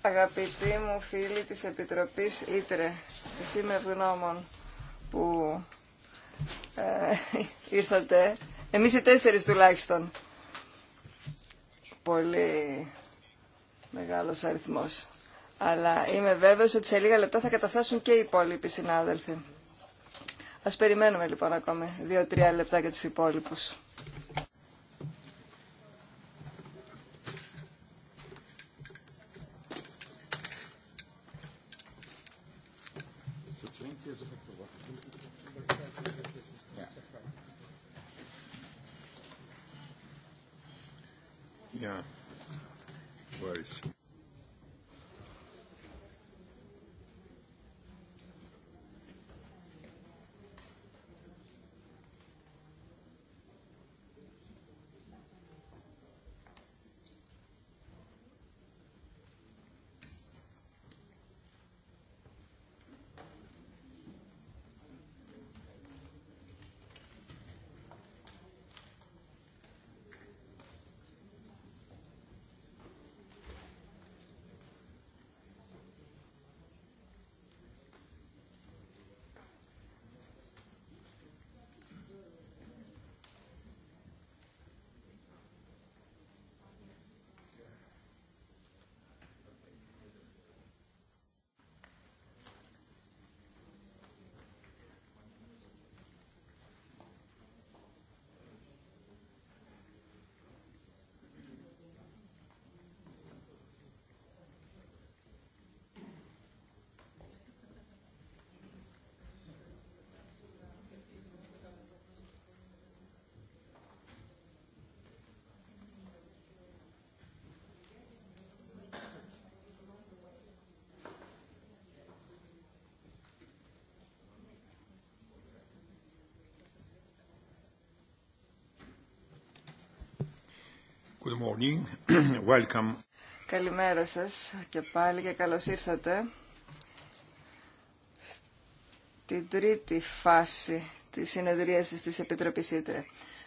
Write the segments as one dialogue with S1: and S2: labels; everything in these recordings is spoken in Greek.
S1: Αγαπητοί μου φίλοι της Επιτροπής Ήτρε, σας είμαι ευγνώμων που ε, ήρθατε. Εμείς οι τέσσερις τουλάχιστον. Πολύ μεγάλος αριθμός. Αλλά είμαι βέβαιος ότι σε λίγα λεπτά θα καταφτάσουν και οι υπόλοιποι συνάδελφοι. Ας περιμένουμε λοιπόν ακόμη δύο-τρία λεπτά για τους υπόλοιπους. Καλημέρα σας και πάλι και καλώς ήρθατε στην τρίτη φάση της συνεδρίασης της Επιτροπής Ήτρε.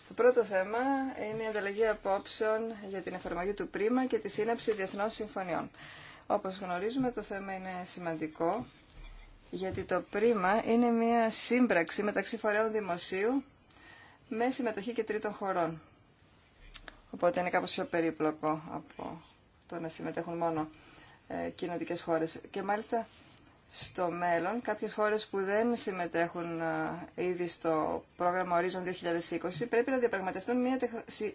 S1: Το πρώτο θέμα είναι η ανταλλαγή απόψεων για την εφαρμογή του πρίμα και τη σύναψη διεθνών συμφωνιών. Όπως γνωρίζουμε το θέμα είναι σημαντικό γιατί το πρίμα είναι μια σύμπραξη μεταξύ φορέων δημοσίου με συμμετοχή και τρίτων χωρών. Οπότε είναι κάπως πιο περίπλοκο από το να συμμετέχουν μόνο ε, κοινωτικέ χώρες. Και μάλιστα στο μέλλον κάποιες χώρες που δεν συμμετέχουν ε, ήδη στο πρόγραμμα Horizon 2020 πρέπει να διαπραγματευτούν μια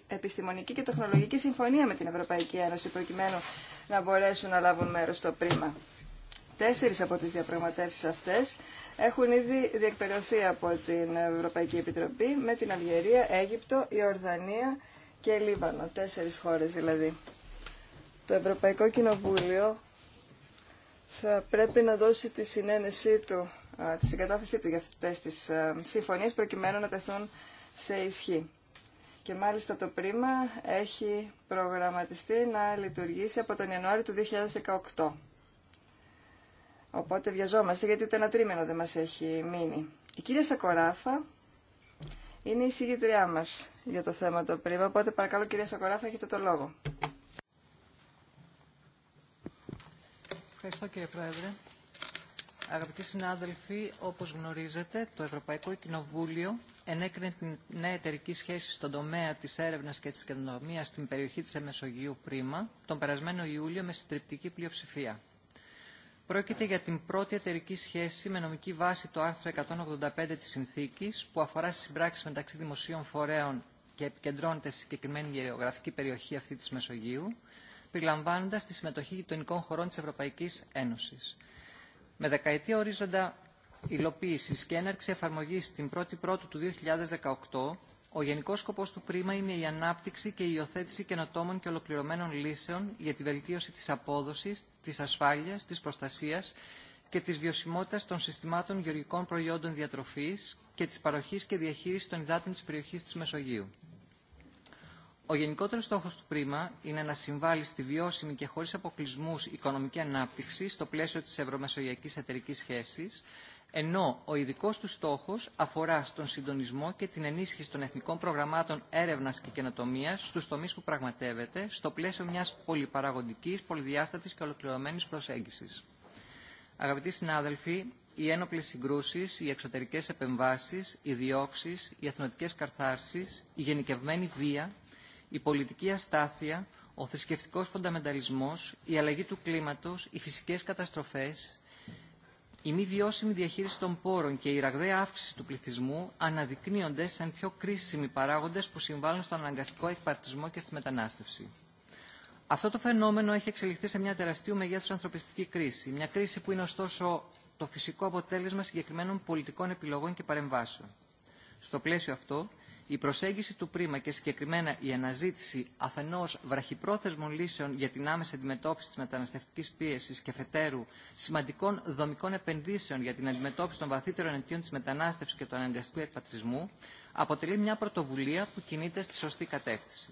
S1: επιστημονική και τεχνολογική συμφωνία με την Ευρωπαϊκή Ένωση προκειμένου να μπορέσουν να λάβουν μέρος στο πρίμα. Τέσσερις από τις διαπραγματεύσεις αυτές έχουν ήδη διεκπαιρεωθεί από την Ευρωπαϊκή Επιτροπή με την Αλγερία, Αίγυπτο, η και Λίβανο, τέσσερις χώρες δηλαδή. Το Ευρωπαϊκό Κοινοβούλιο θα πρέπει να δώσει τη συνένεσή του, τη συγκατάθεσή του για αυτές τις συμφωνίες προκειμένου να τεθούν σε ισχύ. Και μάλιστα το πρίμα έχει προγραμματιστεί να λειτουργήσει από τον Ιανουάριο του 2018. Οπότε βιαζόμαστε γιατί ούτε ένα τρίμηνο δεν μας έχει μείνει. Η κυρία Σακοράφα είναι η συγγητριά μας για το θέμα το πρίμα, οπότε παρακαλώ κυρία Σακοράφα, έχετε το λόγο.
S2: Ευχαριστώ κύριε Πρόεδρε. Αγαπητοί συνάδελφοι, όπως γνωρίζετε, το Ευρωπαϊκό Κοινοβούλιο ενέκρινε την νέα εταιρική σχέση στον τομέα της έρευνας και της κοινωνία στην περιοχή της Εμεσογείου Πρίμα τον περασμένο Ιούλιο με συντριπτική πλειοψηφία. Πρόκειται για την πρώτη εταιρική σχέση με νομική βάση το άρθρο 185 της Συνθήκης που αφορά στις συμπράξεις μεταξύ δημοσίων φορέων και επικεντρώνεται στη συγκεκριμένη γεωγραφική περιοχή αυτή της Μεσογείου, περιλαμβάνοντας τη συμμετοχή γειτονικών χωρών της Ευρωπαϊκής Ένωσης. Με δεκαετή ορίζοντα υλοποίηση και έναρξη εφαρμογή την 1η Πρώτου του 2018, ο γενικό σκοπό του πρίμα είναι η ανάπτυξη και η υιοθέτηση καινοτόμων και ολοκληρωμένων λύσεων για τη βελτίωση τη απόδοση, της ασφάλειας, της προστασίας και της βιωσιμότητας των συστημάτων γεωργικών προϊόντων διατροφής και της παροχής και διαχείρισης των υδάτων της περιοχής της Μεσογείου. Ο γενικότερος στόχος του πρίμα είναι να συμβάλλει στη βιώσιμη και χωρίς αποκλεισμούς οικονομική ανάπτυξη στο πλαίσιο της ευρωμεσογειακής εταιρικής σχέσης ενώ ο ειδικό του στόχο αφορά στον συντονισμό και την ενίσχυση των εθνικών προγραμμάτων έρευνα και καινοτομία στου τομεί που πραγματεύεται, στο πλαίσιο μια πολυπαραγωγική, πολυδιάστατη και ολοκληρωμένη προσέγγιση. Αγαπητοί συνάδελφοι, οι ένοπλε συγκρούσει, οι εξωτερικέ επεμβάσει, οι διώξει, οι εθνοτικέ καρθάρσει, η γενικευμένη βία, η πολιτική αστάθεια, ο θρησκευτικό φονταμενταλισμό, η αλλαγή του κλίματο, οι φυσικέ καταστροφέ, η μη βιώσιμη διαχείριση των πόρων και η ραγδαία αύξηση του πληθυσμού αναδεικνύονται σαν πιο κρίσιμοι παράγοντε που συμβάλλουν στον αναγκαστικό εκπαρτισμό και στη μετανάστευση. Αυτό το φαινόμενο έχει εξελιχθεί σε μια τεραστίου μεγέθου ανθρωπιστική κρίση, μια κρίση που είναι ωστόσο το φυσικό αποτέλεσμα συγκεκριμένων πολιτικών επιλογών και παρεμβάσεων. Στο πλαίσιο αυτό, η προσέγγιση του πρίμα και συγκεκριμένα η αναζήτηση αφενός βραχυπρόθεσμων λύσεων για την άμεση αντιμετώπιση της μεταναστευτικής πίεσης και φετέρου σημαντικών δομικών επενδύσεων για την αντιμετώπιση των βαθύτερων αιτίων της μετανάστευσης και του αναγκαστικού εκπατρισμού αποτελεί μια πρωτοβουλία που κινείται στη σωστή κατεύθυνση.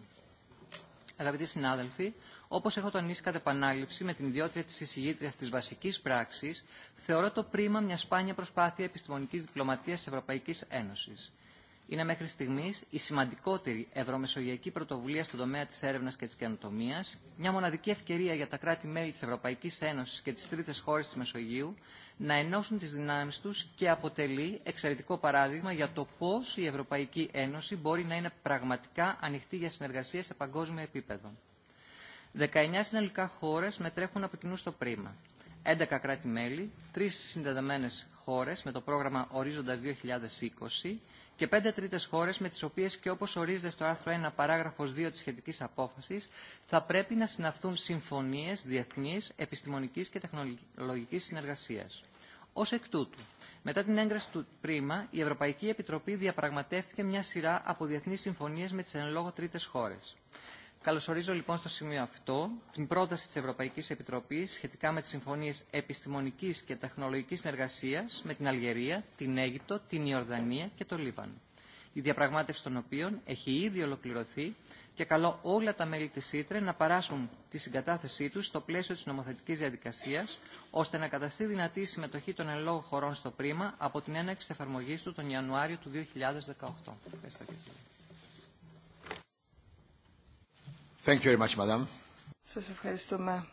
S2: Αγαπητοί συνάδελφοι, Όπω έχω τονίσει κατά επανάληψη με την ιδιότητα τη εισηγήτρια τη βασική πράξη, θεωρώ το πρίμα μια σπάνια προσπάθεια επιστημονική διπλωματία τη Ευρωπαϊκή Ένωση είναι μέχρι στιγμή η σημαντικότερη ευρωμεσογειακή πρωτοβουλία στον τομέα τη έρευνα και τη καινοτομία, μια μοναδική ευκαιρία για τα κράτη-μέλη τη Ευρωπαϊκή Ένωση και τι τρίτε χώρε τη Μεσογείου να ενώσουν τι δυνάμει του και αποτελεί εξαιρετικό παράδειγμα για το πώ η Ευρωπαϊκή Ένωση μπορεί να είναι πραγματικά ανοιχτή για συνεργασία σε παγκόσμιο επίπεδο. 19 συνολικά χώρε μετρέχουν από κοινού στο πρίμα. 11 κράτη-μέλη, 3 συνδεδεμένε χώρε με το πρόγραμμα Ορίζοντα 2020 και πέντε τρίτε χώρε με τι οποίε και όπω ορίζεται στο άρθρο 1 παράγραφο 2 τη σχετική απόφαση θα πρέπει να συναυθούν συμφωνίε διεθνή, επιστημονική και τεχνολογική συνεργασία. Ω εκ τούτου, μετά την έγκραση του πρίμα, η Ευρωπαϊκή Επιτροπή διαπραγματεύτηκε μια σειρά από διεθνεί συμφωνίε με τι εν λόγω τρίτε χώρε. Καλωσορίζω λοιπόν στο σημείο αυτό την πρόταση της Ευρωπαϊκής Επιτροπής σχετικά με τις συμφωνίες επιστημονικής και τεχνολογικής συνεργασίας με την Αλγερία, την Αίγυπτο, την Ιορδανία και το Λίβανο, η διαπραγμάτευση των οποίων έχει ήδη ολοκληρωθεί και καλώ όλα τα μέλη της ΣΥΤΡΕ να παράσχουν τη συγκατάθεσή τους στο πλαίσιο της νομοθετικής διαδικασίας, ώστε να καταστεί δυνατή η συμμετοχή των εν χωρών στο πρίμα από την έναρξη εφαρμογής του τον Ιανουάριο του 2018. Thank Σας
S1: ευχαριστούμε.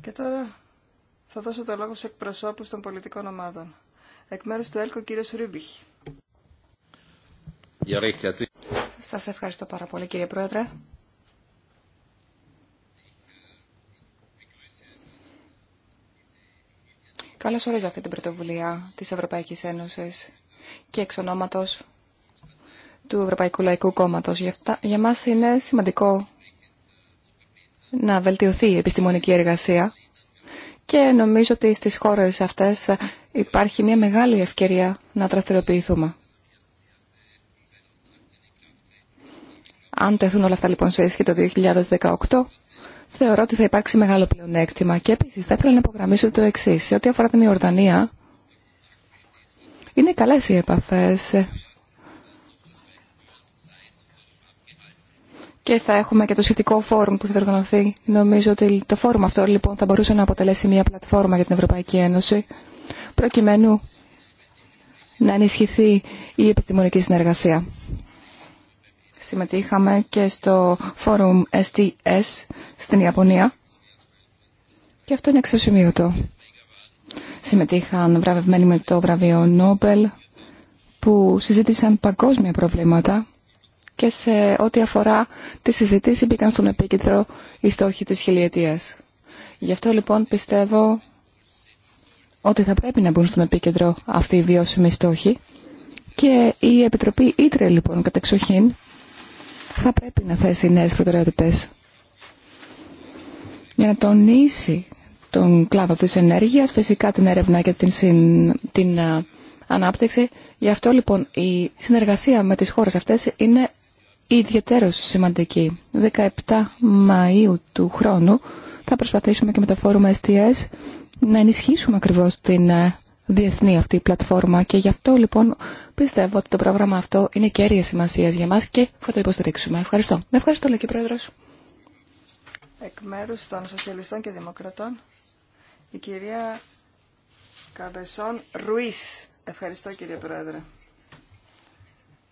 S1: Και τώρα θα δώσω το λόγο στους εκπροσώπους των πολιτικών ομάδων. Εκ μέρους του ΕΛΚΟ, κύριος Ρούμπιχ.
S3: Σας ευχαριστώ πάρα πολύ, κύριε Πρόεδρε. Καλώς ορίζω αυτή την πρωτοβουλία της Ευρωπαϊκής Ένωσης και εξ ονόματος του Ευρωπαϊκού Λαϊκού Κόμματο. Για, για μας είναι σημαντικό να βελτιωθεί η επιστημονική εργασία και νομίζω ότι στι χώρε αυτέ υπάρχει μια μεγάλη ευκαιρία να δραστηριοποιηθούμε. Αν τεθούν όλα αυτά λοιπόν σε ίσχυ το 2018, θεωρώ ότι θα υπάρξει μεγάλο πλεονέκτημα. Και επίση θα ήθελα να υπογραμμίσω το εξή. Σε ό,τι αφορά την Ιορδανία, είναι καλέ οι επαφέ. και θα έχουμε και το σχετικό φόρουμ που θα διοργανωθεί. Νομίζω ότι το φόρουμ αυτό λοιπόν θα μπορούσε να αποτελέσει μια πλατφόρμα για την Ευρωπαϊκή Ένωση προκειμένου να ενισχυθεί η επιστημονική συνεργασία. Συμμετείχαμε και στο φόρουμ STS στην Ιαπωνία και αυτό είναι εξωσημείωτο. Συμμετείχαν βραβευμένοι με το βραβείο Νόμπελ που συζήτησαν παγκόσμια προβλήματα και σε ό,τι αφορά τις συζητήσεις, μπήκαν στον επίκεντρο οι στόχοι της χιλιετίας. Γι' αυτό λοιπόν πιστεύω ότι θα πρέπει να μπουν στον επίκεντρο αυτοί οι βιώσιμοι στόχοι και η Επιτροπή Ήτρε λοιπόν κατεξοχήν θα πρέπει να θέσει νέες προτεραιότητες για να τονίσει τον κλάδο της ενέργειας, φυσικά την έρευνα και την, την ανάπτυξη. Γι' αυτό λοιπόν η συνεργασία με τις χώρες αυτές είναι ιδιαίτερως σημαντική. 17 Μαΐου του χρόνου θα προσπαθήσουμε και με το φόρουμ STS να ενισχύσουμε ακριβώς την ε, διεθνή αυτή πλατφόρμα και γι' αυτό λοιπόν πιστεύω ότι το πρόγραμμα αυτό είναι κέρια σημασία για μας και θα το υποστηρίξουμε. Ευχαριστώ. Ευχαριστώ λέει και Πρόεδρος.
S1: Εκ μέρους των Σοσιαλιστών και Δημοκρατών η κυρία Καβεσόν Ρουίς. Ευχαριστώ κύριε Πρόεδρε.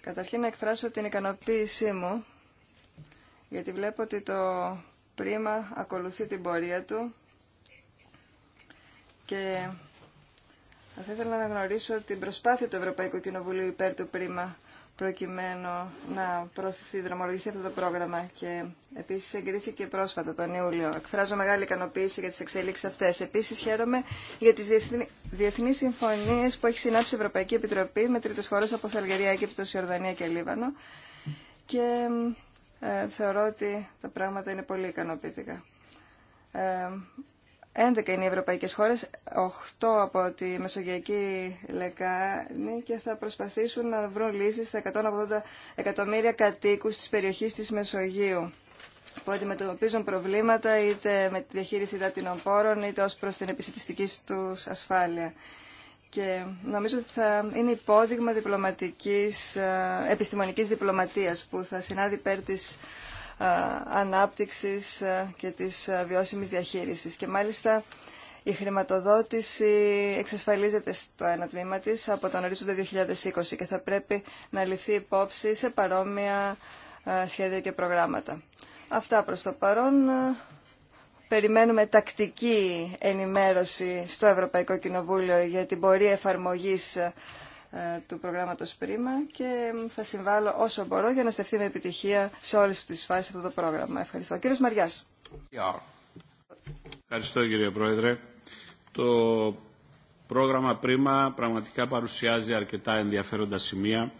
S1: Καταρχήν να εκφράσω την ικανοποίησή μου, γιατί βλέπω ότι το πρίμα ακολουθεί την πορεία του και θα ήθελα να γνωρίσω την προσπάθεια του Ευρωπαϊκού Κοινοβουλίου υπέρ του πρίμα προκειμένου να προωθηθεί, δρομολογηθεί αυτό το πρόγραμμα και επίσης εγκρίθηκε πρόσφατα τον Ιούλιο. Εκφράζω μεγάλη ικανοποίηση για τις εξελίξεις αυτές. Επίσης χαίρομαι για τις διεθνείς συμφωνίες που έχει συνάψει η Ευρωπαϊκή Επιτροπή με τρίτες χώρες όπως Αλγερία, Αίγυπτος, Ιορδανία και Λίβανο και ε, θεωρώ ότι τα πράγματα είναι πολύ ικανοποιητικά. Ε, 11 είναι οι ευρωπαϊκές χώρες, 8 από τη Μεσογειακή Λεκάνη και θα προσπαθήσουν να βρουν λύσεις στα 180 εκατομμύρια κατοίκους της περιοχής της Μεσογείου που αντιμετωπίζουν προβλήματα είτε με τη διαχείριση δάτινων πόρων είτε ως προς την επιστημιστική τους ασφάλεια. Και νομίζω ότι θα είναι υπόδειγμα διπλωματικής, ε, επιστημονικής διπλωματίας που θα συνάδει υπέρ της ανάπτυξης και της βιώσιμης διαχείρισης. Και μάλιστα η χρηματοδότηση εξασφαλίζεται στο ένα τμήμα της από τον ορίζοντα 2020 και θα πρέπει να ληφθεί υπόψη σε παρόμοια σχέδια και προγράμματα. Αυτά προς το παρόν. Περιμένουμε τακτική ενημέρωση στο Ευρωπαϊκό Κοινοβούλιο για την πορεία εφαρμογής ε, του προγράμματος Πρίμα και θα συμβάλλω όσο μπορώ για να στεφθεί με επιτυχία σε όλες τις φάσεις αυτό το πρόγραμμα. Ευχαριστώ. Κύριος Μαριάς.
S4: Ευχαριστώ κύριε Πρόεδρε. Το πρόγραμμα Πρίμα πραγματικά παρουσιάζει αρκετά ενδιαφέροντα σημεία.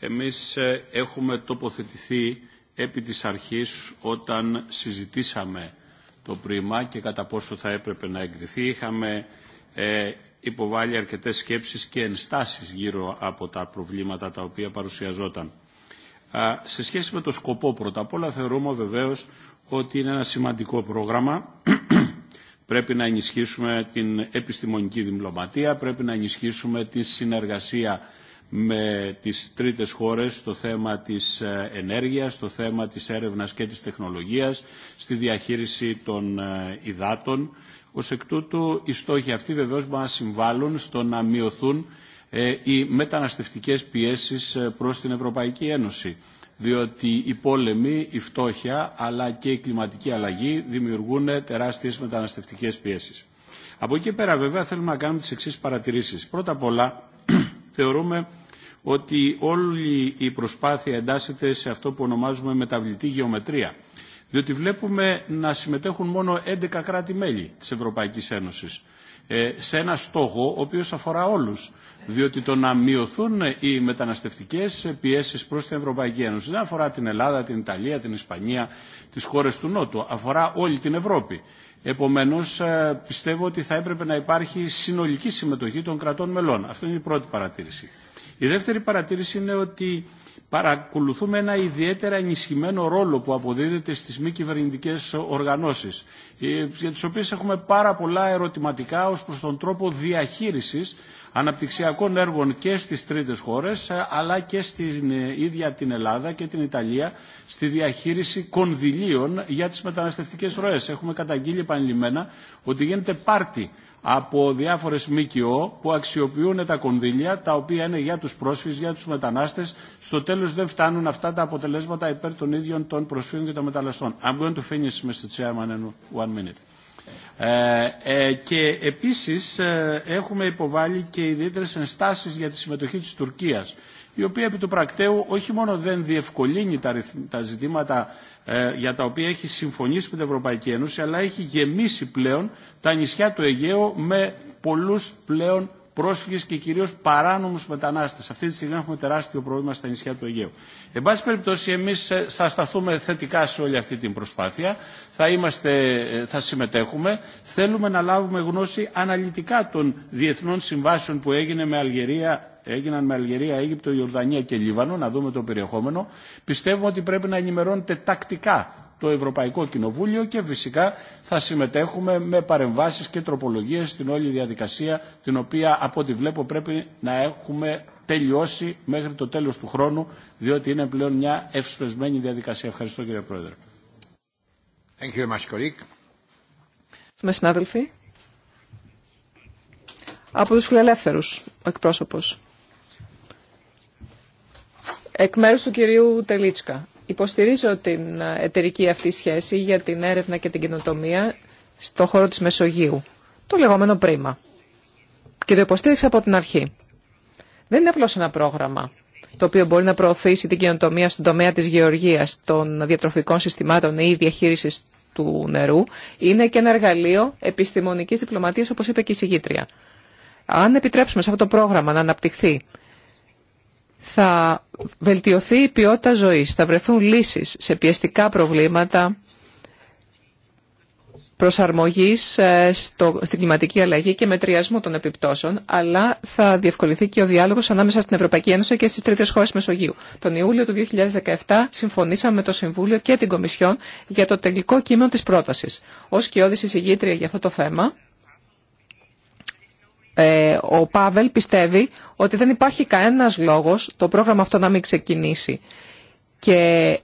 S4: Εμείς ε, έχουμε τοποθετηθεί επί της αρχής όταν συζητήσαμε το πρίμα και κατά πόσο θα έπρεπε να εγκριθεί. Είχαμε ε, υποβάλει αρκετές σκέψεις και ενστάσεις γύρω από τα προβλήματα τα οποία παρουσιαζόταν. Σε σχέση με το σκοπό πρώτα απ' όλα θεωρούμε βεβαίως ότι είναι ένα σημαντικό πρόγραμμα. πρέπει να ενισχύσουμε την επιστημονική διπλωματία, πρέπει να ενισχύσουμε τη συνεργασία με τις τρίτες χώρες στο θέμα της ε, ενέργειας, στο θέμα της έρευνας και της τεχνολογίας, στη διαχείριση των ε, υδάτων ως εκ τούτου, οι στόχοι αυτοί βεβαίως μπορούν να συμβάλλουν στο να μειωθούν ε, οι μεταναστευτικές πιέσεις ε, προς την Ευρωπαϊκή Ένωση. Διότι οι πόλεμοι, η φτώχεια αλλά και η κλιματική αλλαγή δημιουργούν ε, τεράστιες μεταναστευτικές πιέσεις. Από εκεί πέρα βέβαια θέλουμε να κάνουμε τις εξής παρατηρήσεις. Πρώτα απ' όλα θεωρούμε ότι όλη η προσπάθεια εντάσσεται σε αυτό που ονομάζουμε μεταβλητή γεωμετρία διότι βλέπουμε να συμμετέχουν μόνο 11 κράτη-μέλη της Ευρωπαϊκής Ένωσης ε, σε ένα στόχο ο οποίος αφορά όλους. Διότι το να μειωθούν οι μεταναστευτικές πιέσεις προς την Ευρωπαϊκή Ένωση δεν αφορά την Ελλάδα, την Ιταλία, την Ισπανία, τις χώρες του Νότου. Αφορά όλη την Ευρώπη. Επομένως, ε, πιστεύω ότι θα έπρεπε να υπάρχει συνολική συμμετοχή των κρατών μελών. Αυτή είναι η πρώτη παρατήρηση. Η δεύτερη παρατήρηση είναι ότι παρακολουθούμε ένα ιδιαίτερα ενισχυμένο ρόλο που αποδίδεται στις μη κυβερνητικέ οργανώσεις, ε, για τις οποίες έχουμε πάρα πολλά ερωτηματικά ως προς τον τρόπο διαχείρισης αναπτυξιακών έργων και στις τρίτες χώρες, ε, αλλά και στην ε, ίδια την Ελλάδα και την Ιταλία, στη διαχείριση κονδυλίων για τις μεταναστευτικές ροές. Έχουμε καταγγείλει επανειλημμένα ότι γίνεται πάρτι από διάφορες ΜΚΟ που αξιοποιούν τα κονδύλια τα οποία είναι για τους πρόσφυγες, για τους μετανάστες. Στο τέλος δεν φτάνουν αυτά τα αποτελέσματα υπέρ των ίδιων των προσφύγων και των μεταναστών. I'm going to finish, Mr. Chairman, in one minute. Ε, ε και επίσης ε, έχουμε υποβάλει και ιδιαίτερε ενστάσεις για τη συμμετοχή της Τουρκίας η οποία επί του πρακτέου όχι μόνο δεν διευκολύνει τα, τα ζητήματα ε, για τα οποία έχει συμφωνήσει με την Ευρωπαϊκή Ένωση αλλά έχει γεμίσει πλέον τα νησιά του Αιγαίου με πολλούς πλέον πρόσφυγες και κυρίω παράνομου μετανάστε. Αυτή τη στιγμή έχουμε τεράστιο πρόβλημα στα νησιά του Αιγαίου. Εν πάση περιπτώσει εμείς ε, θα σταθούμε θετικά σε όλη αυτή την προσπάθεια, θα, είμαστε, ε, θα συμμετέχουμε. Θέλουμε να λάβουμε γνώση αναλυτικά των διεθνών συμβάσεων που έγινε με Αλγερία, έγιναν με Αλγερία, Αίγυπτο, Ιορδανία και Λίβανο, να δούμε το περιεχόμενο. Πιστεύουμε ότι πρέπει να ενημερώνεται τακτικά το Ευρωπαϊκό Κοινοβούλιο και φυσικά θα συμμετέχουμε με παρεμβάσεις και τροπολογίες στην όλη διαδικασία την οποία από ό,τι βλέπω πρέπει να έχουμε τελειώσει μέχρι το τέλος του χρόνου διότι είναι πλέον μια ευσπεσμένη διαδικασία. Ευχαριστώ κύριε Πρόεδρε.
S5: Thank you much,
S4: συνάδελφοι.
S6: Από τους φιλελεύθερους, εκπρόσωπος. Εκ μέρους του κυρίου Τελίτσκα. Υποστηρίζω την εταιρική αυτή σχέση για την έρευνα και την κοινοτομία στον χώρο της Μεσογείου, το λεγόμενο πρίμα. Και το υποστήριξα από την αρχή. Δεν είναι απλώς ένα πρόγραμμα το οποίο μπορεί να προωθήσει την κοινοτομία στον τομέα της γεωργίας, των διατροφικών συστημάτων ή διαχείρισης του νερού, είναι και ένα εργαλείο επιστημονικής διπλωματίας, όπως είπε και η συγγήτρια. Αν επιτρέψουμε σε αυτό το πρόγραμμα να αναπτυχθεί θα βελτιωθεί η ποιότητα ζωής, θα βρεθούν λύσεις σε πιεστικά προβλήματα προσαρμογής ε, στο, στην κλιματική αλλαγή και μετριασμού των επιπτώσεων, αλλά θα διευκολυνθεί και ο διάλογος ανάμεσα στην Ευρωπαϊκή Ένωση και στις τρίτες χώρες Μεσογείου. Τον Ιούλιο του 2017 συμφωνήσαμε με το Συμβούλιο και την Κομισιόν για το τελικό κείμενο της πρότασης. Ως κοιόδηση συγγήτρια για αυτό το θέμα, ε, ο Πάβελ πιστεύει ότι δεν υπάρχει κανένας λόγος το πρόγραμμα αυτό να μην ξεκινήσει. Και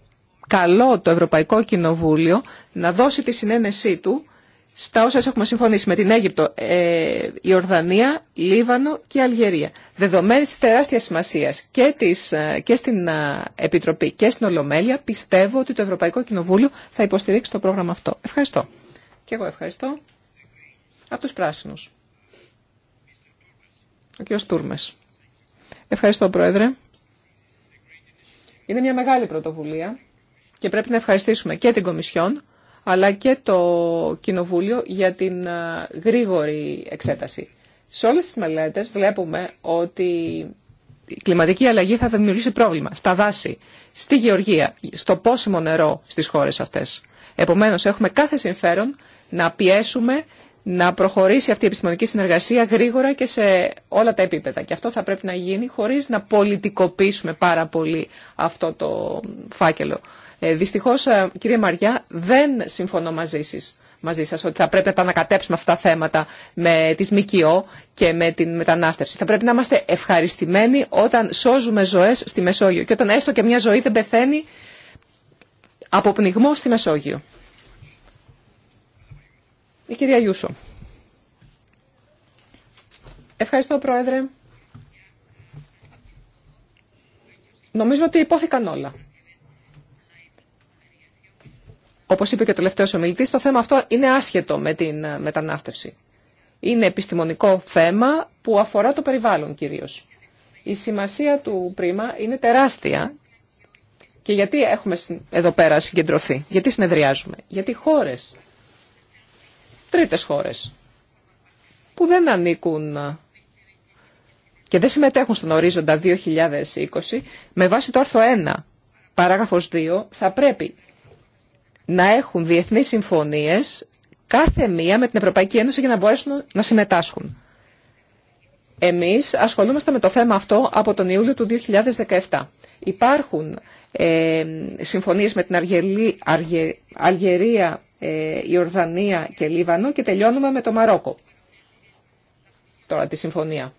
S6: καλό το Ευρωπαϊκό Κοινοβούλιο να δώσει τη συνένεσή του στα όσα έχουμε συμφωνήσει με την Αίγυπτο, ε, η Ορδανία, Λίβανο και Αλγερία. Δεδομένη τη τεράστια σημασία και, ε, και στην Επιτροπή και στην Ολομέλεια, πιστεύω ότι το Ευρωπαϊκό Κοινοβούλιο θα υποστηρίξει το πρόγραμμα αυτό. Ευχαριστώ. Και εγώ ευχαριστώ. Από τους πράσινου. Ο Ευχαριστώ, Πρόεδρε. Είναι μια μεγάλη πρωτοβουλία και πρέπει να ευχαριστήσουμε και την Κομισιόν αλλά και το Κοινοβούλιο για την γρήγορη εξέταση. Σε όλες τις μελέτες βλέπουμε ότι η κλιματική αλλαγή θα δημιουργήσει πρόβλημα στα δάση, στη γεωργία, στο πόσιμο νερό στις χώρες αυτές. Επομένως, έχουμε κάθε συμφέρον να πιέσουμε να προχωρήσει αυτή η επιστημονική συνεργασία γρήγορα και σε όλα τα επίπεδα. Και αυτό θα πρέπει να γίνει χωρίς να πολιτικοποιήσουμε πάρα πολύ αυτό το φάκελο. Ε, δυστυχώς, ε, κύριε Μαριά, δεν συμφωνώ μαζί σας μαζί σας ότι θα πρέπει να τα ανακατέψουμε αυτά τα θέματα με τις ΜΚΟ και με την μετανάστευση. Θα πρέπει να είμαστε ευχαριστημένοι όταν σώζουμε ζωές στη Μεσόγειο και όταν έστω και μια ζωή δεν πεθαίνει από πνιγμό στη Μεσόγειο. Η κυρία Γιούσο. Ευχαριστώ, Πρόεδρε. Νομίζω ότι υπόθηκαν όλα. Όπω είπε και ο τελευταίο ομιλητή, το θέμα αυτό είναι άσχετο με την ε, μετανάστευση. Είναι επιστημονικό θέμα που αφορά το περιβάλλον κυρίω. Η σημασία του πρίμα είναι τεράστια. Και γιατί έχουμε εδώ πέρα συγκεντρωθεί, γιατί συνεδριάζουμε, γιατί χώρε τρίτες χώρες που δεν ανήκουν και δεν συμμετέχουν στον ορίζοντα 2020, με βάση το άρθρο 1, παράγραφος 2, θα πρέπει να έχουν διεθνείς συμφωνίες κάθε μία με την Ευρωπαϊκή Ένωση για να μπορέσουν να συμμετάσχουν. Εμείς ασχολούμαστε με το θέμα αυτό από τον Ιούλιο του 2017. Υπάρχουν ε, συμφωνίες με την Αργελή, Αλγερία, ε, Ιορδανία και Λίβανο και τελειώνουμε με το Μαρόκο. Τώρα τη συμφωνία.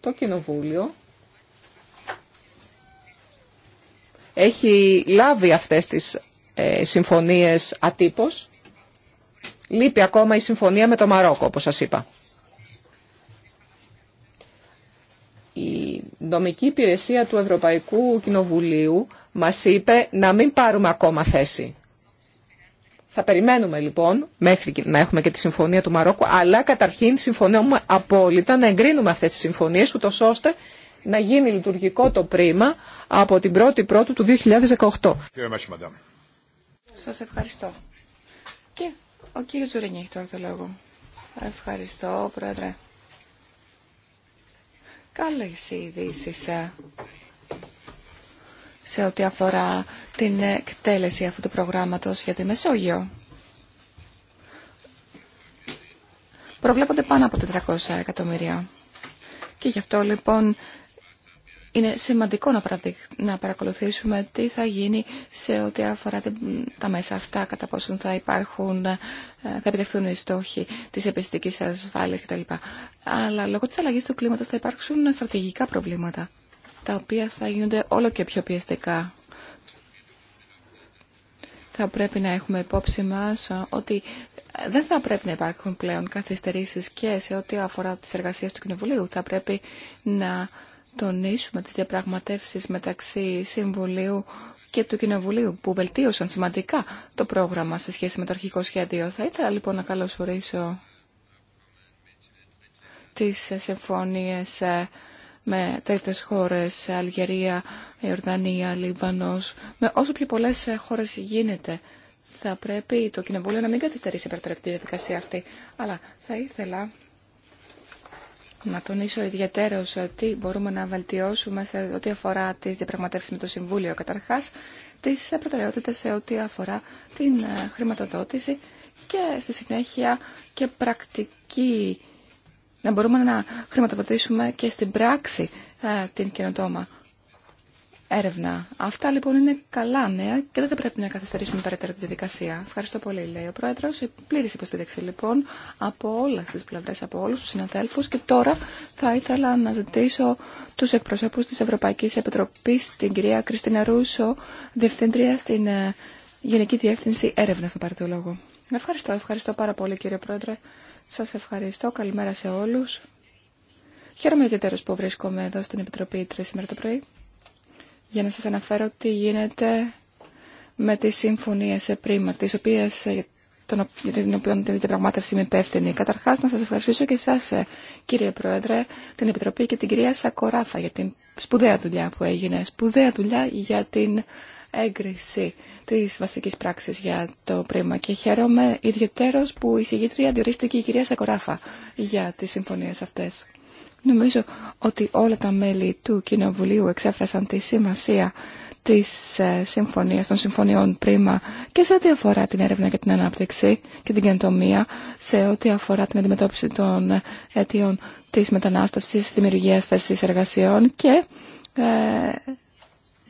S6: Το Κοινοβούλιο έχει λάβει αυτές τις ε, συμφωνίες ατύπως. Λείπει ακόμα η συμφωνία με το Μαρόκο, όπως σας είπα. Η νομική υπηρεσία του Ευρωπαϊκού Κοινοβουλίου μας είπε να μην πάρουμε ακόμα θέση. Θα περιμένουμε λοιπόν μέχρι να έχουμε και τη συμφωνία του Μαρόκου, αλλά καταρχήν συμφωνούμε απόλυτα να εγκρίνουμε αυτές τις συμφωνίες, ούτως ώστε να γίνει λειτουργικό το πρίμα από την 1η Πρώτου του 2018.
S3: Σας ευχαριστώ. Και ο κύριος Ζουρίνι έχει τώρα το λόγο. Ευχαριστώ, Πρόεδρε καλές ειδήσει ε, σε ό,τι αφορά την εκτέλεση αυτού του προγράμματος για τη Μεσόγειο. Προβλέπονται πάνω από 400 εκατομμύρια. Και γι' αυτό λοιπόν είναι σημαντικό να, να παρακολουθήσουμε τι θα γίνει σε ό,τι αφορά τα μέσα αυτά, κατά πόσον θα υπάρχουν, ε, θα επιτευχθούν οι στόχοι τη επιστική ασφάλεια κτλ. Αλλά λόγω τη αλλαγή του κλίματο θα υπάρξουν στρατηγικά προβλήματα, τα οποία θα γίνονται όλο και πιο πιεστικά. Θα πρέπει να έχουμε υπόψη μα ε, ότι ε, δεν θα πρέπει να υπάρχουν πλέον καθυστερήσει και σε ό,τι αφορά τι εργασίε του Κοινοβουλίου. Θα πρέπει να τονίσουμε τις διαπραγματεύσεις μεταξύ Συμβουλίου και του Κοινοβουλίου που βελτίωσαν σημαντικά το πρόγραμμα σε σχέση με το αρχικό σχέδιο. Θα ήθελα λοιπόν να καλωσορίσω τις συμφωνίες ε, με τρίτες χώρες, ε, Αλγερία, Ιορδανία, Λίβανος, με όσο πιο πολλές ε, χώρες γίνεται. Θα πρέπει το Κοινοβούλιο να μην καθυστερήσει υπέρ διαδικασία αυτή. Αλλά θα ήθελα να τονίσω ιδιαίτερω ότι μπορούμε να βελτιώσουμε σε ό,τι αφορά τι διαπραγματεύσει με το Συμβούλιο καταρχά, τι προτεραιότητε σε ό,τι αφορά την ε, χρηματοδότηση και στη συνέχεια και πρακτική να μπορούμε να χρηματοδοτήσουμε και στην πράξη ε, την καινοτόμα έρευνα. Αυτά λοιπόν είναι καλά νέα και δεν θα πρέπει να καθυστερήσουμε περαιτέρω τη διαδικασία. Ευχαριστώ πολύ, λέει ο Πρόεδρο. Η πλήρη υποστήριξη λοιπόν από όλε τι πλευρέ, από όλου του συναδέλφου. Και τώρα θα ήθελα να ζητήσω του εκπροσώπου τη Ευρωπαϊκή Επιτροπή, την κυρία Κριστίνα Ρούσο, διευθύντρια στην ε, Γενική Διεύθυνση Έρευνα, θα πάρει το λόγο. Ευχαριστώ, ευχαριστώ πάρα πολύ, κύριε Πρόεδρε. Σα ευχαριστώ. Καλημέρα σε όλου. Χαίρομαι ιδιαίτερω που βρίσκομαι εδώ στην Επιτροπή 3 σήμερα το πρωί για να σας αναφέρω τι γίνεται με τις συμφωνίες πρίμα, τις οποίες, ε, τον, για την οποία την διαπραγμάτευση είμαι υπεύθυνη. Καταρχάς, να σας ευχαριστήσω και εσάς, ε, κύριε Πρόεδρε, την Επιτροπή και την κυρία Σακοράφα για την σπουδαία δουλειά που έγινε. Σπουδαία δουλειά για την έγκριση της βασικής πράξης για το πρίμα και χαίρομαι
S6: ιδιαίτερος
S3: που η συγγήτρια διορίστηκε η κυρία Σακοράφα για τις συμφωνίες αυτές. Νομίζω ότι όλα τα μέλη του Κοινοβουλίου εξέφρασαν τη σημασία της ε, συμφωνίας, των συμφωνιών πρίμα και σε ό,τι αφορά την έρευνα και την ανάπτυξη και την καινοτομία, σε ό,τι αφορά την αντιμετώπιση των ε, αιτίων της μετανάστευσης, δημιουργίας θέσης εργασιών και ε,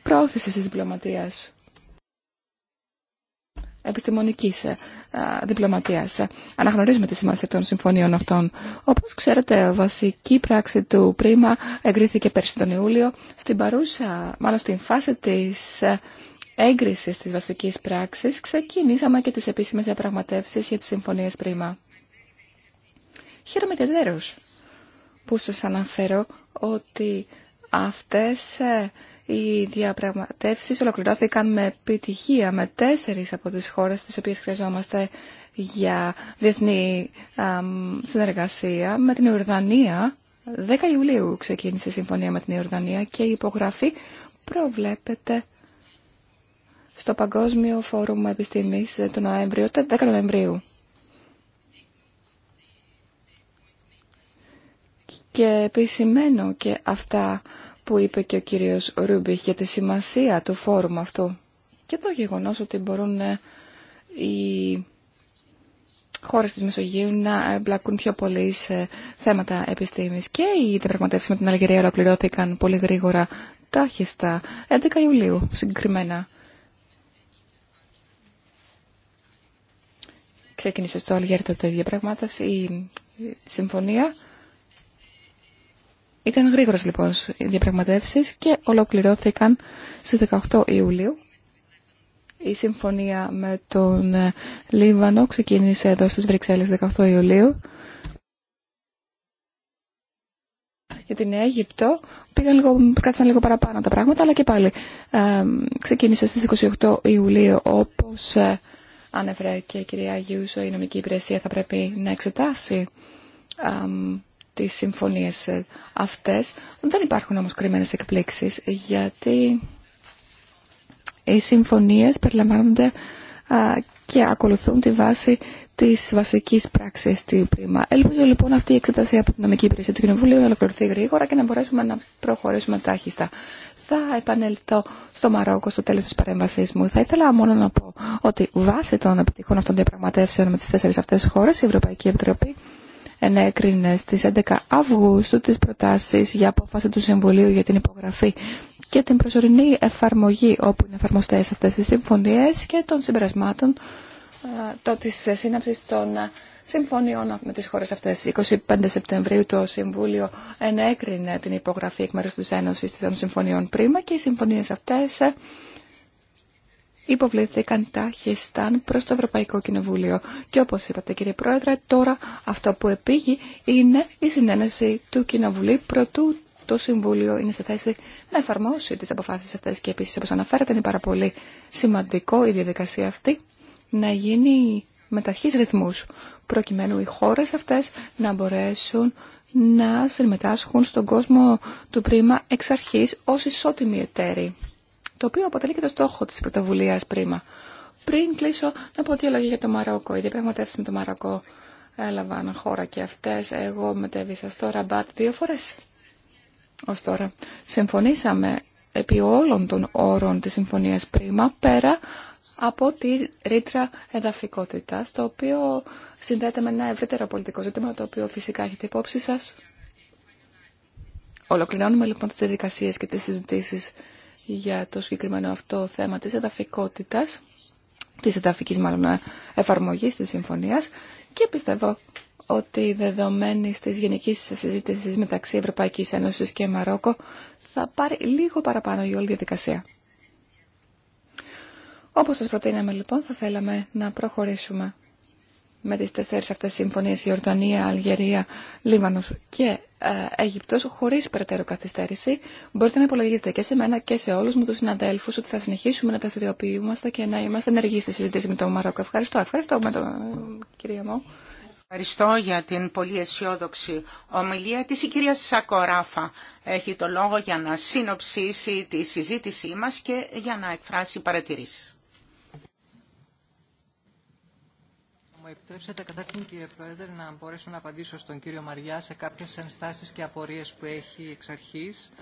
S3: πρόθεση της διπλωματίας επιστημονικής ε. Ε, διπλωματία. Αναγνωρίζουμε τη σημασία των συμφωνίων αυτών. Όπω ξέρετε, βασική πράξη του πρίμα εγκρίθηκε πέρσι τον Ιούλιο στην παρούσα, μάλλον στην φάση τη ε, έγκριση τη βασική πράξη, ξεκινήσαμε και τι επίσημε διαπραγματεύσει για τι συμφωνίε πρίμα. Χαίρομαι ιδιαίτερως που σας αναφέρω ότι αυτέ. Ε, οι διαπραγματεύσεις ολοκληρώθηκαν με επιτυχία με τέσσερις από τις χώρες τις οποίες χρειαζόμαστε για διεθνή συνεργασία. Με την Ιορδανία, 10 Ιουλίου ξεκίνησε η συμφωνία με την Ιορδανία και η υπογραφή προβλέπεται στο Παγκόσμιο Φόρουμ Επιστήμης τον Νοέμβριο, 10 Νοεμβρίου. Και επισημαίνω και αυτά που είπε και ο κύριος Ρούμπιχ για τη σημασία του φόρουμ αυτού και το γεγονός ότι μπορούν ε, οι χώρες της Μεσογείου να εμπλακούν πιο πολύ σε θέματα επιστήμης και οι διαπραγματεύσεις με την Αλγερία ολοκληρώθηκαν πολύ γρήγορα τάχιστα 11 Ιουλίου συγκεκριμένα. Ξεκίνησε στο Αλγέρι τότε η διαπραγμάτευση, η συμφωνία ήταν γρήγορε λοιπόν οι διαπραγματεύσει και ολοκληρώθηκαν στι 18 Ιουλίου. Η συμφωνία με τον ε, Λίβανο ξεκίνησε εδώ στι Βρυξέλλε 18 Ιουλίου. Για την Αίγυπτο πήγαν λίγο, κάτσαν λίγο παραπάνω τα πράγματα, αλλά και πάλι ε, ξεκίνησε στις 28 Ιουλίου όπως ε, ανέφερε και η κυρία Γιούσο η νομική υπηρεσία θα πρέπει να εξετάσει ε, τις συμφωνίες ε, αυτές. Δεν υπάρχουν όμως κρυμμένες εκπλήξεις, γιατί οι συμφωνίες περιλαμβάνονται και ακολουθούν τη βάση της βασικής πράξης, του πρίμα. Ελπίζω λοιπόν αυτή η εξετασία από την νομική υπηρεσία του Κοινοβουλίου να ολοκληρωθεί γρήγορα και να μπορέσουμε να προχωρήσουμε τάχιστα. Θα επανελθώ στο Μαρόκο στο τέλο τη παρέμβασή μου. Θα ήθελα μόνο να πω ότι βάσει των επιτυχών αυτών των διαπραγματεύσεων με τι τέσσερι αυτέ χώρε, η Ευρωπαϊκή Επιτροπή ενέκρινε στις 11 Αυγούστου τις προτάσεις για απόφαση του Συμβουλίου για την υπογραφή και την προσωρινή εφαρμογή όπου είναι εφαρμοστές αυτές τις συμφωνίες και των συμπερασμάτων ε, το της σύναψης των ε, συμφωνιών με τις χώρες αυτές. 25 Σεπτεμβρίου το Συμβούλιο ενέκρινε την υπογραφή εκ μέρους της Ένωσης των Συμφωνιών Πρίμα και οι συμφωνίες αυτές ε, υποβλήθηκαν τα Χιστάν προς το Ευρωπαϊκό Κοινοβούλιο. Και όπως είπατε κύριε Πρόεδρε, τώρα αυτό που επήγει είναι η συνένεση του Κοινοβουλίου προτού το Συμβούλιο είναι σε θέση να εφαρμόσει τις αποφάσεις αυτές και επίσης όπως αναφέρατε είναι πάρα πολύ σημαντικό η διαδικασία αυτή να γίνει με ταχύς ρυθμούς προκειμένου οι χώρες αυτές να μπορέσουν να συμμετάσχουν στον κόσμο του πρίμα εξ αρχής ως ισότιμοι εταίροι το οποίο αποτελεί και το στόχο της πρωτοβουλίας πρίμα. Πριν κλείσω, να πω δύο λόγια για το Μαρόκο. Οι διαπραγματεύσει με το Μαρόκο έλαβαν χώρα και αυτές. Εγώ μετέβησα στο Ραμπάτ δύο φορές. Ως τώρα. Συμφωνήσαμε επί όλων των όρων της συμφωνίας πρίμα, πέρα από τη ρήτρα εδαφικότητα, το οποίο συνδέεται με ένα ευρύτερο πολιτικό ζήτημα, το οποίο φυσικά έχετε υπόψη σας. Ολοκληρώνουμε λοιπόν τις διαδικασίες και τις συζητήσεις για το συγκεκριμένο αυτό θέμα της εδαφικότητας, της εδαφικής μάλλον εφαρμογής της συμφωνίας και πιστεύω ότι δεδομένη τη γενική συζήτηση μεταξύ Ευρωπαϊκή Ένωση και Μαρόκο θα πάρει λίγο παραπάνω η όλη διαδικασία. Όπω σα προτείναμε λοιπόν, θα θέλαμε να προχωρήσουμε με τις τέσσερις αυτές συμφωνίες Ιορδανία, Αλγερία, Λίβανος και ε, Αιγυπτός χωρίς περαιτέρω καθυστέρηση. Μπορείτε να υπολογίζετε και σε μένα και σε όλους μου τους συναδέλφους ότι θα συνεχίσουμε να τα δραστηριοποιούμαστε και να είμαστε ενεργοί στη συζήτηση με τον Μαρόκο. Ευχαριστώ. Ευχαριστώ με τον
S7: κύριο μου. Ευχαριστώ για την πολύ αισιόδοξη ομιλία της. Η κυρία Σακοράφα έχει το λόγο για να συνοψίσει τη συζήτησή μας και για να εκφράσει παρατηρήσεις.
S2: Μου επιτρέψετε καταρχήν κύριε Πρόεδρε να μπορέσω να απαντήσω στον κύριο Μαριά σε κάποιες ενστάσεις και απορίες που έχει εξ αρχής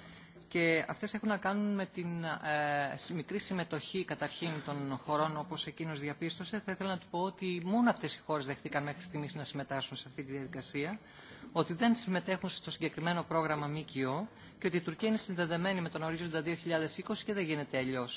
S2: και αυτές έχουν να κάνουν με την ε, μικρή συμμετοχή καταρχήν των χωρών όπως εκείνος διαπίστωσε. Θα ήθελα να του πω ότι μόνο αυτές οι χώρες δεχτήκαν μέχρι στιγμής να συμμετάσχουν σε αυτή τη διαδικασία, ότι δεν συμμετέχουν στο συγκεκριμένο πρόγραμμα ΜΚΟ και ότι η Τουρκία είναι συνδεδεμένη με τον ορίζοντα 2020 και δεν γίνεται αλλιώ.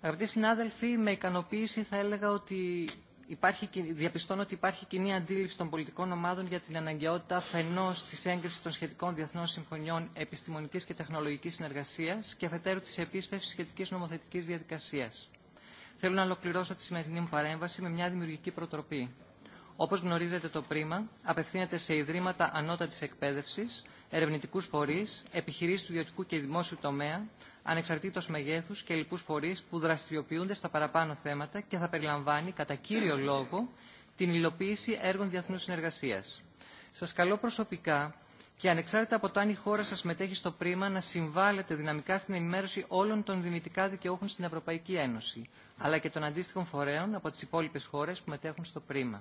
S2: Αγαπητοί συνάδελφοι, με ικανοποίηση θα έλεγα ότι υπάρχει, διαπιστώνω ότι υπάρχει κοινή αντίληψη των πολιτικών ομάδων για την αναγκαιότητα αφενό τη έγκριση των σχετικών διεθνών συμφωνιών επιστημονική και τεχνολογική συνεργασία και αφετέρου τη επίσπευση σχετική νομοθετική διαδικασία. Θέλω να ολοκληρώσω τη σημερινή μου παρέμβαση με μια δημιουργική προτροπή. Όπω γνωρίζετε, το πρίμα απευθύνεται σε ιδρύματα ανώτατη εκπαίδευση, ερευνητικού φορεί, επιχειρήσει του ιδιωτικού και δημόσιου τομέα, ανεξαρτήτως μεγέθους και λοιπούς φορείς που δραστηριοποιούνται στα παραπάνω θέματα και θα περιλαμβάνει κατά κύριο λόγο την υλοποίηση έργων διεθνούς συνεργασίας. Σας καλώ προσωπικά και ανεξάρτητα από το αν η χώρα σας μετέχει στο πρίμα να συμβάλλετε δυναμικά στην ενημέρωση όλων των δυνητικά δικαιούχων στην Ευρωπαϊκή Ένωση, αλλά και των αντίστοιχων φορέων από τις υπόλοιπες χώρες που μετέχουν στο πρίμα.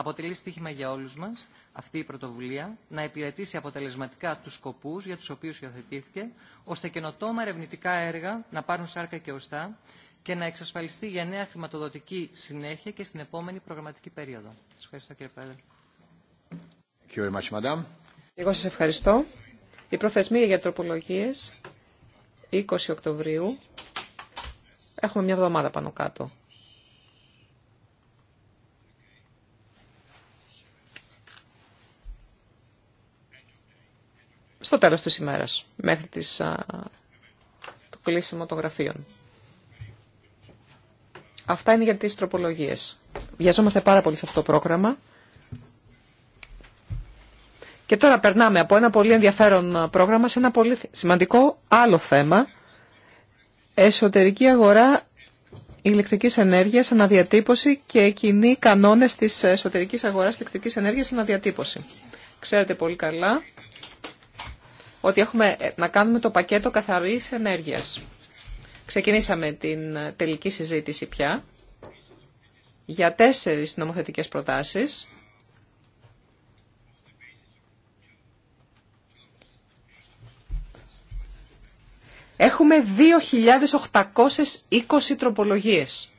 S2: Αποτελεί στοίχημα για όλους μας αυτή η πρωτοβουλία να υπηρετήσει αποτελεσματικά τους σκοπούς για τους οποίους υιοθετήθηκε, ώστε καινοτόμα ερευνητικά έργα να πάρουν σάρκα και οστά και να εξασφαλιστεί για νέα χρηματοδοτική συνέχεια και στην επόμενη προγραμματική περίοδο. Σας ευχαριστώ κύριε Πρόεδρε.
S6: Εγώ σας ευχαριστώ. Η προθεσμία για τροπολογίες 20 Οκτωβρίου. Έχουμε μια εβδομάδα πάνω κάτω. στο τέλος της ημέρας, μέχρι τις, α, το κλείσιμο των γραφείων. Αυτά είναι για τις τροπολογίες. Βιαζόμαστε πάρα πολύ σε αυτό το πρόγραμμα. Και τώρα περνάμε από ένα πολύ ενδιαφέρον πρόγραμμα σε ένα πολύ σημαντικό άλλο θέμα. Εσωτερική αγορά ηλεκτρικής ενέργειας, αναδιατύπωση και κοινοί κανόνες της εσωτερικής αγοράς ηλεκτρικής ενέργειας, αναδιατύπωση. Ξέρετε πολύ καλά ότι έχουμε να κάνουμε το πακέτο καθαρής ενέργειας. Ξεκινήσαμε την τελική συζήτηση πια για τέσσερις νομοθετικές προτάσεις. Έχουμε 2.820 τροπολογίες.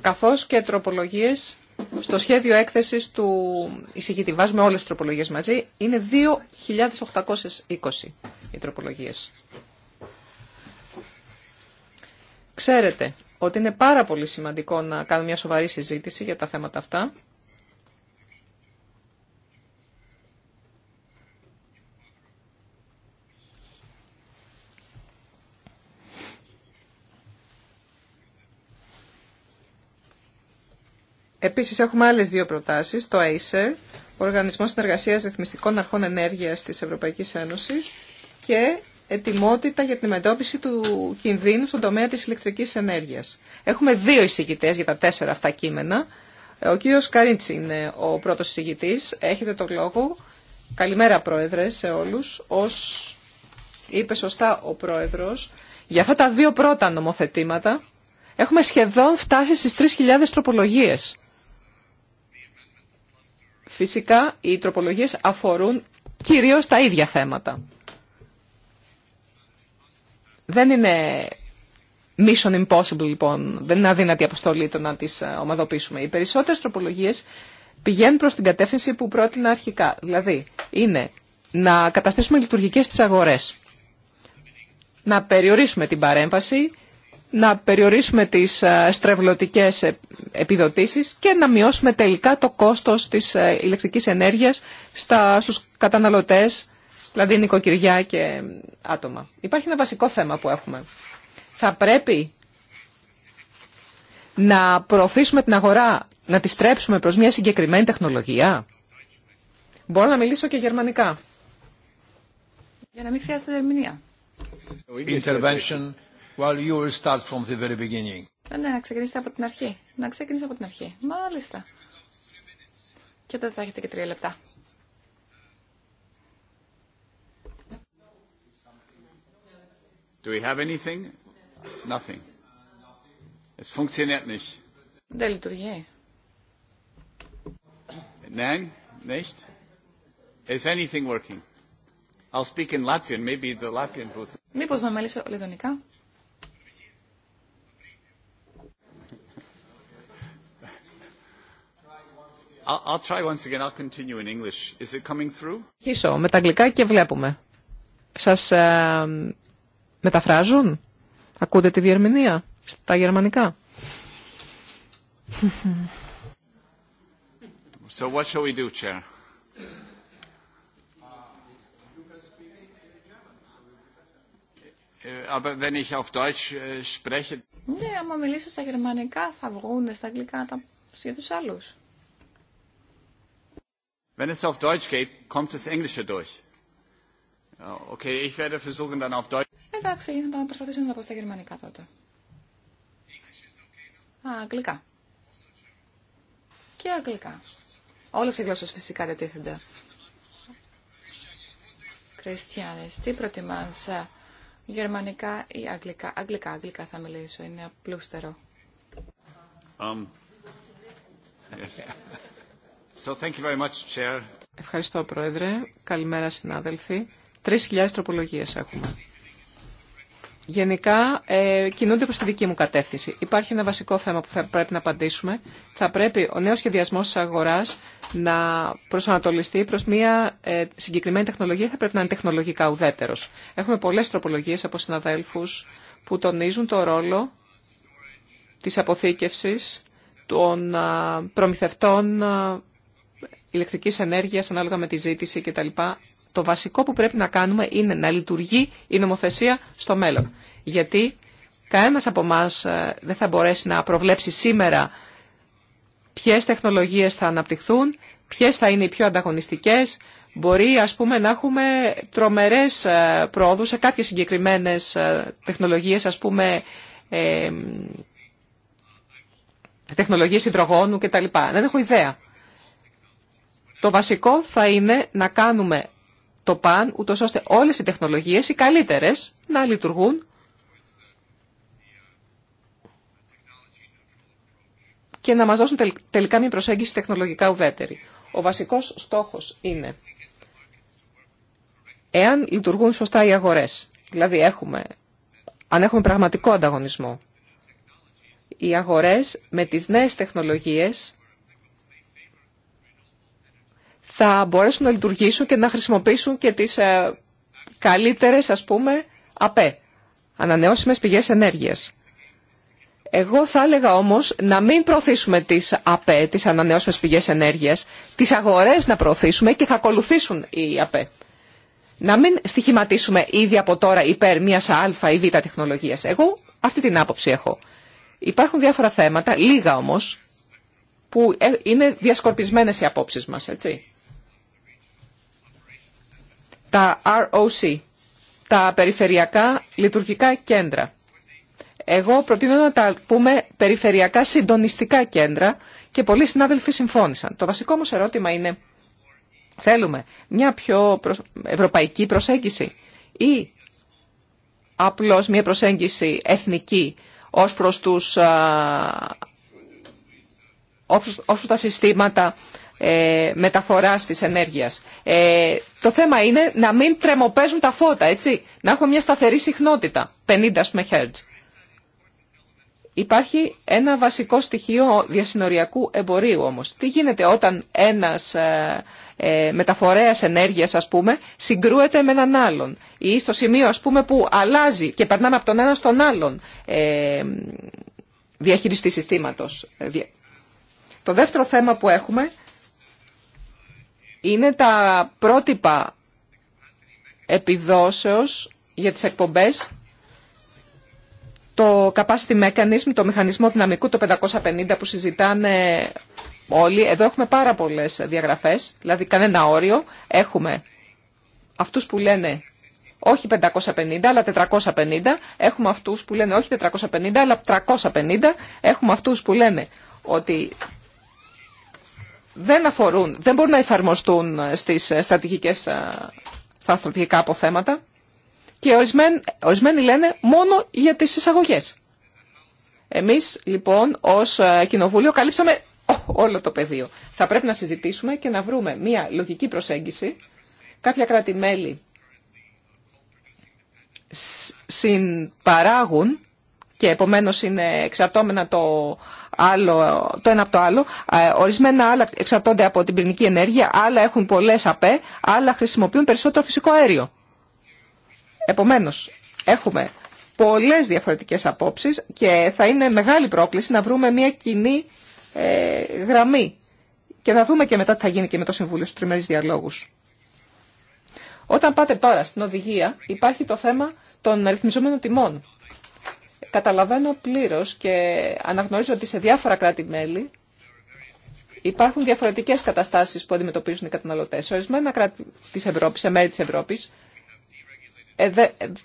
S6: Καθώς και τροπολογίες στο σχέδιο έκθεσης του εισηγητή. Βάζουμε όλες τις τροπολογίες μαζί. Είναι 2.820 οι τροπολογίες. Ξέρετε ότι είναι πάρα πολύ σημαντικό να κάνουμε μια σοβαρή συζήτηση για τα θέματα αυτά. Επίσης έχουμε άλλες δύο προτάσεις, το ACER, Οργανισμό Συνεργασίας Ρυθμιστικών Αρχών Ενέργειας της Ευρωπαϊκής Ένωση, και ετοιμότητα για την μετώπιση του κινδύνου στον τομέα της ηλεκτρικής ενέργειας. Έχουμε δύο εισηγητές για τα τέσσερα αυτά κείμενα. Ο κύριο Καρίντσι είναι ο πρώτος εισηγητής. Έχετε το λόγο. Καλημέρα πρόεδρε σε όλους. Ως είπε σωστά ο πρόεδρος, για αυτά τα δύο πρώτα νομοθετήματα έχουμε σχεδόν φτάσει στι 3.000 τροπολογίες. Φυσικά οι τροπολογίες αφορούν κυρίως τα ίδια θέματα. Δεν είναι mission impossible λοιπόν, δεν είναι αδύνατη αποστολή το να τις ε, ομαδοποιήσουμε. Οι περισσότερες τροπολογίες πηγαίνουν προς την κατεύθυνση που πρότεινα αρχικά. Δηλαδή είναι να καταστήσουμε λειτουργικές τις αγορές, να περιορίσουμε την παρέμβαση να περιορίσουμε τις ε, στρεβλωτικές επιδοτήσεις και να μειώσουμε τελικά το κόστος της ε, ηλεκτρικής ενέργειας στα, στους καταναλωτές, δηλαδή νοικοκυριά και ε, άτομα. Υπάρχει ένα βασικό θέμα που έχουμε. Θα πρέπει να προωθήσουμε την αγορά, να τη στρέψουμε προς μια συγκεκριμένη τεχνολογία. Μπορώ να μιλήσω και γερμανικά.
S3: Για να μην ερμηνεία.
S4: Intervention Well, you will start from the very beginning.
S3: Ναι, να ξεκινήσετε από την αρχή. Να ξεκινήσω από την αρχή. Μάλιστα. Και τότε θα έχετε και τρία λεπτά.
S4: Do we have anything? Nothing. Es funktioniert nicht.
S3: Δεν λειτουργεί.
S4: Nein, nicht. Is anything working? I'll speak in Latvian. Maybe the Latvian booth.
S3: Μήπως να μιλήσω λιδονικά.
S4: I'll try once again. I'll continue in English. Is it coming through?
S6: Ίσο, με τα αγγλικά και βλέπουμε. Σας ε, μεταφράζουν? Ακούτε τη διερμηνία στα γερμανικά?
S4: So what shall we do, Chair? Ε, aber wenn ich auf Deutsch ε, spreche...
S3: Ναι, άμα μιλήσω στα γερμανικά θα βγουν στα αγγλικά τα... για τους άλλους.
S4: Wenn es auf Deutsch geht, kommt das Englische durch.
S3: Εντάξει, θα προσπαθήσω να τα πω στα γερμανικά τότε. Α, αγγλικά. Και αγγλικά. Όλε οι γλώσσε φυσικά δεν τίθενται. Κριστιανέ, τι προτιμά, ε, γερμανικά ή αγγλικά. Αγγλικά, αγγλικά θα μιλήσω, είναι απλούστερο.
S6: Ευχαριστώ, Πρόεδρε. Καλημέρα, συνάδελφοι. χιλιάδες τροπολογίες έχουμε. Γενικά ε, κινούνται προς τη δική μου κατεύθυνση. Υπάρχει ένα βασικό θέμα που θα πρέπει να απαντήσουμε. Θα πρέπει ο νέος σχεδιασμός της αγοράς να προσανατολιστεί προς μια ε, συγκεκριμένη τεχνολογία. Θα πρέπει να είναι τεχνολογικά ουδέτερος. Έχουμε πολλές τροπολογίες από συναδέλφους που τονίζουν το ρόλο της αποθήκευσης των προμηθευτών Ηλεκτρική ενέργεια, ανάλογα με τη ζήτηση κτλ. Το βασικό που πρέπει να κάνουμε είναι να λειτουργεί η νομοθεσία στο μέλλον. Γιατί κανένα από εμά ε, δεν θα μπορέσει να προβλέψει σήμερα ποιες τεχνολογίες θα αναπτυχθούν, ποιες θα είναι οι πιο ανταγωνιστικές. Μπορεί, ας πούμε, να έχουμε τρομερές ε, πρόοδους σε κάποιες συγκεκριμένες ε, τεχνολογίες, ας πούμε, ε, τεχνολογίες υδρογόνου κτλ. Δεν έχω ιδέα. Το βασικό θα είναι να κάνουμε το παν, ούτω ώστε όλες οι τεχνολογίες, οι καλύτερες, να λειτουργούν και να μας δώσουν τελικά μια προσέγγιση τεχνολογικά ουδέτερη. Ο βασικός στόχος είναι, εάν λειτουργούν σωστά οι αγορές, δηλαδή έχουμε, αν έχουμε πραγματικό ανταγωνισμό, οι αγορές με τις νέες τεχνολογίες θα μπορέσουν να λειτουργήσουν και να χρησιμοποιήσουν και τις ε, καλύτερες, ας πούμε, ΑΠΕ, ανανεώσιμες πηγές ενέργειας. Εγώ θα έλεγα όμως να μην προωθήσουμε τις ΑΠΕ, τις ανανεώσιμες πηγές ενέργειας, τις αγορές να προωθήσουμε και θα ακολουθήσουν οι ΑΠΕ. Να μην στοιχηματίσουμε ήδη από τώρα υπέρ μιας α ή β τεχνολογίας. Εγώ αυτή την άποψη έχω. Υπάρχουν διάφορα θέματα, λίγα όμως, που ε, είναι διασκορπισμένες οι απόψεις μας, τα ROC, τα Περιφερειακά Λειτουργικά Κέντρα. Εγώ προτείνω να τα πούμε Περιφερειακά Συντονιστικά Κέντρα και πολλοί συνάδελφοι συμφώνησαν. Το βασικό όμως ερώτημα είναι, θέλουμε μια πιο ευρωπαϊκή προσέγγιση ή απλώς μια προσέγγιση εθνική ως προς, τους, ως τα συστήματα ε, μεταφοράς της ενέργειας. Ε, το θέμα είναι να μην τρεμοπέζουν τα φώτα, έτσι. Να έχουμε μια σταθερή συχνότητα, 50 με Hz. Υπάρχει ένα βασικό στοιχείο διασυνοριακού εμπορίου όμως. Τι γίνεται όταν ένας ε, ε, μεταφορέας ενέργειας, ας πούμε, συγκρούεται με έναν άλλον ή στο σημείο, ας πούμε, που αλλάζει και περνάμε από τον ένα στον άλλον ε, διαχειριστή συστήματος. Το δεύτερο θέμα που έχουμε είναι τα πρότυπα επιδόσεως για τις εκπομπές το capacity mechanism, το μηχανισμό δυναμικού, το 550 που συζητάνε όλοι. Εδώ έχουμε πάρα πολλές διαγραφές, δηλαδή κανένα όριο. Έχουμε αυτούς που λένε όχι 550 αλλά 450, έχουμε αυτούς που λένε όχι 450 αλλά 350, έχουμε αυτούς που λένε ότι δεν αφορούν, δεν μπορούν να εφαρμοστούν στις ε, στρατηγικές, ε, στα αποθέματα και ορισμένοι, ορισμένοι λένε μόνο για τις εισαγωγές. Εμείς λοιπόν ως ε, Κοινοβούλιο καλύψαμε όλο το πεδίο. Θα πρέπει να συζητήσουμε και να βρούμε μια λογική προσέγγιση. Κάποια κράτη-μέλη συμπαράγουν και επομένως είναι εξαρτώμενα το, άλλο, το ένα από το άλλο. Ε, ορισμένα άλλα εξαρτώνται από την πυρηνική ενέργεια, άλλα έχουν πολλές ΑΠΕ, άλλα χρησιμοποιούν περισσότερο φυσικό αέριο. Επομένως, έχουμε πολλές διαφορετικές απόψεις και θα είναι μεγάλη πρόκληση να βρούμε μια κοινή ε, γραμμή. Και θα δούμε και μετά τι θα γίνει και με το Συμβούλιο στους τριμερείς διαλόγους. Όταν πάτε τώρα στην οδηγία υπάρχει το θέμα των αριθμιζόμενων τιμών Καταλαβαίνω πλήρως και αναγνωρίζω ότι σε διάφορα κράτη-μέλη υπάρχουν διαφορετικές καταστάσεις που αντιμετωπίζουν οι καταναλωτές. Σε ορισμένα κράτη της Ευρώπης, σε μέρη της Ευρώπης, ε,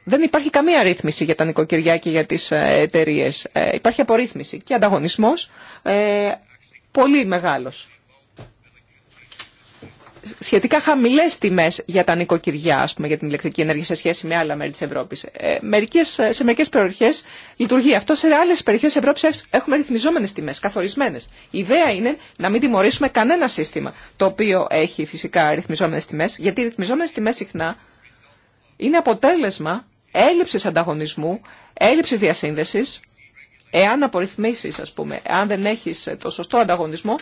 S6: δεν υπάρχει καμία ρύθμιση για τα νοικοκυριά και για τις ε, εταιρείε. Ε, υπάρχει απορρίθμιση και ανταγωνισμός πολύ μεγάλος σχετικά χαμηλέ τιμέ για τα νοικοκυριά, ας πούμε, για την ηλεκτρική ενέργεια σε σχέση με άλλα μέρη τη Ευρώπη. Ε, ε, σε μερικέ περιοχέ λειτουργεί αυτό, σε άλλε περιοχέ τη Ευρώπη έχουμε ρυθμιζόμενε τιμέ, καθορισμένε. Η ιδέα είναι να μην τιμωρήσουμε κανένα σύστημα το οποίο έχει φυσικά ρυθμιζόμενε τιμέ, γιατί οι ρυθμιζόμενε τιμέ συχνά είναι αποτέλεσμα έλλειψη ανταγωνισμού, έλλειψη διασύνδεση. Εάν απορριθμίσει, α πούμε, αν δεν έχει το σωστό ανταγωνισμό,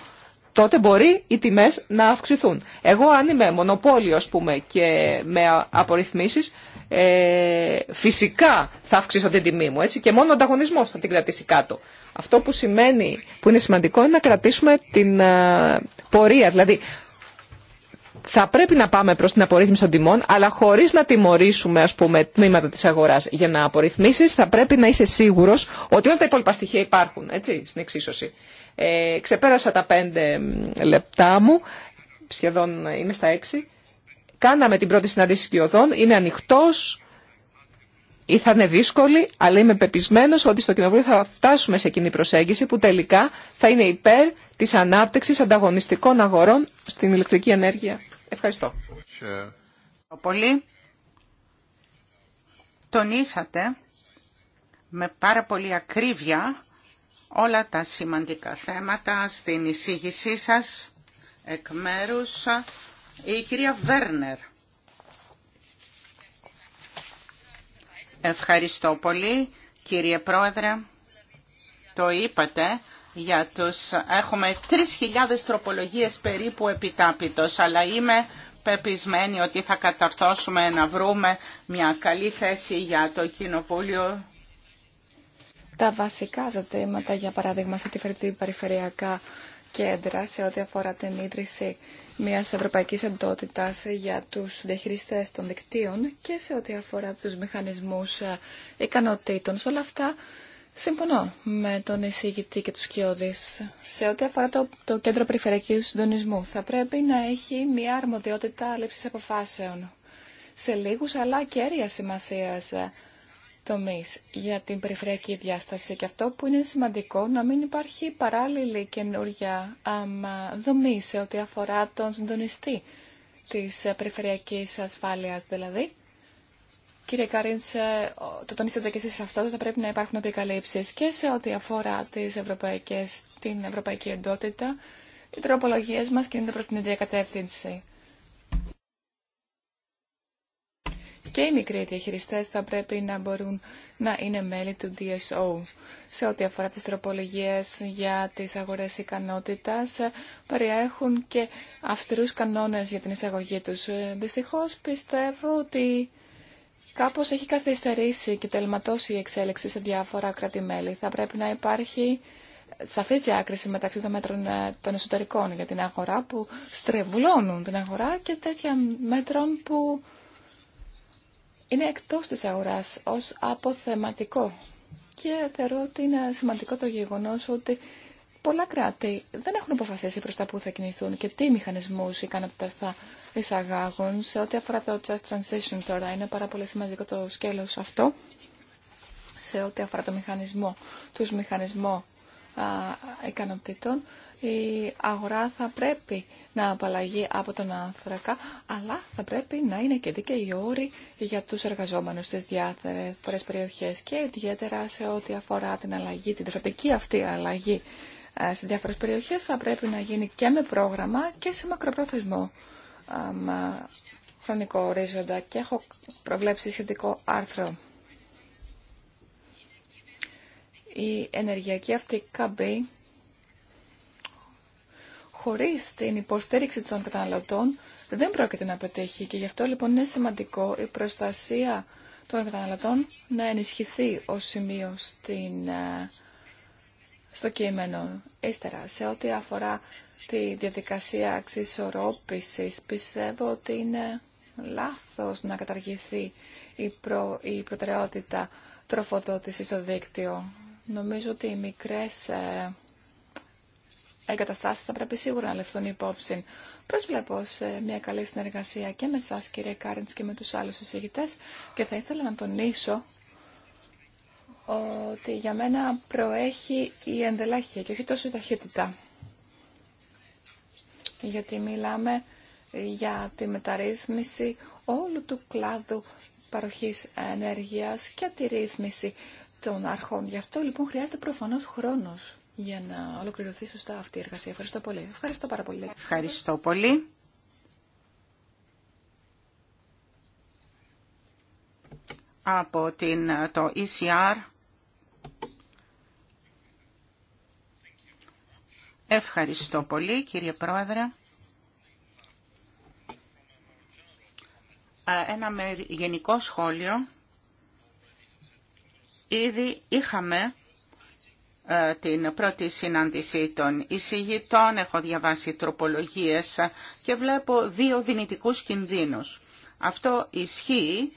S6: τότε μπορεί οι τιμέ να αυξηθούν. Εγώ αν είμαι μονοπόλιο ας πούμε και με απορριθμίσεις, ε, φυσικά θα αυξήσω την τιμή μου έτσι, και μόνο ο ανταγωνισμός θα την κρατήσει κάτω. Αυτό που σημαίνει, που είναι σημαντικό είναι να κρατήσουμε την ε, πορεία, δηλαδή θα πρέπει να πάμε προς την απορρίθμιση των τιμών, αλλά χωρίς να τιμωρήσουμε ας πούμε, τμήματα της αγοράς. Για να απορριθμίσεις θα πρέπει να είσαι σίγουρος ότι όλα τα υπόλοιπα στοιχεία υπάρχουν έτσι, στην εξίσωση. Ε, ξεπέρασα τα πέντε λεπτά μου, σχεδόν είμαι στα έξι. Κάναμε την πρώτη συνάντηση σκιωδών, είμαι ανοιχτός, ή θα είναι δύσκολη, αλλά είμαι πεπισμένο ότι στο Κοινοβούλιο θα φτάσουμε σε κοινή προσέγγιση που τελικά θα είναι υπέρ τη ανάπτυξη ανταγωνιστικών αγορών στην ηλεκτρική ενέργεια.
S7: Ευχαριστώ. Πολύ. Τονίσατε με πάρα πολύ ακρίβεια όλα τα σημαντικά θέματα στην εισήγησή σας εκ μέρους η κυρία Βέρνερ. Ευχαριστώ πολύ κύριε Πρόεδρε. Το είπατε για τους... Έχουμε 3.000 τροπολογίες περίπου επιτάπητος, αλλά είμαι πεπισμένη ότι θα καταρθώσουμε να βρούμε μια καλή θέση για το Κοινοβούλιο
S3: τα βασικά ζητήματα, για παράδειγμα, σε τη φέρει περιφερειακά κέντρα, σε ό,τι αφορά την ίδρυση μιας ευρωπαϊκής εντότητας για τους διαχειριστές των δικτύων και σε ό,τι αφορά τους μηχανισμούς ε, ικανοτήτων. Σε όλα αυτά συμφωνώ με τον εισηγητή και τους κοιόδης. Σε ό,τι αφορά το, το κέντρο περιφερειακού συντονισμού θα πρέπει να έχει μια αρμοδιότητα λήψης αποφάσεων σε λίγους αλλά κέρια σημασίας για την περιφερειακή διάσταση και αυτό που είναι σημαντικό να μην υπάρχει παράλληλη καινούργια δομή σε ό,τι αφορά τον συντονιστή της ε, περιφερειακής ασφάλειας δηλαδή. Κύριε Καρίντς, το τονίσατε και εσείς σε αυτό, θα πρέπει να υπάρχουν επικαλύψεις και σε ό,τι αφορά τις ευρωπαϊκές, την ευρωπαϊκή εντότητα. Οι τροπολογίες μας κινούνται προς την ίδια κατεύθυνση. και οι μικροί διαχειριστές θα πρέπει να μπορούν να είναι μέλη του DSO. Σε ό,τι αφορά τις τροπολογίες για τις αγορές ικανότητας, παρέχουν και αυστηρούς κανόνες για την εισαγωγή τους. Δυστυχώς πιστεύω ότι κάπως έχει καθυστερήσει και τελματώσει η εξέλιξη σε διάφορα κράτη-μέλη. Θα πρέπει να υπάρχει σαφή διάκριση μεταξύ των μέτρων ε, των εσωτερικών για την αγορά που στρεβλώνουν την αγορά και τέτοια μέτρων που είναι εκτός της αγοράς ως αποθεματικό. Και θεωρώ ότι είναι σημαντικό το γεγονός ότι πολλά κράτη δεν έχουν αποφασίσει προς τα που θα κινηθούν και τι μηχανισμούς ικανότητας θα εισαγάγουν. Σε ό,τι αφορά το Just Transition τώρα είναι πάρα πολύ σημαντικό το σκέλος αυτό σε ό,τι αφορά το μηχανισμό, τους μηχανισμό εκανοπτήτων, η αγορά θα πρέπει να απαλλαγεί από τον άνθρακα, αλλά θα πρέπει να είναι και δίκαιοι όροι για τους εργαζόμενους στις διάφορες περιοχές και ιδιαίτερα σε ό,τι αφορά την αλλαγή, την τρατική αυτή αλλαγή σε διάφορες περιοχές θα πρέπει να γίνει και με πρόγραμμα και σε μακροπρόθεσμο χρονικό ορίζοντα και έχω προβλέψει σχετικό άρθρο η ενεργειακή αυτή καμπή χωρίς την υποστήριξη των καταναλωτών δεν πρόκειται να πετύχει και γι' αυτό λοιπόν είναι σημαντικό η προστασία των καταναλωτών να ενισχυθεί ως σημείο στην, ε, στο κείμενο. Ύστερα, σε ό,τι αφορά τη διαδικασία αξισορρόπησης, πιστεύω ότι είναι λάθος να καταργηθεί η, προ, η προτεραιότητα τροφοδότηση στο δίκτυο. Νομίζω ότι οι μικρές ε, εγκαταστάσεις θα πρέπει σίγουρα να λεφθούν υπόψη. Προσβλέπω σε μια καλή συνεργασία και με εσά, κύριε Κάριντς, και με τους άλλους εισηγητές και θα ήθελα να τονίσω ότι για μένα προέχει η ενδελάχεια και όχι τόσο η ταχύτητα. Γιατί μιλάμε για τη μεταρρύθμιση όλου του κλάδου παροχής ενέργειας και τη ρύθμιση των αρχών. Γι' αυτό λοιπόν χρειάζεται προφανώς χρόνος για να ολοκληρωθεί σωστά αυτή η εργασία. Ευχαριστώ πολύ. Ευχαριστώ πάρα πολύ.
S7: Ευχαριστώ πολύ. Από την, το ECR. Ευχαριστώ πολύ κύριε Πρόεδρε. Ένα γενικό σχόλιο Ήδη είχαμε ε, την πρώτη συνάντηση των εισηγητών, έχω διαβάσει τροπολογίες και βλέπω δύο δυνητικούς κινδύνους. Αυτό ισχύει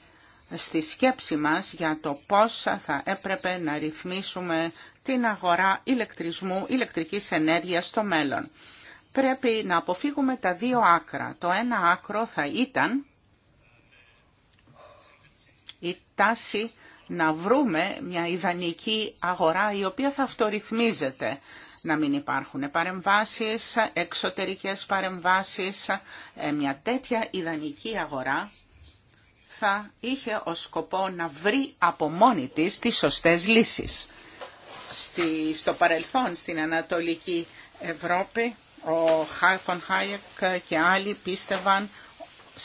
S7: στη σκέψη μας για το πώς θα έπρεπε να ρυθμίσουμε την αγορά ηλεκτρισμού, ηλεκτρικής ενέργειας στο μέλλον. Πρέπει να αποφύγουμε τα δύο άκρα. Το ένα άκρο θα ήταν η τάση να βρούμε μια ιδανική αγορά η οποία θα αυτορυθμίζεται. Να μην υπάρχουν παρεμβάσεις, εξωτερικές παρεμβάσεις. Ε, μια τέτοια ιδανική αγορά θα είχε ως σκοπό να βρει από μόνη της τις σωστές λύσεις. Στη, στο παρελθόν στην Ανατολική Ευρώπη ο Χάιφον Χάιεκ και άλλοι πίστευαν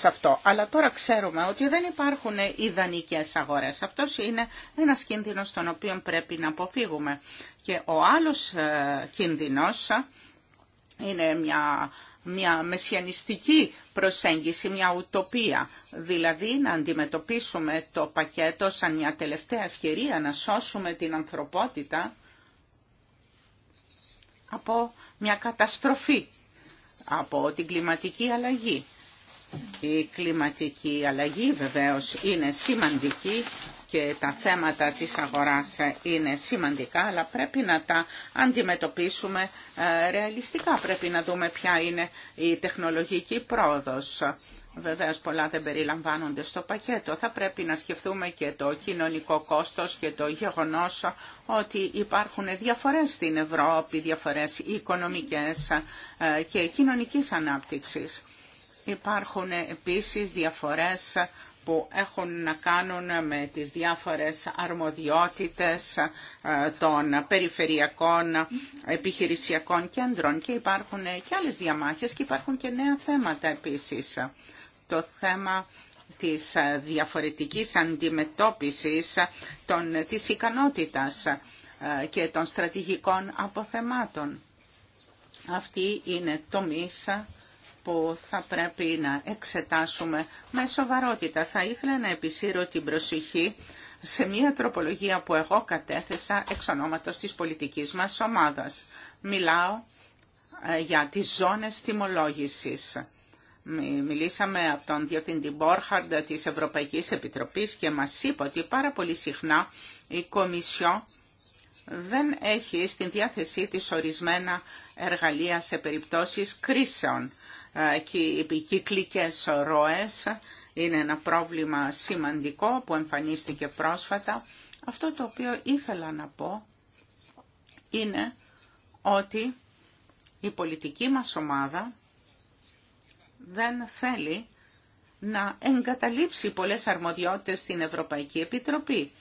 S7: αυτό. Αλλά τώρα ξέρουμε ότι δεν υπάρχουν ιδανικές αγορές. Αυτός είναι ένας κίνδυνος τον οποίο πρέπει να αποφύγουμε. Και ο άλλος ε, κίνδυνος ε, είναι μια μια μεσιανιστική προσέγγιση, μια ουτοπία. Δηλαδή να αντιμετωπίσουμε το πακέτο σαν μια τελευταία ευκαιρία να σώσουμε την ανθρωπότητα από μια καταστροφή, από την κλιματική αλλαγή. Η κλιματική αλλαγή βεβαίως είναι σημαντική και τα θέματα της αγοράς είναι σημαντικά, αλλά πρέπει να τα αντιμετωπίσουμε ε, ρεαλιστικά. Πρέπει να δούμε ποια είναι η τεχνολογική πρόοδος. Βεβαίω πολλά δεν περιλαμβάνονται στο πακέτο. Θα πρέπει να σκεφτούμε και το κοινωνικό κόστος και το γεγονός ότι υπάρχουν διαφορές στην Ευρώπη, διαφορές οικονομικές ε, και κοινωνικής ανάπτυξης. Υπάρχουν επίσης διαφορές που έχουν να κάνουν με τις διάφορες αρμοδιότητες ε, των περιφερειακών επιχειρησιακών κέντρων και υπάρχουν και άλλες διαμάχες και υπάρχουν και νέα θέματα επίσης. Το θέμα της διαφορετικής αντιμετώπισης των, της ικανότητας ε, και των στρατηγικών αποθεμάτων. Αυτή είναι το μίσα που θα πρέπει να εξετάσουμε με σοβαρότητα. Θα ήθελα να επισύρω την προσοχή σε μια τροπολογία που εγώ κατέθεσα εξ ονόματος της πολιτικής μας ομάδας. Μιλάω ε, για τις ζώνες τιμολόγησης. Μιλήσαμε από τον Διευθυντή Μπόρχαρντ της Ευρωπαϊκής Επιτροπής και μας είπε ότι πάρα πολύ συχνά η Κομισιό δεν έχει στην διάθεσή της ορισμένα εργαλεία σε περιπτώσεις κρίσεων. Ε, οι κυκλικές ροές είναι ένα πρόβλημα σημαντικό που εμφανίστηκε πρόσφατα. Αυτό το οποίο ήθελα να πω είναι ότι η πολιτική μας ομάδα δεν θέλει να εγκαταλείψει πολλές αρμοδιότητες στην Ευρωπαϊκή Επιτροπή.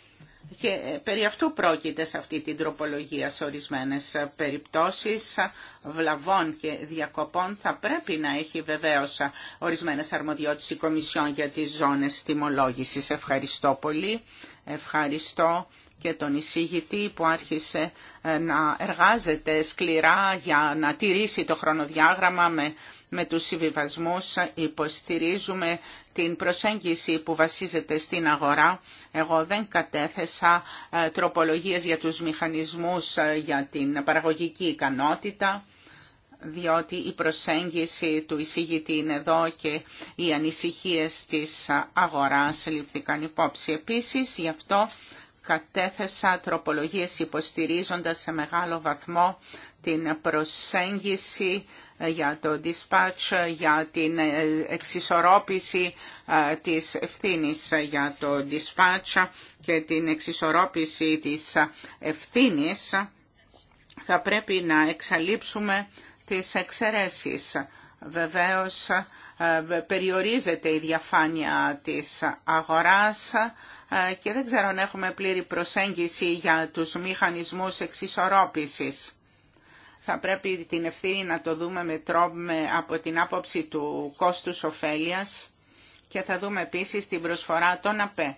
S7: Και ε, περί αυτού πρόκειται σε αυτή την τροπολογία σε ορισμένες ε, περιπτώσεις βλαβών και διακοπών θα πρέπει να έχει βεβαίως ε, ορισμένες αρμοδιότητες η Κομισιόν για τις ζώνες τιμολόγησης. Ευχαριστώ πολύ. Ευχαριστώ και τον εισηγητή που άρχισε να εργάζεται σκληρά για να τηρήσει το χρονοδιάγραμμα με, του τους συμβιβασμούς. Υποστηρίζουμε την προσέγγιση που βασίζεται στην αγορά. Εγώ δεν κατέθεσα ε, τροπολογίες για τους μηχανισμούς ε, για την παραγωγική ικανότητα διότι η προσέγγιση του εισηγητή είναι εδώ και οι ανησυχίες της αγοράς ληφθήκαν υπόψη. Επίσης, γι' αυτό κατέθεσα τροπολογίες υποστηρίζοντας σε μεγάλο βαθμό την προσέγγιση για το dispatch, για την εξισορρόπηση ε, της ευθύνης για το dispatch και την εξισορρόπηση της ευθύνης θα πρέπει να εξαλείψουμε τις εξαιρέσεις. Βεβαίως ε, περιορίζεται η διαφάνεια της αγοράς ε, και δεν ξέρω αν έχουμε πλήρη προσέγγιση για τους μηχανισμούς εξισορρόπησης θα πρέπει την ευθύνη να το δούμε με τρόπο από την άποψη του κόστους ωφέλειας και θα δούμε επίσης την προσφορά των ΑΠΕ.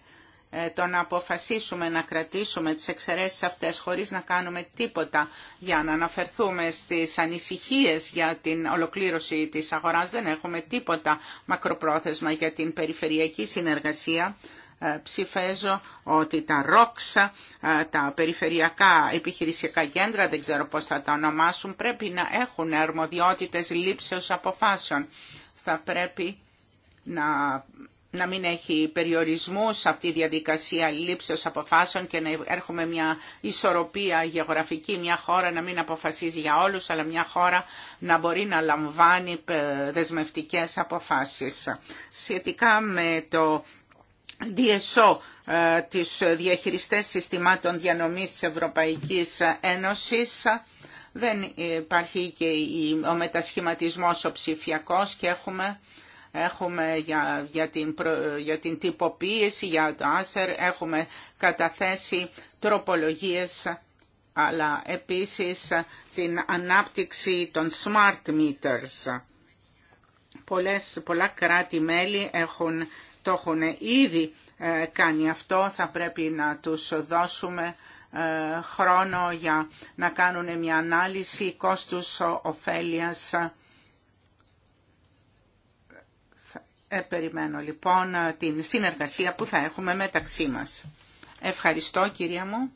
S7: Ε, το να αποφασίσουμε να κρατήσουμε τις εξαιρέσεις αυτές χωρίς να κάνουμε τίποτα για να αναφερθούμε στις ανησυχίες για την ολοκλήρωση της αγοράς. Δεν έχουμε τίποτα μακροπρόθεσμα για την περιφερειακή συνεργασία ψηφέζω ότι τα ρόξα, τα περιφερειακά επιχειρησιακά κέντρα, δεν ξέρω πώς θα τα ονομάσουν, πρέπει να έχουν αρμοδιότητες λήψεως αποφάσεων. Θα πρέπει να να μην έχει περιορισμούς αυτή η διαδικασία λήψεως αποφάσεων και να έρχομαι μια ισορροπία γεωγραφική, μια χώρα να μην αποφασίζει για όλους, αλλά μια χώρα να μπορεί να λαμβάνει ε, δεσμευτικές αποφάσεις. Σχετικά με το DSO, ε, τις διαχειριστές συστημάτων διανομής της Ευρωπαϊκής Ένωσης. Δεν υπάρχει και ο μετασχηματισμός ο ψηφιακός και έχουμε, έχουμε για, για, την, για την τυποποίηση, για το ΆΣΕΡ, έχουμε καταθέσει τροπολογίες αλλά επίσης την ανάπτυξη των smart meters. Πολλές, πολλά κράτη-μέλη έχουν το έχουν ήδη ε, κάνει αυτό, θα πρέπει να τους δώσουμε ε, χρόνο για να κάνουν μια ανάλυση κόστους ωφέλειας. Ε, περιμένω λοιπόν την συνεργασία που θα έχουμε μεταξύ μας. Ευχαριστώ κυρία μου.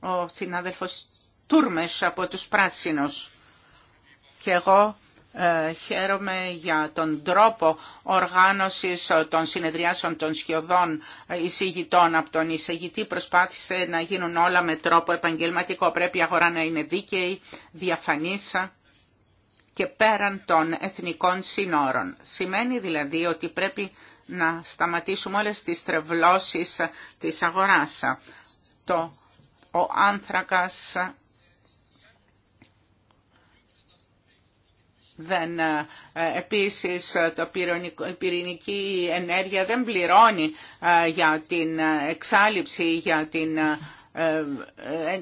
S7: Ο συνάδελφος Τούρμες από τους Πράσινους. Και εγώ ε, χαίρομαι για τον τρόπο οργάνωσης ε, των συνεδριάσεων των σκιωδών ε, εισηγητών από τον εισηγητή. Προσπάθησε να γίνουν όλα με τρόπο επαγγελματικό. Πρέπει η αγορά να είναι δίκαιη, διαφανής και πέραν των εθνικών συνόρων. Σημαίνει δηλαδή ότι πρέπει να σταματήσουμε όλες τις τρευλώσεις της αγοράς. Το, ο άνθρακας δεν, ε, ε, επίσης ε, το η πυρηνική ενέργεια δεν πληρώνει για την εξάλληψη, για την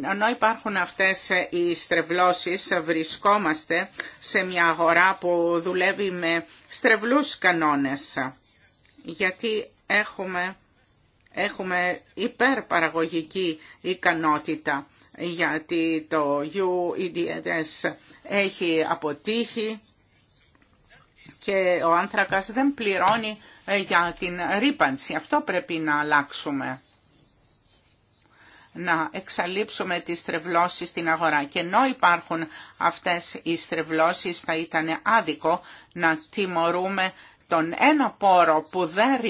S7: ενώ υπάρχουν αυτές οι στρεβλώσεις, βρισκόμαστε σε μια αγορά που δουλεύει με στρεβλούς κανόνες. Γιατί έχουμε, έχουμε υπερπαραγωγική ικανότητα γιατί το UEDS έχει αποτύχει και ο άνθρακας δεν πληρώνει ε, για την ρήπανση. Αυτό πρέπει να αλλάξουμε. Να εξαλείψουμε τις στρεβλώσεις στην αγορά. Και ενώ υπάρχουν αυτές οι στρεβλώσεις θα ήταν άδικο να τιμωρούμε τον ένα πόρο που δεν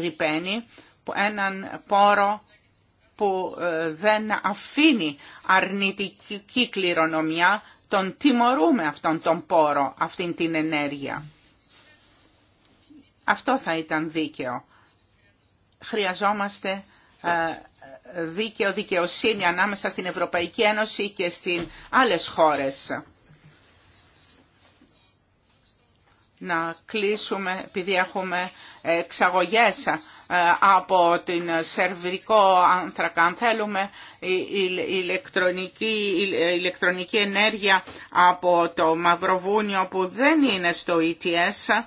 S7: ρηπαίνει, έναν πόρο που ε, δεν αφήνει αρνητική κληρονομιά, τον τιμωρούμε αυτόν τον πόρο, αυτήν την ενέργεια. Αυτό θα ήταν δίκαιο. Χρειαζόμαστε ε, δίκαιο δικαιοσύνη ανάμεσα στην Ευρωπαϊκή Ένωση και στην άλλες χώρες. Να κλείσουμε, επειδή έχουμε εξαγωγές ε, από την σερβικό άνθρακα. Αν θέλουμε ηλεκτρονική, ηλεκτρονική ενέργεια από το Μαυροβούνιο που δεν είναι στο ETS,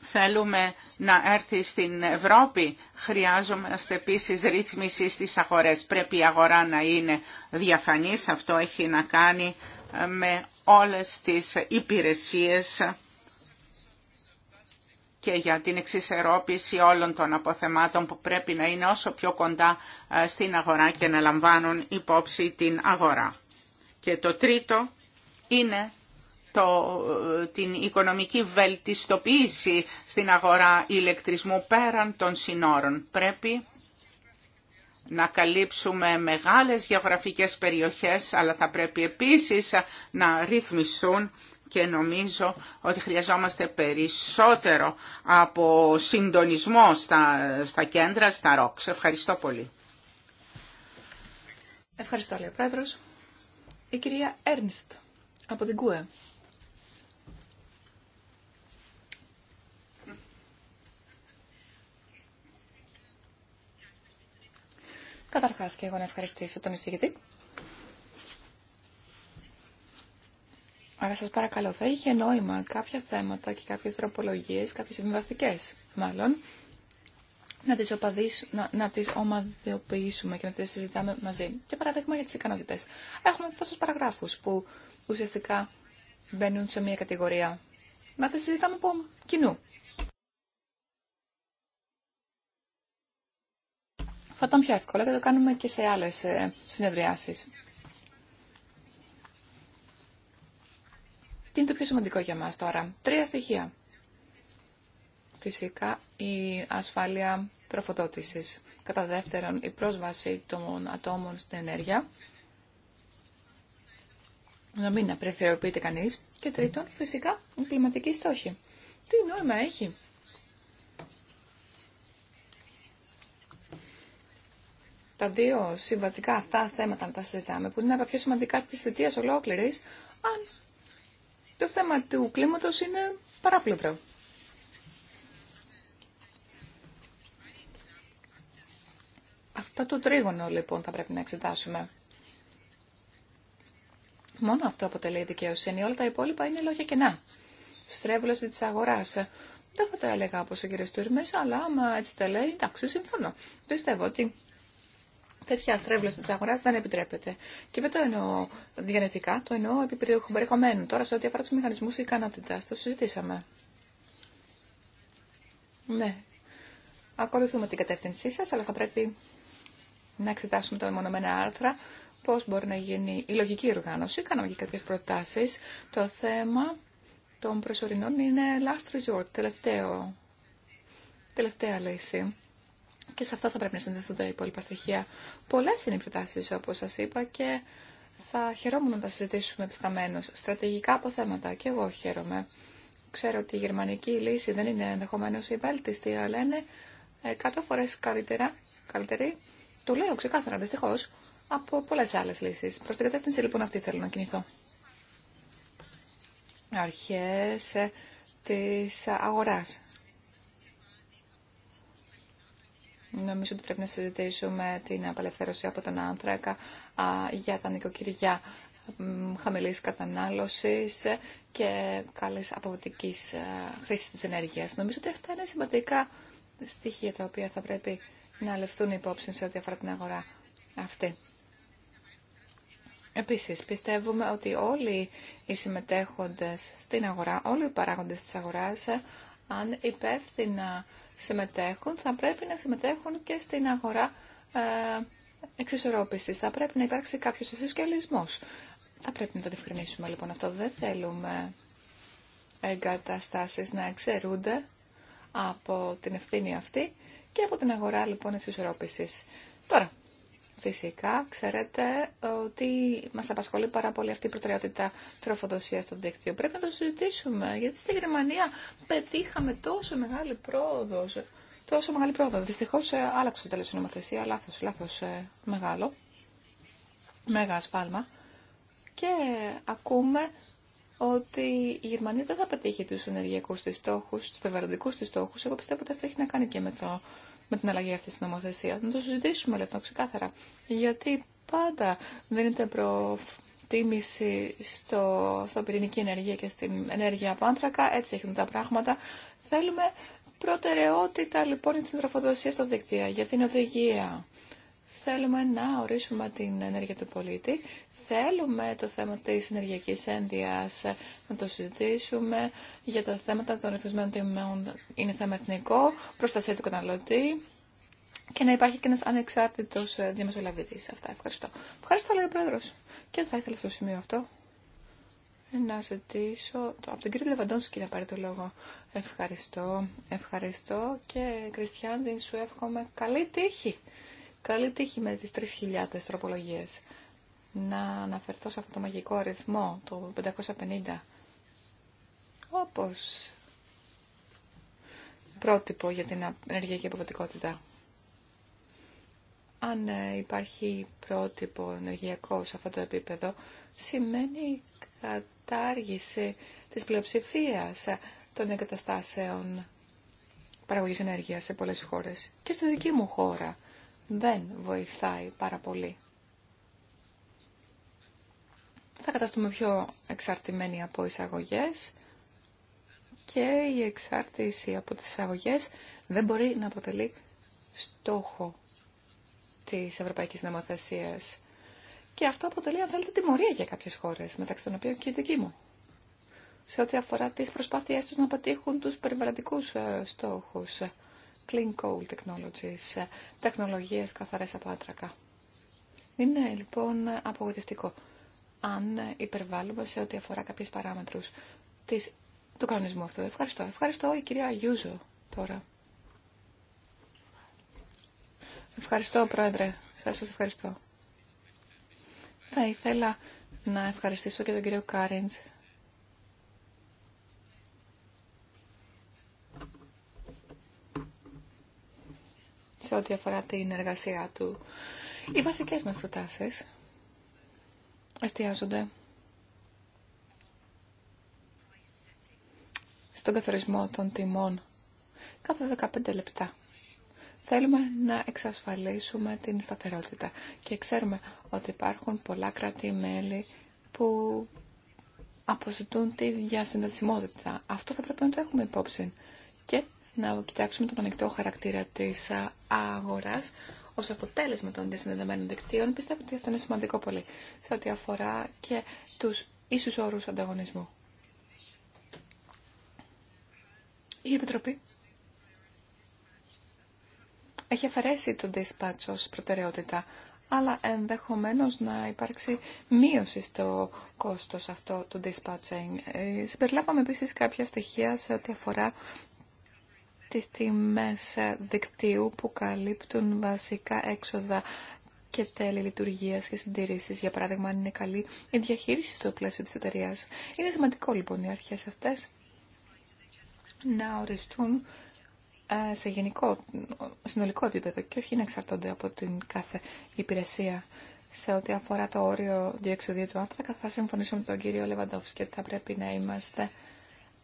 S7: θέλουμε να έρθει στην Ευρώπη. Χρειάζομαστε επίσης ρύθμιση στις αγορές. Πρέπει η αγορά να είναι διαφανής. Αυτό έχει να κάνει με όλες τις υπηρεσίες και για την εξισερόπιση όλων των αποθεμάτων που πρέπει να είναι όσο πιο κοντά ε, στην αγορά και να λαμβάνουν υπόψη την αγορά. Και το τρίτο είναι το, ε, την οικονομική βελτιστοποίηση στην αγορά ηλεκτρισμού πέραν των συνόρων. Πρέπει να καλύψουμε μεγάλες γεωγραφικές περιοχές, αλλά θα πρέπει επίσης να ρυθμιστούν και νομίζω ότι χρειαζόμαστε περισσότερο από συντονισμό στα, στα κέντρα, στα Ρόξ. Ευχαριστώ πολύ.
S3: Ευχαριστώ, λέει ο Πρόεδρος. Η κυρία Έρνστ από την ΚΟΕ. Καταρχάς και εγώ να ευχαριστήσω τον εισηγητή Άρα σας παρακαλώ, θα είχε νόημα κάποια θέματα και κάποιες τροπολογίες, κάποιες συμβιβαστικέ, μάλλον, να τις, να, να τις ομαδιοποιήσουμε και να τις συζητάμε μαζί. Και παράδειγμα για τις ικανότητες. Έχουμε τόσους παραγράφους που ουσιαστικά μπαίνουν σε μια κατηγορία. Να τις συζητάμε από κοινού. Θα ήταν πιο εύκολο και το κάνουμε και σε άλλες ε, συνεδριάσεις. Τι είναι το πιο σημαντικό για μας τώρα. Τρία στοιχεία. Φυσικά η ασφάλεια τροφοδότησης. Κατά δεύτερον, η πρόσβαση των ατόμων στην ενέργεια. Να μην απρεθεωρητοποιείται κανείς. Και τρίτον, φυσικά, η κλιματική στόχη. Τι νόημα έχει. τα δύο συμβατικά αυτά θέματα να τα συζητάμε, που είναι από τα πιο σημαντικά της θητείας ολόκληρης, το θέμα του κλίματος είναι παράπλευρο. Αυτό το τρίγωνο λοιπόν θα πρέπει να εξετάσουμε. Μόνο αυτό αποτελεί δικαιοσύνη. Όλα τα υπόλοιπα είναι λόγια κενά. Στρέβλωση της αγοράς. Δεν θα το έλεγα όπως ο κύριος Τουρμής, αλλά άμα έτσι τα λέει, εντάξει, συμφωνώ. Πιστεύω ότι τέτοια στρέβλωση τη αγορά δεν επιτρέπεται. Και δεν το εννοώ διανετικά, το εννοώ επί περιεχομένου. Τώρα, σε ό,τι αφορά του μηχανισμού ικανότητα, το συζητήσαμε. Ναι. Ακολουθούμε την κατεύθυνσή σα, αλλά θα πρέπει να εξετάσουμε τα μεμονωμένα άρθρα, πώ μπορεί να γίνει η λογική οργάνωση. Κάναμε και κάποιε προτάσει. Το θέμα των προσωρινών είναι last resort, τελευταίο. Τελευταία λύση. Και σε αυτό θα πρέπει να συνδεθούν τα υπόλοιπα στοιχεία. Πολλέ είναι οι προτάσει, όπω σα είπα, και θα χαιρόμουν να τα συζητήσουμε επισταμμένω Στρατηγικά από θέματα, και εγώ χαίρομαι. Ξέρω ότι η γερμανική λύση δεν είναι ενδεχομένω η βέλτιστη, αλλά είναι 100 ε, φορέ καλύτερη. Το λέω ξεκάθαρα, δυστυχώ, από πολλέ άλλε λύσει. Προ την κατεύθυνση λοιπόν αυτή θέλω να κινηθώ. Αρχέ ε, τη αγορά Νομίζω ότι πρέπει να συζητήσουμε την απελευθέρωση από τον άνθρακα για τα νοικοκυριά χαμηλή κατανάλωση και καλής αποδοτική χρήση τη ενέργεια. Νομίζω ότι αυτά είναι σημαντικά στοιχεία τα οποία θα πρέπει να λεφθούν υπόψη σε ό,τι αφορά την αγορά αυτή. Επίση, πιστεύουμε ότι όλοι οι συμμετέχοντε στην αγορά, όλοι οι παράγοντε τη αγορά, αν υπεύθυνα συμμετέχουν θα πρέπει να συμμετέχουν και στην αγορά ε, εξισορρόπησης. Θα πρέπει να υπάρξει κάποιος συσκελισμός. Θα πρέπει να το διευκρινίσουμε λοιπόν αυτό. Δεν θέλουμε εγκαταστάσεις να εξαιρούνται από την ευθύνη αυτή και από την αγορά λοιπόν εξισορρόπησης. Τώρα, Φυσικά, ξέρετε ότι μα απασχολεί πάρα πολύ αυτή η προτεραιότητα τροφοδοσία στο δίκτυο. Πρέπει να το συζητήσουμε, γιατί στη Γερμανία πετύχαμε τόσο μεγάλη πρόοδο. Τόσο μεγάλη πρόοδο. Δυστυχώ ε, άλλαξε το τέλο η νομοθεσία, λάθο, λάθο ε, μεγάλο. Μέγα σφάλμα. Και ακούμε ότι η Γερμανία δεν θα πετύχει του ενεργειακού τη στόχου, του περιβαλλοντικούς τη στόχου. Εγώ πιστεύω ότι αυτό έχει να κάνει και με το με την αλλαγή αυτή τη νομοθεσία. Να το συζητήσουμε λεπτό λοιπόν ξεκάθαρα. Γιατί πάντα δίνεται προτίμηση στο, στο πυρηνική ενέργεια και στην ενέργεια από άνθρακα. Έτσι έχουν τα πράγματα. Θέλουμε προτεραιότητα λοιπόν τη τροφοδοσία στο δίκτυο για την οδηγία. Θέλουμε να ορίσουμε την ενέργεια του πολίτη θέλουμε το θέμα της ενεργειακής ένδυας να το συζητήσουμε για τα θέματα των ρυθμισμένων τιμών είναι θέμα εθνικό, προστασία του καταναλωτή και να υπάρχει και ένας ανεξάρτητος διαμεσολαβητής. Αυτά. Ευχαριστώ. Ευχαριστώ, λέει ο Πρόεδρος. Και θα ήθελα στο σημείο αυτό να ζητήσω το, από τον κύριο Λεβαντόνσκι να πάρει το λόγο. Ευχαριστώ, ευχαριστώ και Κριστιάντη σου εύχομαι καλή τύχη. Καλή τύχη με τις 3.000 τροπολογίες να αναφερθώ σε αυτό το μαγικό αριθμό, το 550, όπως πρότυπο για την ενεργειακή αποδοτικότητα. Αν ε, υπάρχει πρότυπο ενεργειακό σε αυτό το επίπεδο, σημαίνει κατάργηση της πλειοψηφίας των εγκαταστάσεων παραγωγής ενέργειας σε πολλές χώρες. Και στη δική μου χώρα δεν βοηθάει πάρα πολύ θα καταστούμε πιο εξαρτημένοι από εισαγωγές και η εξάρτηση από τις εισαγωγές δεν μπορεί να αποτελεί στόχο της Ευρωπαϊκής Νομοθεσίας. Και αυτό αποτελεί, αν θέλετε, τιμωρία για κάποιες χώρες, μεταξύ των οποίων και η δική μου. Σε ό,τι αφορά τις προσπάθειές τους να πετύχουν τους περιβαλλοντικούς ε, στόχους. Clean coal technologies, τεχνολογίες καθαρές από άτρακα. Είναι λοιπόν απογοητευτικό αν υπερβάλλουμε σε ό,τι αφορά κάποιες παράμετρους της, του κανονισμού αυτού. Ευχαριστώ. Ευχαριστώ η κυρία Γιούζο τώρα. Ευχαριστώ, Πρόεδρε. Σας ευχαριστώ. Θα ήθελα να ευχαριστήσω και τον κύριο Κάριντς σε ό,τι αφορά την εργασία του. Οι βασικές με προτάσεις εστιάζονται στον καθορισμό των τιμών κάθε 15 λεπτά. Θέλουμε να εξασφαλίσουμε την σταθερότητα και ξέρουμε ότι υπάρχουν πολλά κράτη-μέλη που αποζητούν τη διασυνδεσιμότητα. Αυτό θα πρέπει να το έχουμε υπόψη και να κοιτάξουμε τον ανοιχτό χαρακτήρα της αγοράς ω αποτέλεσμα των διασυνδεδεμένων δικτύων, πιστεύω ότι αυτό είναι σημαντικό πολύ σε ό,τι αφορά και του ίσου όρου ανταγωνισμού. Η Επιτροπή έχει αφαιρέσει τον dispatch ως προτεραιότητα, αλλά ενδεχομένως να υπάρξει μείωση στο κόστος αυτό του dispatching. Ε, συμπεριλάβαμε επίσης κάποια στοιχεία σε ό,τι αφορά τις τιμές ε, δικτύου που καλύπτουν βασικά έξοδα και τέλη λειτουργία και συντηρήσει, για παράδειγμα, αν είναι καλή η διαχείριση στο πλαίσιο τη εταιρεία. Είναι σημαντικό λοιπόν οι αρχέ αυτέ να οριστούν ε, σε γενικό, συνολικό επίπεδο και όχι να εξαρτώνται από την κάθε υπηρεσία. Σε ό,τι αφορά το όριο διεξοδίου του άνθρακα, θα συμφωνήσω με τον κύριο Λεβαντόφσκι ότι θα πρέπει να είμαστε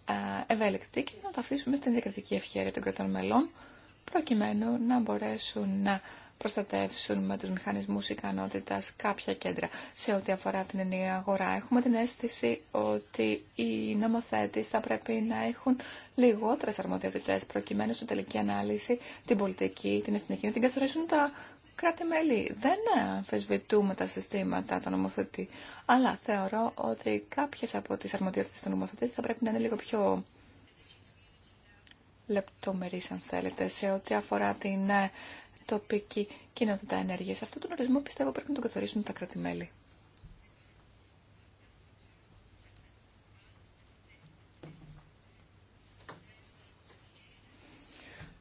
S3: ε, ευέλικτη και να το αφήσουμε στην διακριτική ευχαίρεια των κρατών μελών προκειμένου να μπορέσουν να προστατεύσουν με τους μηχανισμούς ικανότητας κάποια κέντρα. Σε ό,τι αφορά την ενιαία αγορά έχουμε την αίσθηση ότι οι νομοθέτες θα πρέπει να έχουν λιγότερες αρμοδιότητες προκειμένου στην τελική ανάλυση την πολιτική, την εθνική, να την καθορίσουν τα κράτη-μέλη. Δεν αμφισβητούμε τα συστήματα, των νομοθετή. Αλλά θεωρώ ότι κάποιες από τις αρμοδιότητες των νομοθετή θα πρέπει να είναι λίγο πιο λεπτομερεί, αν θέλετε, σε ό,τι αφορά την ε, τοπική κοινότητα ενέργεια. Αυτό τον ορισμό πιστεύω πρέπει να τον καθορίσουν τα κράτη-μέλη.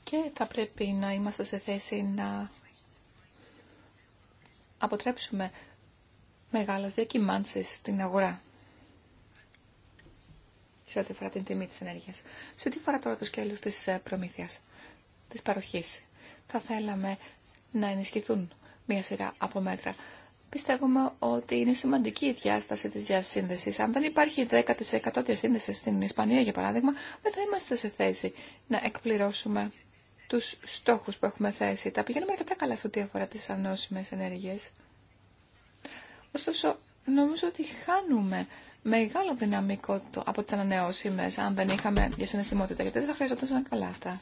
S3: Και θα πρέπει να είμαστε σε θέση να αποτρέψουμε μεγάλες διακυμάνσεις στην αγορά σε ό,τι αφορά την τιμή της ενέργειας. Σε ό,τι αφορά τώρα το σκέλος της ε, προμήθειας, της παροχής, θα θέλαμε να ενισχυθούν μία σειρά από μέτρα. Πιστεύουμε ότι είναι σημαντική η διάσταση της διασύνδεσης. Αν δεν υπάρχει 10% διασύνδεση στην Ισπανία, για παράδειγμα, δεν θα είμαστε σε θέση να εκπληρώσουμε τους στόχους που έχουμε θέσει. Τα πηγαίνουμε αρκετά καλά σε ό,τι αφορά τις ανώσιμες ενέργειες. Ωστόσο, νομίζω ότι χάνουμε μεγάλο δυναμικό από τις ανανεώσιμες, αν δεν είχαμε για συναισθημότητα, γιατί δεν θα χρειαζόταν καλά αυτά.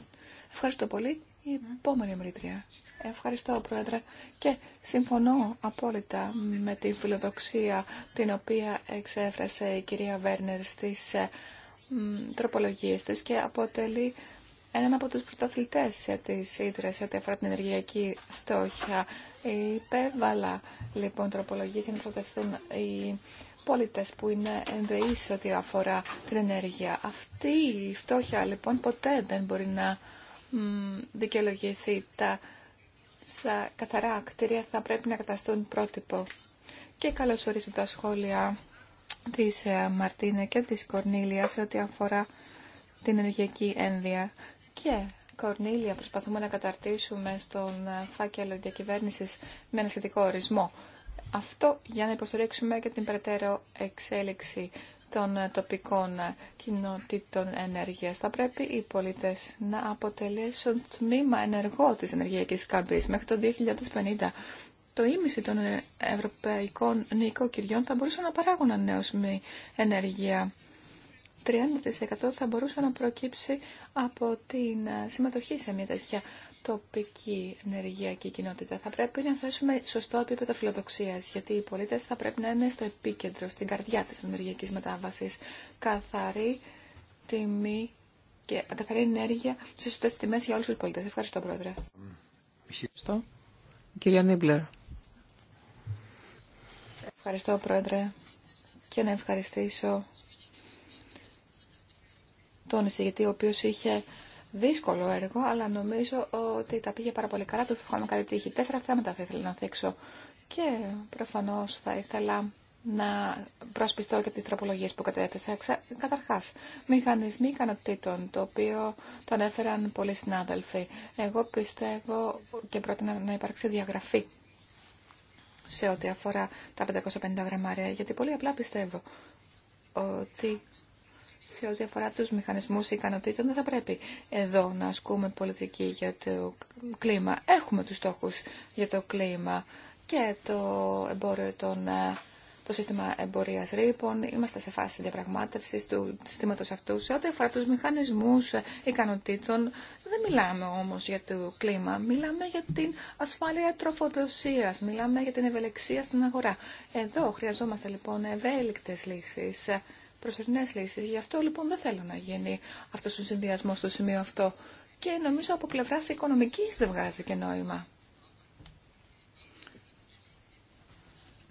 S3: Ευχαριστώ πολύ. Η επόμενη μελητρία. Ευχαριστώ, Πρόεδρε. Και συμφωνώ απόλυτα με τη φιλοδοξία την οποία εξέφρασε η κυρία Βέρνερ στις ε, τροπολογίες της και αποτελεί έναν από τους πρωταθλητές τη Ήτρας ό,τι αφορά την ενεργειακή φτώχεια, Υπέβαλα λοιπόν τροπολογίες για να προτεθούν οι πολίτες που είναι ενδεείς ό,τι αφορά την ενέργεια. Αυτή η φτώχεια λοιπόν ποτέ δεν μπορεί να δικαιολογηθεί. Τα σα, καθαρά κτίρια θα πρέπει να καταστούν πρότυπο. Και καλώς ορίζω τα σχόλια της ε, Μαρτίνε και της Κορνίλια σε ό,τι αφορά την ενεργειακή ένδυα και Κορνίλια προσπαθούμε να καταρτήσουμε στον ε, φάκελο διακυβέρνηση με ένα σχετικό ορισμό. Αυτό για να υποστηρίξουμε και την περαιτέρω εξέλιξη των ε, τοπικών ε, κοινότητων ενέργειας. Θα πρέπει οι πολίτες να αποτελέσουν τμήμα ενεργό της ενεργειακής καμπής. Μέχρι το 2050 το ίμιση των ευρωπαϊκών νοικοκυριών θα μπορούσαν να παράγουν με ενέργεια 30% θα μπορούσε να προκύψει από την ε, συμμετοχή σε μια τέτοια τοπική ενεργειακή κοινότητα. Θα πρέπει να θέσουμε σωστό επίπεδο φιλοδοξία, γιατί οι πολίτε θα πρέπει να είναι στο επίκεντρο, στην καρδιά τη ενεργειακή μετάβαση. Καθαρή τιμή και καθαρή ενέργεια σε σωστέ τιμέ για όλου του πολίτε. Ευχαριστώ, Πρόεδρε.
S6: Ευχαριστώ. Κυρία Νίμπλερ.
S3: Ευχαριστώ, Πρόεδρε, και να ευχαριστήσω τον εισηγητή, ο οποίο είχε δύσκολο έργο, αλλά νομίζω ότι τα πήγε πάρα πολύ καλά. Του ευχόμαι καλή τύχη. Τέσσερα θέματα θα ήθελα να δείξω και προφανώ θα ήθελα να προσπιστώ και τι τροπολογίε που κατέθεσα. καταρχά μηχανισμοί ικανοτήτων, το οποίο το ανέφεραν πολλοί συνάδελφοι. Εγώ πιστεύω και πρότεινα να υπάρξει διαγραφή σε ό,τι αφορά τα 550 γραμμάρια, γιατί πολύ απλά πιστεύω ότι σε ό,τι αφορά τους μηχανισμούς ικανοτήτων δεν θα πρέπει εδώ να ασκούμε πολιτική για το κλίμα. Έχουμε τους στόχους για το κλίμα και το, εμπόριο των, ε, το σύστημα εμπορία ρήπων. Είμαστε σε φάση διαπραγμάτευση του συστήματος αυτού. Σε ό,τι αφορά του μηχανισμούς ε, ικανοτήτων δεν μιλάμε όμως για το κλίμα. Μιλάμε για την ασφάλεια τροφοδοσία, Μιλάμε για την ευελεξία στην αγορά. Εδώ χρειαζόμαστε λοιπόν ευέλικτε λύσει προσωρινέ λύσει. Γι' αυτό λοιπόν δεν θέλω να γίνει αυτός ο συνδυασμό στο σημείο αυτό. Και νομίζω από πλευρά οικονομικής δεν βγάζει και νόημα.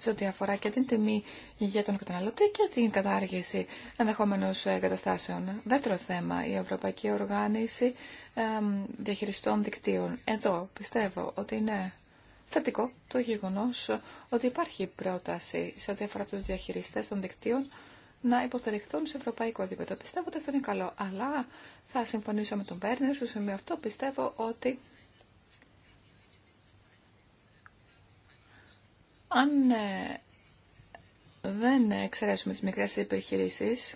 S3: σε ό,τι αφορά και την τιμή για τον καταναλωτή και την κατάργηση ενδεχομένων εγκαταστάσεων. Δεύτερο θέμα, η Ευρωπαϊκή Οργάνωση Διαχειριστών Δικτύων. Εδώ πιστεύω ότι είναι θετικό το γεγονός ότι υπάρχει πρόταση σε ό,τι αφορά τους διαχειριστές των δικτύων να υποστηριχθούν σε ευρωπαϊκό επίπεδο. Πιστεύω ότι αυτό είναι καλό, αλλά θα συμφωνήσω με τον Πέρνερ στο σημείο αυτό. Πιστεύω ότι αν ε, δεν εξαιρέσουμε τις μικρές επιχειρήσεις,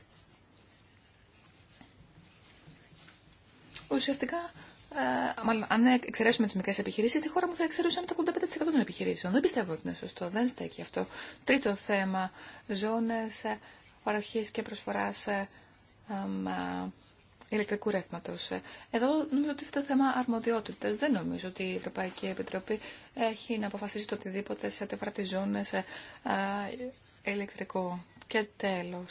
S3: ουσιαστικά, ε, αν εξαιρέσουμε τι μικρές επιχειρήσεις, τη χώρα μου θα εξαιρούσαμε το 85% των επιχειρήσεων. Δεν πιστεύω ότι είναι σωστό, δεν στέκει αυτό. Τρίτο θέμα, Ζώνε ε, παροχής και προσφοράς ε, ηλεκτρικού ρεύματο. Ε, εδώ νομίζω ότι αυτό το θέμα αρμοδιότητα. Δεν νομίζω ότι η Ευρωπαϊκή Επιτροπή έχει να αποφασίσει το οτιδήποτε σε ό,τι αφορά τι ζώνε ε, ηλεκτρικού. Και τέλο,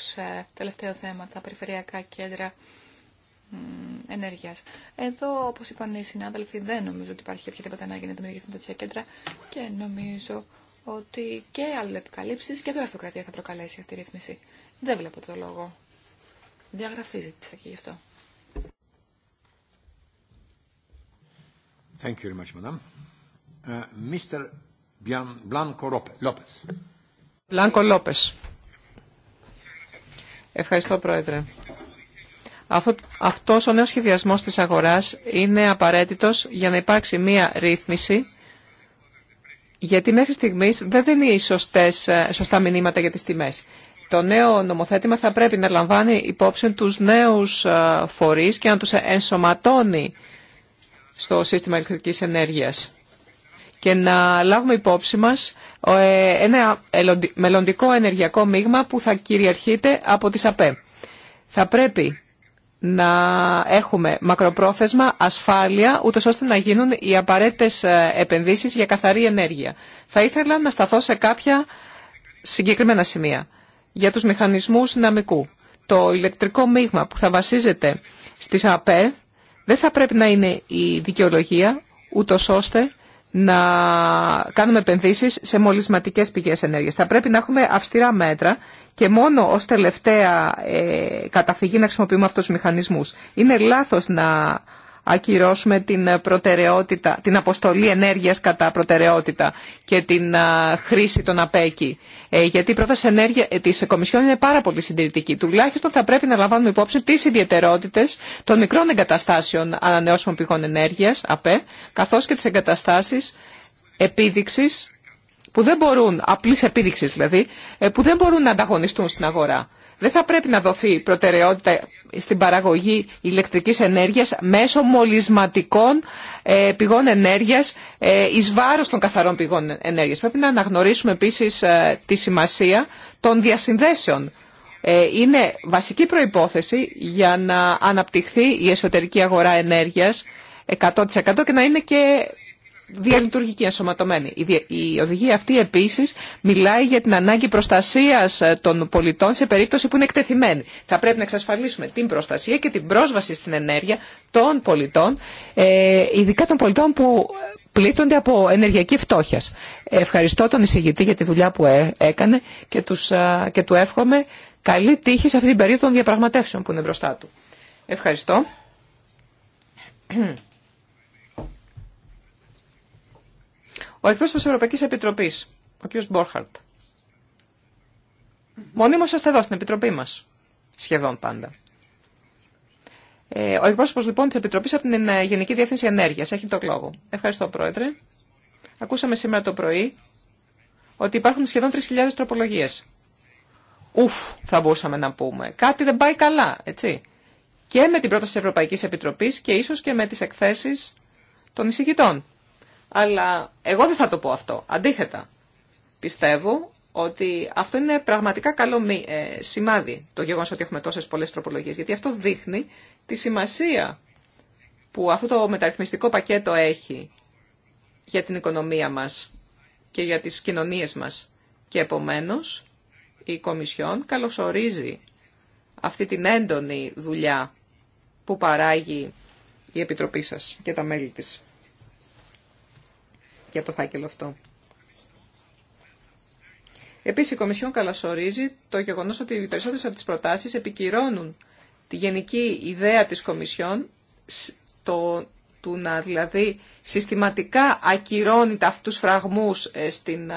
S3: τελευταίο θέμα, τα περιφερειακά κέντρα ενέργεια. Εδώ, όπω είπαν οι συνάδελφοι, δεν νομίζω ότι υπάρχει οποιαδήποτε ανάγκη να δημιουργηθούν τέτοια κέντρα και νομίζω ότι και αλληλεπικαλύψει και γραφειοκρατία θα προκαλέσει αυτή η ρύθμιση. Δεν βλέπω το λόγο. Διαγραφή ζήτησα και γι' αυτό.
S5: Thank you very much, madam. Uh, Mr. Blanco Lopez.
S6: Blanco Lopez. Ευχαριστώ, Πρόεδρε. Αυτό, αυτός ο νέος σχεδιασμός της αγοράς είναι απαραίτητος για να υπάρξει μία ρύθμιση, γιατί μέχρι στιγμής δεν δίνει σωστές, ε, σωστά μηνύματα για τις τιμές το νέο νομοθέτημα θα πρέπει να λαμβάνει υπόψη τους νέους ε, φορείς και να τους ενσωματώνει στο σύστημα ηλεκτρικής ενέργειας και να λάβουμε υπόψη μας ε, ένα μελλοντικό ενεργειακό μείγμα που θα κυριαρχείται από τις ΑΠΕ. Θα πρέπει να έχουμε μακροπρόθεσμα ασφάλεια, ούτως ώστε να γίνουν οι απαραίτητες ε, επενδύσεις για καθαρή ενέργεια. Θα ήθελα να σταθώ σε κάποια συγκεκριμένα σημεία για τους μηχανισμούς δυναμικού. Το ηλεκτρικό μείγμα που θα βασίζεται στις ΑΠΕ δεν θα πρέπει να είναι η δικαιολογία, ούτω ώστε να κάνουμε επενδύσει σε μολυσματικές πηγές ενέργειας. Θα πρέπει να έχουμε αυστηρά μέτρα και μόνο ως τελευταία ε, καταφυγή να χρησιμοποιούμε αυτούς τους μηχανισμούς. Είναι λάθος να ακυρώσουμε την, προτεραιότητα, την αποστολή ενέργειας κατά προτεραιότητα και την χρήση των ΑΠΕΚΙ. Ε, γιατί η πρόταση ενέργεια ε, της Κομισιόν είναι πάρα πολύ συντηρητική. Τουλάχιστον θα πρέπει να λαμβάνουμε υπόψη τις ιδιαιτερότητες των μικρών εγκαταστάσεων ανανεώσιμων πηγών ενέργειας, ΑΠΕ, καθώς και τις εγκαταστάσεις επίδειξης που δεν μπορούν, απλής επίδειξης δηλαδή, ε, που δεν μπορούν να ανταγωνιστούν στην αγορά. Δεν θα πρέπει να δοθεί προτεραιότητα στην παραγωγή ηλεκτρικής ενέργειας μέσω μολυσματικών ε, πηγών ενέργειας ε, εις βάρος των καθαρών πηγών ενέργειας. Πρέπει να αναγνωρίσουμε επίσης ε, τη σημασία των διασυνδέσεων. Είναι βασική προϋπόθεση για να αναπτυχθεί η εσωτερική αγορά ενέργειας 100% και να είναι και διαλειτουργική, ενσωματωμένη. Η οδηγία αυτή επίση μιλάει για την ανάγκη προστασία ε, των πολιτών σε περίπτωση που είναι εκτεθειμένοι. Θα πρέπει να εξασφαλίσουμε την προστασία και την πρόσβαση στην ενέργεια των πολιτών, ε, ειδικά των πολιτών που πλήττονται από ενεργειακή φτώχεια. Ευχαριστώ τον εισηγητή για τη δουλειά που ε, έκανε και, τους, και του εύχομαι καλή τύχη σε αυτή την περίοδο των διαπραγματεύσεων που είναι μπροστά του. Ευχαριστώ. Ο εκπρόσωπο της Ευρωπαϊκής Επιτροπής, ο κ. Μπόρχαρτ, Μονίμω είστε εδώ στην Επιτροπή μα σχεδόν πάντα. Ε, ο εκπρόσωπο λοιπόν τη Επιτροπής από την ε, Γενική Διεύθυνση ενέργεια, έχει το λόγο. Ευχαριστώ Πρόεδρε. Ακούσαμε σήμερα το πρωί ότι υπάρχουν σχεδόν 3.000 τροπολογίε. Ουφ, θα μπορούσαμε να πούμε. Κάτι δεν πάει καλά, έτσι. Και με την πρόταση τη Ευρωπαϊκής Επιτροπής και ίσω και με τι εκθέσει των εισηγητών. Αλλά εγώ δεν θα το πω αυτό. Αντίθετα, πιστεύω ότι αυτό είναι πραγματικά καλό ε, σημάδι, το γεγονός ότι έχουμε τόσες πολλές τροπολογίες, γιατί αυτό δείχνει τη σημασία που αυτό το μεταρρυθμιστικό πακέτο έχει για την οικονομία μας και για τις κοινωνίες μας. Και επομένως, η Κομισιόν καλωσορίζει αυτή την έντονη δουλειά που παράγει η Επιτροπή σας και τα μέλη της για το φάκελο αυτό. Επίση, η Κομισιόν καλασορίζει το γεγονό ότι οι περισσότερε από τις προτάσεις επικυρώνουν τη γενική ιδέα της Κομισιόν το, του να δηλαδή συστηματικά ακυρώνει τα αυτούς φραγμούς ε, στην,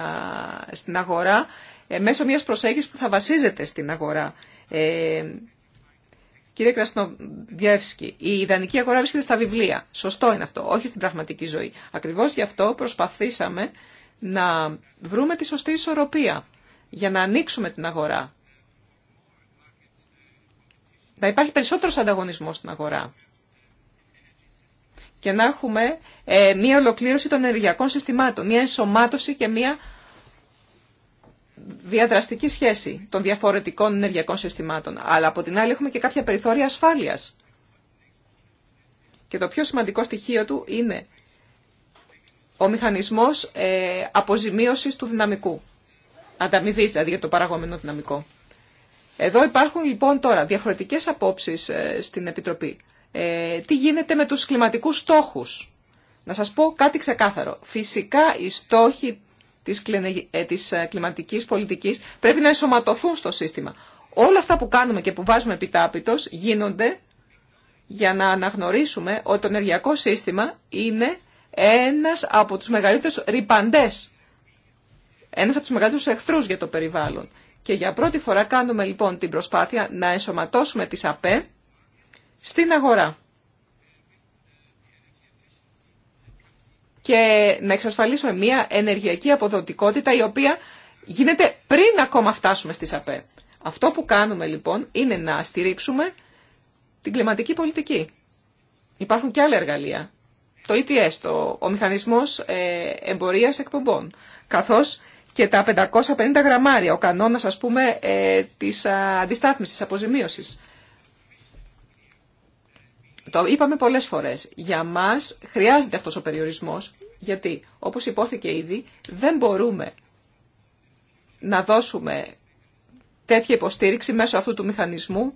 S6: στην αγορά ε, μέσω μιας προσέγγιση που θα βασίζεται στην αγορά. Ε, Κύριε Κρασνοδιεύσκη, η ιδανική αγορά βρίσκεται στα βιβλία. Σωστό είναι αυτό, όχι στην πραγματική ζωή. Ακριβώς γι' αυτό προσπαθήσαμε να βρούμε τη σωστή ισορροπία για να ανοίξουμε την αγορά. Να υπάρχει περισσότερος ανταγωνισμός στην αγορά και να έχουμε ε, μία ολοκλήρωση των ενεργειακών συστημάτων, μία ενσωμάτωση και μία διαδραστική σχέση των διαφορετικών ενεργειακών συστημάτων. Αλλά από την άλλη έχουμε και κάποια περιθώρια ασφάλειας. Και το πιο σημαντικό στοιχείο του είναι ο μηχανισμός ε, αποζημίωσης του δυναμικού. Ανταμοιβής δηλαδή για το παραγόμενο δυναμικό. Εδώ υπάρχουν λοιπόν τώρα διαφορετικές απόψεις ε, στην Επιτροπή. Ε, τι γίνεται με τους κλιματικούς στόχους. Να σας πω κάτι ξεκάθαρο. Φυσικά οι στόχοι της, ε, της ε, κλιματικής πολιτικής πρέπει να ενσωματωθούν στο σύστημα. Όλα αυτά που κάνουμε και που βάζουμε επιτάπητος γίνονται για να αναγνωρίσουμε ότι το ενεργειακό σύστημα είναι ένας από τους μεγαλύτερους ρηπαντές, ένας από τους μεγαλύτερους εχθρούς για το περιβάλλον. Και για πρώτη φορά κάνουμε λοιπόν την προσπάθεια να ενσωματώσουμε τις ΑΠΕ στην αγορά. και να εξασφαλίσουμε μια ενεργειακή αποδοτικότητα η οποία γίνεται πριν ακόμα φτάσουμε στις ΑΠΕ. Αυτό που κάνουμε λοιπόν είναι να στηρίξουμε την κλιματική πολιτική. Υπάρχουν και άλλα εργαλεία. Το ETS, το, ο μηχανισμός ε, εμπορίας εκπομπών, καθώς και τα 550 γραμμάρια, ο κανόνας ας πούμε ε, της αντιστάθμισης, αποζημίωσης. Το είπαμε πολλές φορές. Για μας χρειάζεται αυτός ο περιορισμός, γιατί όπως υπόθηκε ήδη δεν μπορούμε να δώσουμε τέτοια υποστήριξη μέσω αυτού του μηχανισμού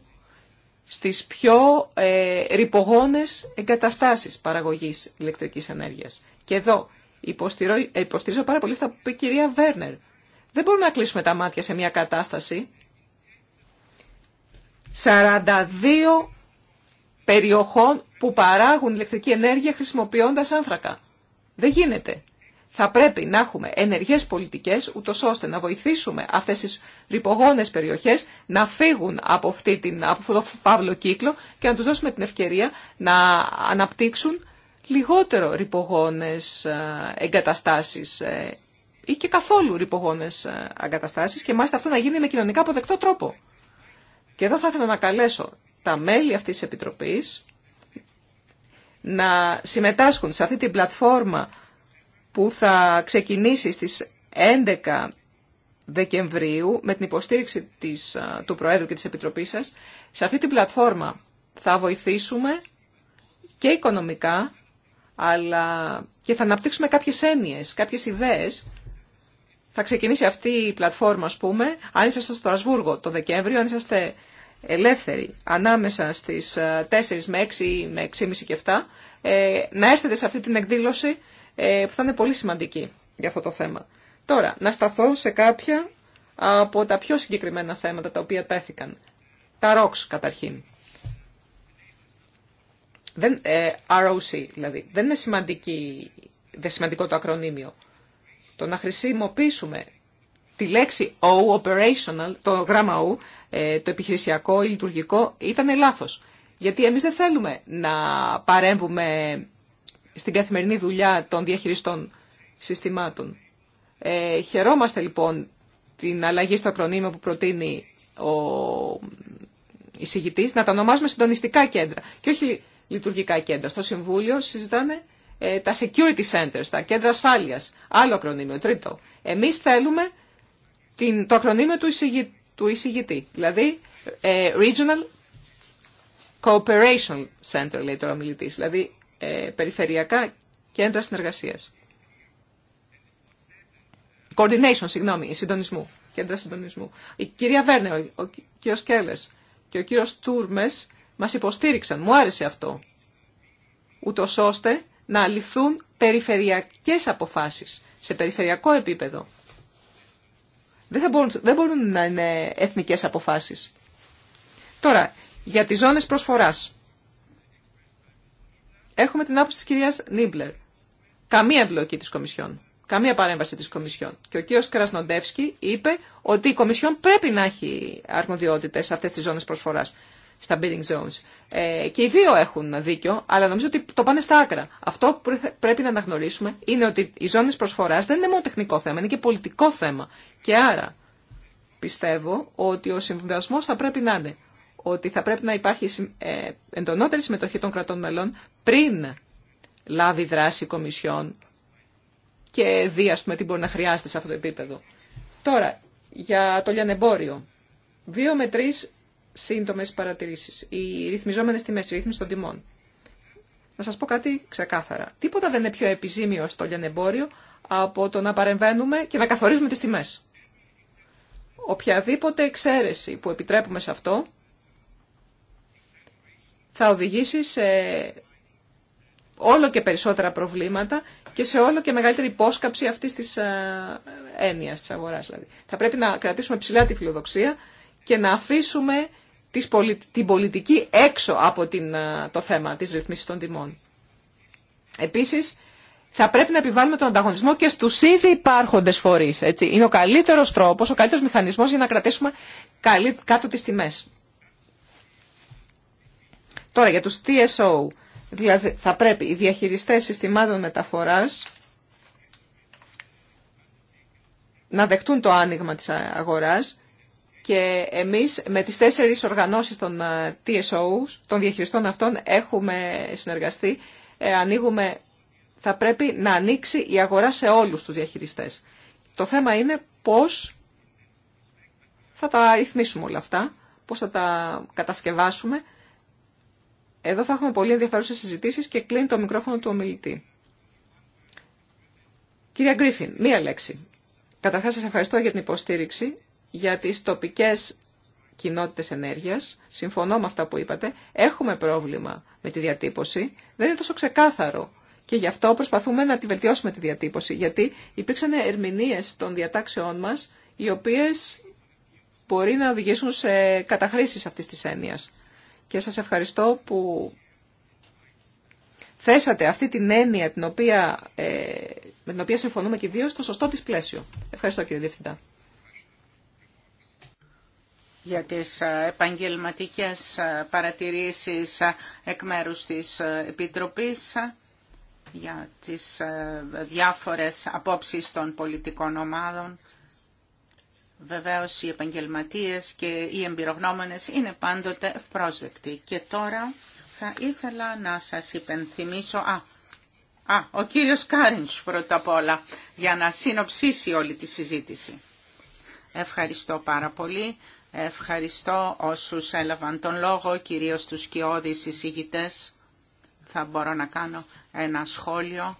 S6: στις πιο ε, ρηπογόνες εγκαταστάσεις παραγωγής ηλεκτρικής ενέργειας. Και εδώ υποστηρίζω, υποστηρίζω πάρα πολύ αυτά που είπε η κυρία Βέρνερ. Δεν μπορούμε να κλείσουμε τα μάτια σε μια κατάσταση 42 περιοχών που παράγουν ηλεκτρική ενέργεια χρησιμοποιώντας άνθρακα. Δεν γίνεται. Θα πρέπει να έχουμε ενεργές πολιτικές, ούτω ώστε να βοηθήσουμε αυτές τις ρηπογόνε περιοχές να φύγουν από, την, από αυτό το φαύλο κύκλο και να τους δώσουμε την ευκαιρία να αναπτύξουν λιγότερο ρηπογόνες ε, εγκαταστάσεις ε, ή και καθόλου ρηπογόνες ε, εγκαταστάσεις και μάλιστα αυτό να γίνει με κοινωνικά αποδεκτό τρόπο. Και εδώ θα ήθελα να καλέσω τα μέλη αυτής της Επιτροπής να συμμετάσχουν σε αυτή την πλατφόρμα που θα ξεκινήσει στις 11 Δεκεμβρίου με την υποστήριξη της, του Προέδρου και της Επιτροπής σας. Σε αυτή την πλατφόρμα θα βοηθήσουμε και οικονομικά αλλά και θα αναπτύξουμε κάποιες έννοιες, κάποιες ιδέες. Θα ξεκινήσει αυτή η πλατφόρμα, ας πούμε, αν είσαστε στο Στρασβούργο το Δεκέμβριο, αν είσαστε ελεύθερη ανάμεσα στις 4 ε, με 6 με 6,5 και 7 ε, να έρθετε σε αυτή την εκδήλωση ε, που θα είναι πολύ σημαντική για αυτό το θέμα. Τώρα, να σταθώ σε κάποια από τα πιο συγκεκριμένα θέματα τα οποία τέθηκαν. Τα ROCs καταρχήν. Δεν, ROC δηλαδή. Δεν είναι σημαντική, σημαντικό το ακρονίμιο. Το να χρησιμοποιήσουμε τη λέξη O, operational, το γράμμα O, ε, το επιχειρησιακό ή λειτουργικό ήταν λάθος. Γιατί εμείς δεν θέλουμε να παρέμβουμε στην καθημερινή δουλειά των διαχειριστών συστημάτων. Ε, χαιρόμαστε λοιπόν την αλλαγή στο ακρονίμιο που προτείνει ο εισηγητής, να τα ονομάζουμε συντονιστικά κέντρα και όχι λειτουργικά κέντρα. Στο Συμβούλιο συζητάνε ε, τα security centers, τα κέντρα ασφάλειας, άλλο ακρονίμιο, τρίτο. Εμείς θέλουμε την, το ακρονίμιο του εισηγητή του εισηγητή. Δηλαδή, ε, Regional Cooperation Center, λέει τώρα ο μιλητής, δηλαδή ε, περιφερειακά κέντρα συνεργασίας. Coordination, συγγνώμη, συντονισμού, κέντρα συντονισμού. Η κυρία Βέρνε, ο κύριος Κέλλες και ο κύριος Τούρμες μας υποστήριξαν. Μου άρεσε αυτό. ούτω ώστε να ληφθούν περιφερειακές αποφάσεις σε περιφερειακό επίπεδο δεν, μπορούν, να είναι εθνικές αποφάσεις. Τώρα, για τις ζώνες προσφοράς. Έχουμε την άποψη της κυρίας Νίμπλερ. Καμία εμπλοκή της Κομισιόν. Καμία παρέμβαση της Κομισιόν. Και ο κύριος Κρασνοντεύσκη είπε ότι η Κομισιόν πρέπει να έχει αρμοδιότητες σε αυτές τις ζώνες προσφοράς στα bidding zones. Ε, και οι δύο έχουν δίκιο, αλλά νομίζω ότι το πάνε στα άκρα. Αυτό που πρέπει να αναγνωρίσουμε είναι ότι οι ζώνες προσφοράς δεν είναι μόνο τεχνικό θέμα, είναι και πολιτικό θέμα. Και άρα πιστεύω ότι ο συμβιβασμός θα πρέπει να είναι ότι θα πρέπει να υπάρχει ε, εντονότερη συμμετοχή των κρατών μελών πριν λάβει δράση η Κομισιόν και δει, ας πούμε, τι μπορεί να χρειάζεται σε αυτό το επίπεδο. Τώρα, για το λιανεμπόριο. Δύο με τρεις σύντομε παρατηρήσει. Οι ρυθμιζόμενε τιμέ, η ρύθμιση των τιμών. Να σα πω κάτι ξεκάθαρα. Τίποτα δεν είναι πιο επιζήμιο στο λιανεμπόριο από το να παρεμβαίνουμε και να καθορίζουμε τι τιμέ. Οποιαδήποτε εξαίρεση που επιτρέπουμε σε αυτό θα οδηγήσει σε όλο και περισσότερα προβλήματα και σε όλο και μεγαλύτερη υπόσκαψη αυτής της έννοιας της αγοράς. Δηλαδή. Θα πρέπει να κρατήσουμε ψηλά τη φιλοδοξία και να αφήσουμε την πολιτική έξω από την, ε, το θέμα της ρυθμίσης των τιμών. Επίσης, θα πρέπει να επιβάλλουμε τον ανταγωνισμό και στους ήδη υπάρχοντες φορείς. Έτσι. Είναι ο καλύτερος τρόπος, ο καλύτερος μηχανισμός για να κρατήσουμε κάτω τις τιμές. Τώρα για τους TSO, δηλαδή θα πρέπει οι διαχειριστές συστημάτων μεταφοράς να δεχτούν το άνοιγμα της αγοράς και εμείς με τις τέσσερις οργανώσεις των ε, TSO, των διαχειριστών αυτών, έχουμε συνεργαστεί. Ε, ανοίγουμε, θα πρέπει να ανοίξει η αγορά σε όλους τους διαχειριστές. Το θέμα είναι πώς θα τα ρυθμίσουμε όλα αυτά, πώς θα τα κατασκευάσουμε. Εδώ θα έχουμε πολύ ενδιαφέρουσες συζητήσεις και κλείνει το μικρόφωνο του ομιλητή. Κυρία Γκρίφιν, μία λέξη. Καταρχάς σας ευχαριστώ για την υποστήριξη για τις τοπικές κοινότητες ενέργειας. Συμφωνώ με αυτά που είπατε. Έχουμε πρόβλημα με τη διατύπωση. Δεν είναι τόσο ξεκάθαρο. Και γι' αυτό προσπαθούμε να τη βελτιώσουμε τη διατύπωση. Γιατί υπήρξαν ερμηνείες των διατάξεών μας, οι οποίες μπορεί να οδηγήσουν σε καταχρήσεις αυτής της έννοιας. Και σας ευχαριστώ που θέσατε αυτή την έννοια ε, με την οποία συμφωνούμε και ιδίως στο σωστό της πλαίσιο. Ευχαριστώ κύριε Διευθυντά
S7: για τις ε, επαγγελματικές ε, παρατηρήσεις ε, εκ μέρους της Επιτροπής για τις διάφορες απόψεις των πολιτικών ομάδων. Βεβαίως οι επαγγελματίες και οι εμπειρογνώμονες είναι πάντοτε ευπρόσδεκτοι. Και τώρα θα ήθελα να σας υπενθυμίσω... Α, α ο κύριος Κάριντς πρώτα απ' όλα, για να συνοψίσει όλη τη συζήτηση. Ευχαριστώ πάρα πολύ. Ευχαριστώ όσους έλαβαν τον λόγο, κυρίως τους κοιόδης εισηγητές. Θα μπορώ να κάνω ένα σχόλιο.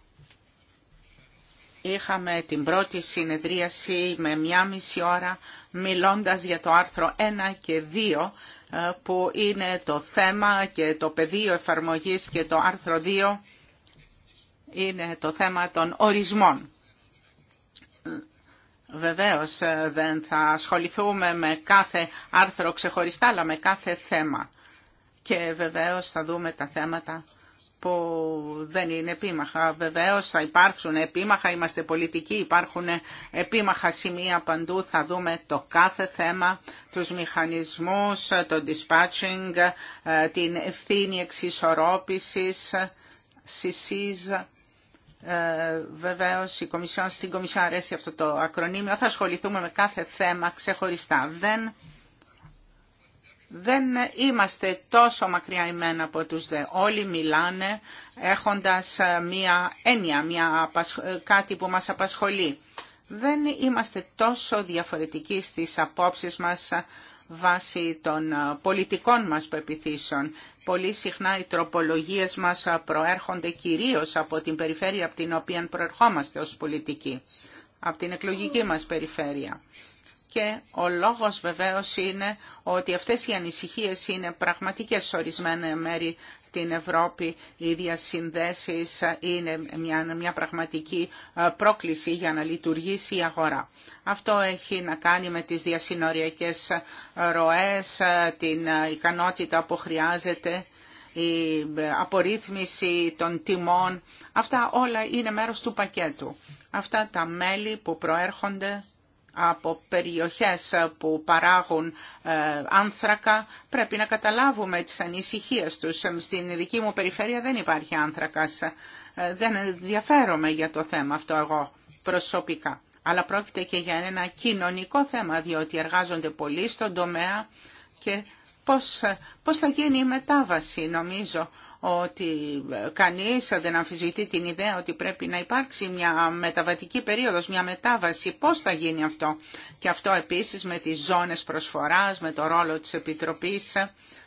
S7: Είχαμε την πρώτη συνεδρίαση με μία μισή ώρα μιλώντας για το άρθρο 1 και 2 ε, που είναι το θέμα και το πεδίο εφαρμογής και το άρθρο 2 είναι το θέμα των ορισμών. Βεβαίως ε, δεν θα ασχοληθούμε με κάθε άρθρο ξεχωριστά, αλλά με κάθε θέμα. Και βεβαίως θα δούμε τα θέματα που δεν είναι επίμαχα. Βεβαίως θα υπάρξουν επίμαχα, είμαστε πολιτικοί, υπάρχουν επίμαχα σημεία παντού. Θα δούμε το κάθε θέμα, τους μηχανισμούς, το dispatching, ε, την ευθύνη εξισορρόπησης, συσίζα ε, η Κομισιόν στην Κομισιόν αρέσει αυτό το ακρονίμιο. Θα ασχοληθούμε με κάθε θέμα ξεχωριστά. Δεν, δεν είμαστε τόσο μακριά ημένα από τους δε. Όλοι μιλάνε έχοντας ε, μία έννοια, μία, ε, κάτι που μας απασχολεί. Δεν είμαστε τόσο διαφορετικοί στις απόψεις μας βάσει των ε, πολιτικών μας πεπιθήσεων. Πολύ συχνά οι τροπολογίες μας ε, προέρχονται κυρίως από την περιφέρεια από την οποία προερχόμαστε ως πολιτικοί, από την εκλογική μας περιφέρεια. Και ο λόγος βεβαίως είναι ότι αυτές οι ανησυχίες είναι πραγματικές σε ορισμένα μέρη την Ευρώπη. Οι διασυνδέσεις είναι μια, μια πραγματική ε, πρόκληση για να λειτουργήσει η αγορά. Αυτό έχει να κάνει με τις διασυνοριακές ε, ροές, ε, την ικανότητα που χρειάζεται η απορρίθμιση των τιμών. Αυτά όλα είναι μέρος του πακέτου. Αυτά τα μέλη που προέρχονται από περιοχές που παράγουν ε, άνθρακα, πρέπει να καταλάβουμε τις ανησυχίες τους. Στην δική μου περιφέρεια δεν υπάρχει άνθρακας. Ε, δεν ενδιαφέρομαι για το θέμα αυτό εγώ προσωπικά. Αλλά πρόκειται και για ένα κοινωνικό θέμα, διότι εργάζονται πολλοί στον τομέα και πώς, ε, πώς θα γίνει η μετάβαση. Νομίζω ότι κανείς δεν αμφισβητεί την ιδέα ότι πρέπει να υπάρξει μια μεταβατική περίοδος, μια μετάβαση. Πώς θα γίνει αυτό. Και αυτό επίσης με τις ζώνες προσφοράς, με το ρόλο της Επιτροπής.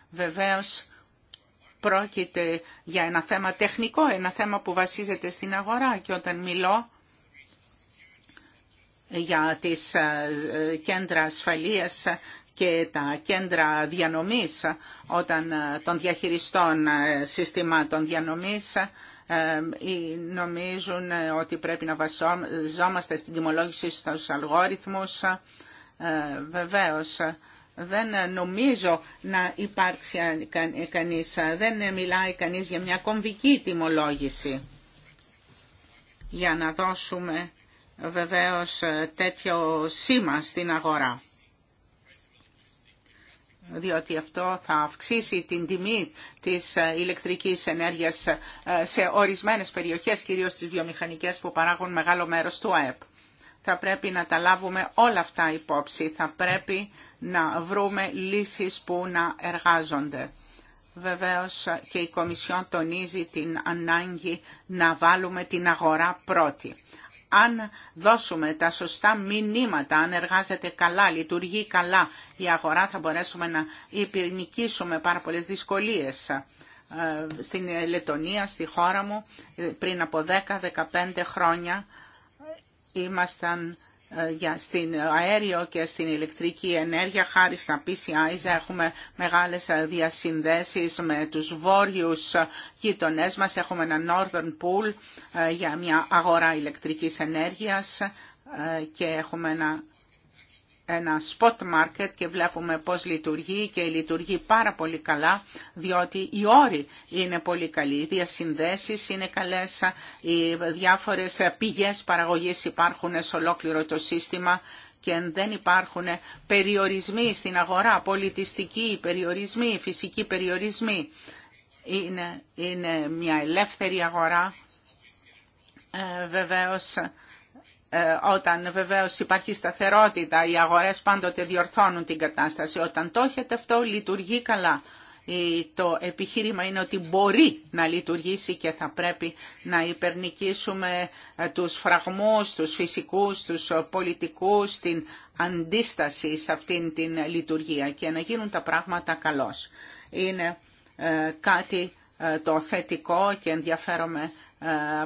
S7: Βεβαίως πρόκειται για ένα θέμα τεχνικό, ένα θέμα που βασίζεται στην αγορά και όταν μιλώ για τις ε, κέντρα ασφαλείας και τα κέντρα διανομής όταν, ε, των διαχειριστών ε, συστημάτων διανομής ε, νομίζουν ότι πρέπει να βασιζόμαστε στην τιμολόγηση στους αλγόριθμους. Βεβαίως, δεν νομίζω να υπάρξει κανείς, δεν μιλάει κανείς για μια κομβική τιμολόγηση. Για να δώσουμε βεβαίως τέτοιο σήμα στην αγορά διότι αυτό θα αυξήσει την τιμή της ε, ηλεκτρικής ενέργειας ε, σε ορισμένες περιοχές, κυρίως τις βιομηχανικές που παράγουν μεγάλο μέρος του ΑΕΠ. Θα πρέπει να τα λάβουμε όλα αυτά υπόψη. Θα πρέπει να βρούμε λύσεις που να εργάζονται. Βεβαίως ε, και η Κομισιόν τονίζει την ανάγκη να βάλουμε την αγορά πρώτη αν δώσουμε τα σωστά μηνύματα, αν εργάζεται καλά, λειτουργεί καλά η αγορά, θα μπορέσουμε να υπηρνικήσουμε πάρα πολλές δυσκολίες. Ε, στην Λετωνία, στη χώρα μου, ε, πριν από 10-15 χρόνια, ήμασταν ε, για στην αέριο και στην ηλεκτρική ενέργεια. Χάρη στα PCIs έχουμε μεγάλες ε, διασυνδέσεις με τους βόρειους ε, γείτονές μας. Έχουμε ένα Northern Pool για μια αγορά ηλεκτρικής ενέργειας και έχουμε ένα ένα spot market και βλέπουμε πώς λειτουργεί και λειτουργεί πάρα πολύ καλά διότι οι όροι είναι πολύ καλοί, οι διασυνδέσεις είναι καλές, οι διάφορες πηγές παραγωγής υπάρχουν σε ολόκληρο το σύστημα και δεν υπάρχουν περιορισμοί στην αγορά, πολιτιστικοί περιορισμοί, φυσικοί περιορισμοί. Είναι, είναι μια ελεύθερη αγορά. Ε, βεβαίως ε, όταν βεβαίως υπάρχει σταθερότητα, οι αγορές πάντοτε διορθώνουν την κατάσταση. Όταν το έχετε αυτό λειτουργεί καλά. Το επιχείρημα είναι ότι μπορεί να λειτουργήσει και θα πρέπει να υπερνικήσουμε ε, τους φραγμούς, τους φυσικούς, τους ε, πολιτικούς, την αντίσταση σε αυτήν την λειτουργία και να γίνουν τα πράγματα καλώς. Είναι κάτι το θετικό και ενδιαφέρομαι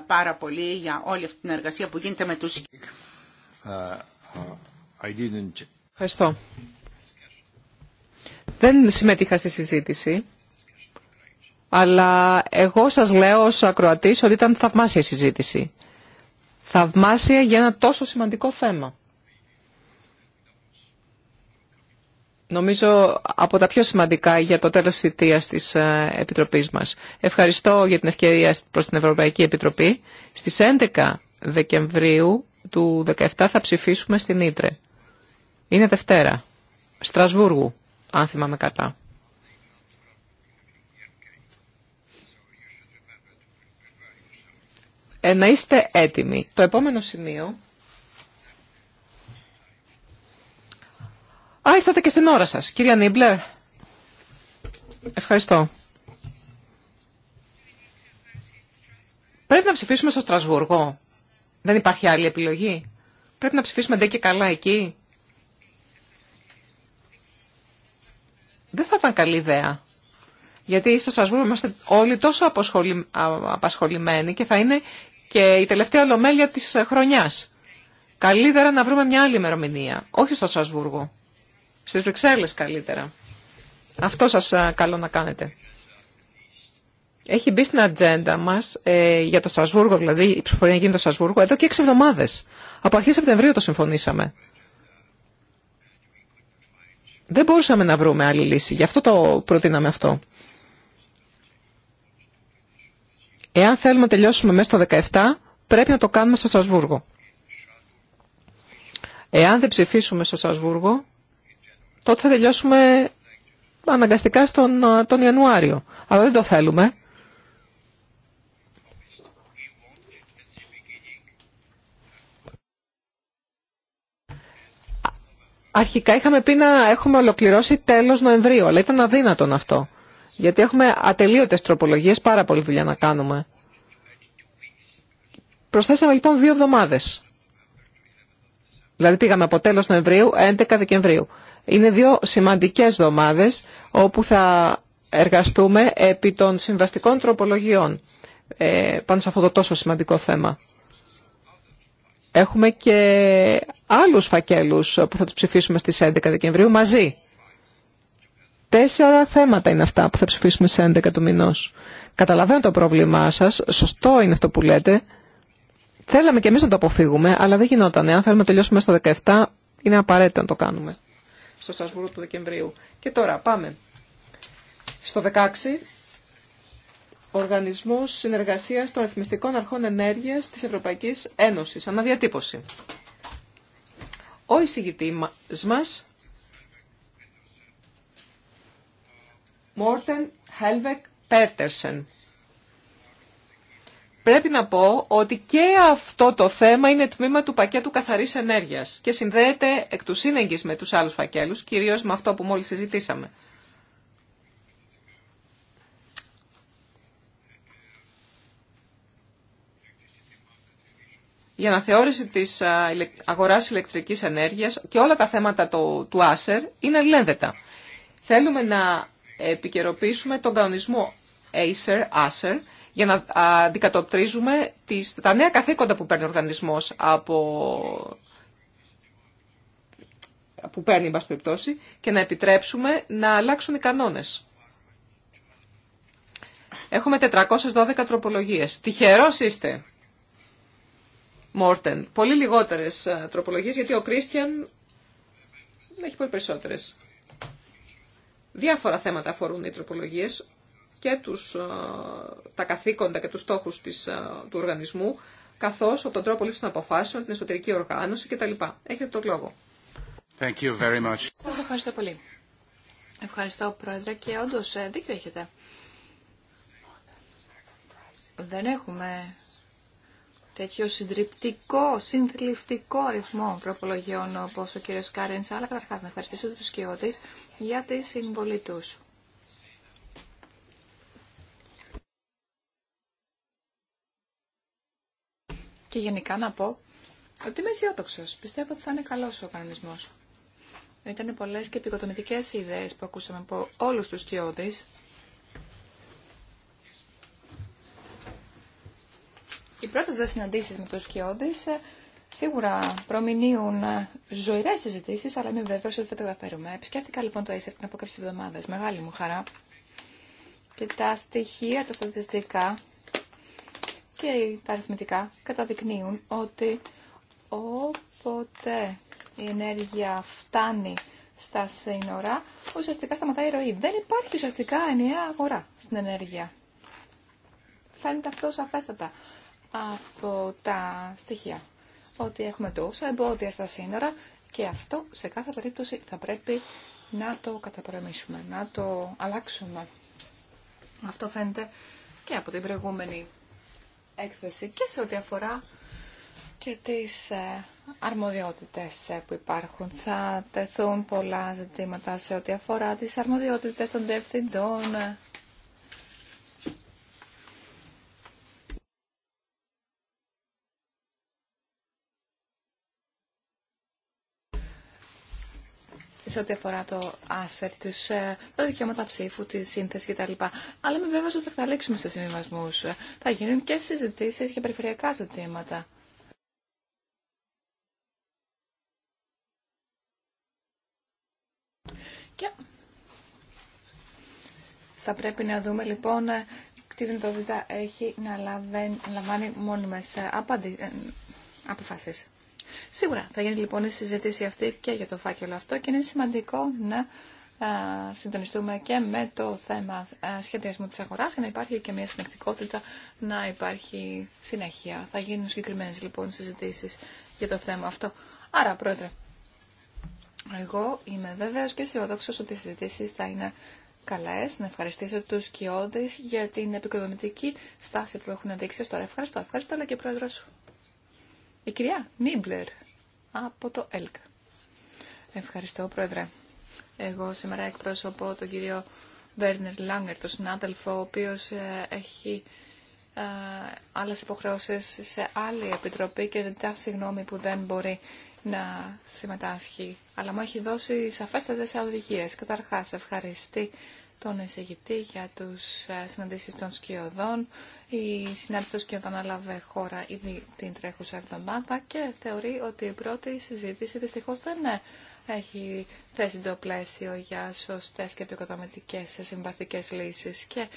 S7: πάρα πολύ για όλη αυτή την εργασία που γίνεται με τους... Ε,
S4: ε,
S6: Ευχαριστώ. Δεν συμμετείχα στη συζήτηση, αλλά εγώ σας λέω ως ακροατής ότι ήταν θαυμάσια συζήτηση. Θαυμάσια για ένα τόσο σημαντικό θέμα. νομίζω από τα πιο σημαντικά για το τέλος της θητείας της ε, Επιτροπής μας. Ευχαριστώ για την ευκαιρία προς την Ευρωπαϊκή Επιτροπή. Στις 11 Δεκεμβρίου του 2017 θα ψηφίσουμε στην Ήτρε. Είναι Δευτέρα. Στρασβούργου, αν θυμάμαι κατά. Ε, να είστε έτοιμοι. Το επόμενο σημείο Α, ήρθατε και στην ώρα σας, κυρία Νίμπλερ. Ευχαριστώ. Πρέπει να ψηφίσουμε στο Στρασβούργο. Δεν υπάρχει άλλη επιλογή. Πρέπει να ψηφίσουμε ντε και καλά εκεί. Δεν θα ήταν καλή ιδέα. Γιατί στο Στρασβούργο είμαστε όλοι τόσο απασχολημένοι και θα είναι και η τελευταία ολομέλεια της χρονιάς. Καλύτερα να βρούμε μια άλλη ημερομηνία, όχι στο Στρασβούργο στις Βρυξέλλες καλύτερα. Αυτό σας ε, καλό να κάνετε. Έχει μπει στην ατζέντα μας ε, για το Στρασβούργο, δηλαδή η ψηφοφορία γίνει το Στρασβούργο, εδώ και έξι εβδομάδες. Από αρχή Σεπτεμβρίου το συμφωνήσαμε. Δεν μπορούσαμε να βρούμε άλλη λύση, γι' αυτό το προτείναμε αυτό. Εάν θέλουμε να τελειώσουμε μέσα στο 17, πρέπει να το κάνουμε στο Στρασβούργο. Εάν δεν ψηφίσουμε στο Στρασβούργο, τότε θα τελειώσουμε αναγκαστικά στον, τον Ιανουάριο. Αλλά δεν το θέλουμε. Αρχικά είχαμε πει να έχουμε ολοκληρώσει τέλος Νοεμβρίου, αλλά ήταν αδύνατον αυτό. Γιατί έχουμε ατελείωτες τροπολογίες, πάρα πολύ δουλειά να κάνουμε. Προσθέσαμε λοιπόν δύο εβδομάδες. Δηλαδή πήγαμε από τέλος Νοεμβρίου, 11 Δεκεμβρίου. Είναι δύο σημαντικές εβδομάδες όπου θα εργαστούμε επί των συμβαστικών τροπολογιών ε, πάνω σε αυτό το τόσο σημαντικό θέμα. Έχουμε και άλλους φακέλους που θα τους ψηφίσουμε στις 11 Δεκεμβρίου μαζί. Τέσσερα θέματα είναι αυτά που θα ψηφίσουμε στις 11 του μηνός. Καταλαβαίνω το πρόβλημά σας, σωστό είναι αυτό που λέτε. Θέλαμε και εμείς να το αποφύγουμε, αλλά δεν γινόταν. Αν θέλουμε να τελειώσουμε στο 17, είναι απαραίτητο να το κάνουμε στο Στρασβούργο του Δεκεμβρίου. Και τώρα πάμε στο 16. Οργανισμό Συνεργασίας των Ρυθμιστικών Αρχών Ενέργεια της Ευρωπαϊκής Ένωσης. Αναδιατύπωση. Ο εισηγητή μας, Μόρτεν Χέλβεκ Πέρτερσεν. Πρέπει να πω ότι και αυτό το θέμα είναι τμήμα του πακέτου καθαρής ενέργειας και συνδέεται εκ του σύνεγγυς με τους άλλους φακέλους, κυρίως με αυτό που μόλις συζητήσαμε. Η αναθεώρηση της αγοράς ηλεκτρικής ενέργειας και όλα τα θέματα του Άσερ είναι ελενδετα Θέλουμε να επικαιροποιήσουμε τον κανονισμό ασερ Acer για να αντικατοπτρίζουμε τις, τα νέα καθήκοντα που παίρνει ο οργανισμός από που παίρνει, εν περιπτώσει, και να επιτρέψουμε να αλλάξουν οι κανόνες. Έχουμε 412 τροπολογίες. Τυχερός είστε, Μόρτεν. Πολύ λιγότερες ε, τροπολογίες, γιατί ο Κρίστιαν έχει πολύ περισσότερες. Διάφορα θέματα αφορούν οι τροπολογίες και τους, ε, τα καθήκοντα και τους στόχους της, ε, του οργανισμού, καθώς τον τρόπο λήψης των αποφάσεων, την εσωτερική οργάνωση κτλ. Έχετε τον λόγο.
S4: Thank you very much.
S6: Σας ευχαριστώ πολύ. Ευχαριστώ, Πρόεδρε,
S3: και όντω ε, δίκιο έχετε. Δεν έχουμε τέτοιο συντριπτικό, συνθλιφτικό ρυθμό προπολογιών όπως ο κύριος Κάρινς, αλλά καταρχάς να ευχαριστήσω τους σκιώτες για τη συμβολή τους. Και γενικά να πω ότι είμαι αισιόδοξο. Πιστεύω ότι θα είναι καλό ο κανονισμό. Ήταν πολλέ και επικοδομητικέ ιδέε που ακούσαμε από όλου του κοιόδη. Οι πρώτε δε συναντήσει με του κοιόδη ε, σίγουρα προμηνύουν ε, ζωηρέ συζητήσει, αλλά είμαι βέβαιο ότι θα τα καταφέρουμε. Επισκέφτηκα λοιπόν το Acer πριν από κάποιε εβδομάδε. Μεγάλη μου χαρά. Και τα στοιχεία, τα στατιστικά και τα αριθμητικά καταδεικνύουν ότι όποτε η ενέργεια φτάνει στα σύνορα, ουσιαστικά σταματάει η ροή. Δεν υπάρχει ουσιαστικά ενιαία αγορά στην ενέργεια. Φαίνεται αυτό σαφέστατα από τα στοιχεία. Ότι έχουμε τόσα εμπόδια στα σύνορα και αυτό σε κάθε περίπτωση θα πρέπει να το καταπολεμήσουμε, να το αλλάξουμε. Αυτό φαίνεται και από την προηγούμενη έκθεση και σε ό,τι αφορά και τις ε, αρμοδιότητες ε, που υπάρχουν. Θα τεθούν πολλά ζητήματα σε ό,τι αφορά τις αρμοδιότητες των διευθυντών, ε, σε ό,τι αφορά το άσερ, τα δικαιώματα ψήφου, τη σύνθεση κτλ. Αλλά με βέβαια ότι θα καταλήξουμε σε συμβιβασμού. Θα γίνουν και συζητήσει για περιφερειακά ζητήματα. Και θα πρέπει να δούμε λοιπόν τι δυνατότητα έχει να λαμβάνει μόνιμες ε, ε, αποφάσεις. Σίγουρα θα γίνει λοιπόν η συζήτηση αυτή και για το φάκελο αυτό και είναι σημαντικό να συντονιστούμε και με το θέμα σχεδιασμού της αγοράς και να υπάρχει και μια συνεκτικότητα, να υπάρχει συνέχεια. Θα γίνουν συγκεκριμένε λοιπόν συζητήσει για το θέμα αυτό. Άρα, Πρόεδρε, εγώ είμαι βέβαιος και αισιόδοξο ότι οι συζητήσεις θα είναι καλές. Να ευχαριστήσω τους κοιόδες για την επικοδομητική στάση που έχουν δείξει τώρα. Ευχαριστώ, ευχαριστώ αλλά και Πρόεδρο σου. Η κυρία Νίμπλερ από το ΕΛΚ. Ευχαριστώ, Πρόεδρε. Εγώ σήμερα εκπρόσωπω τον κύριο Βέρνερ Λάγκερ, τον συνάδελφο, ο οποίος ε, έχει ε, άλλες υποχρεώσεις σε άλλη επιτροπή και ζητά συγγνώμη που δεν μπορεί να συμμετάσχει. Αλλά μου έχει δώσει σαφέστατες οδηγίε. Καταρχάς, ευχαριστεί τον εισηγητή για τους ε, συναντήσεις των σκιωδών. Η συνάντηση των σκιωδών έλαβε χώρα ήδη την τρέχουσα εβδομάδα και θεωρεί ότι η πρώτη συζήτηση δυστυχώς δεν ε, έχει θέσει το πλαίσιο για σωστές και επικοδομητικές συμβαστικές λύσεις. Και,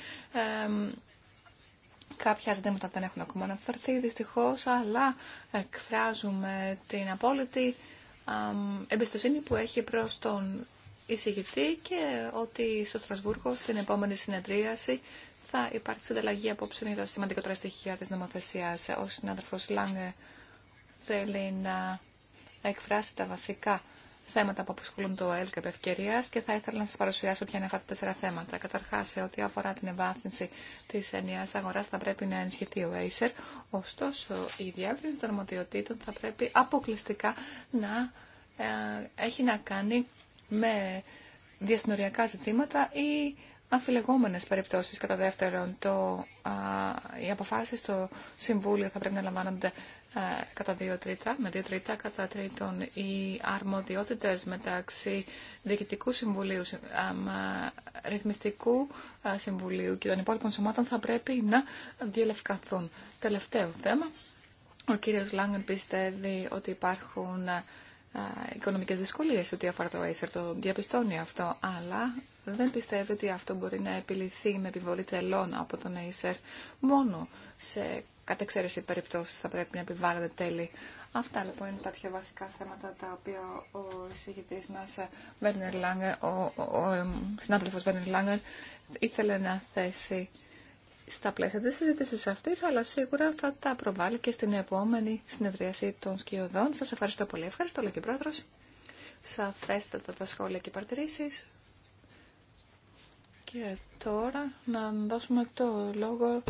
S3: Κάποια ζητήματα δεν έχουν ακόμα αναφερθεί, δυστυχώς, αλλά εκφράζουμε την απόλυτη εμπιστοσύνη που έχει προς τον εισηγητή και ότι στο Στρασβούργο στην επόμενη συνεδρίαση θα υπάρξει συνταλλαγή απόψε για τα σημαντικότερα στοιχεία της νομοθεσίας. Ο συνάδελφος Λάγκε θέλει να εκφράσει τα βασικά θέματα που απασχολούν το ΕΛΚ επ' ευκαιρία και θα ήθελα να σα παρουσιάσω ποια είναι αυτά τα τέσσερα θέματα. Καταρχά, σε ό,τι αφορά την ευάθυνση τη ενιαία αγορά, θα πρέπει να ενισχυθεί ο Acer. Ωστόσο, η διεύρυνση των αρμοδιοτήτων θα πρέπει αποκλειστικά να ε, έχει να κάνει με διασυνοριακά ζητήματα ή αμφιλεγόμενες περιπτώσεις. Κατά δεύτερον, το, α, οι αποφάσεις στο Συμβούλιο θα πρέπει να λαμβάνονται κατά δύο τρίτα, με δύο τρίτα. Κατά τρίτον, οι αρμοδιότητες μεταξύ Διοικητικού Συμβουλίου, α, Ρυθμιστικού Συμβουλίου και των υπόλοιπων σωμάτων θα πρέπει να διελευκαθούν. Τελευταίο θέμα. Ο κύριος Λάγκεν πιστεύει ότι υπάρχουν οικονομικέ δυσκολίες ό,τι αφορά το Acer, το διαπιστώνει αυτό, αλλά δεν πιστεύει ότι αυτό μπορεί να επιληθεί με επιβολή τελών από τον Acer. Μόνο σε κατεξαίρεση περιπτώσεις θα πρέπει να επιβάλλονται τέλη. Αυτά λοιπόν είναι τα πιο βασικά θέματα τα οποία ο εισηγητής μας, Βέρνερ ο, ο, ο Βέρνερ ε, Λάγκερ, ήθελε να θέσει στα πλαίσια της συζήτησης αυτής, αλλά σίγουρα θα τα προβάλλει και στην επόμενη συνεδρίαση των σκιωδών. Σας ευχαριστώ πολύ. Ευχαριστώ, λέει και πρόεδρος. Σαφέστατα τα σχόλια και παρατηρήσεις. Και τώρα να δώσουμε το λόγο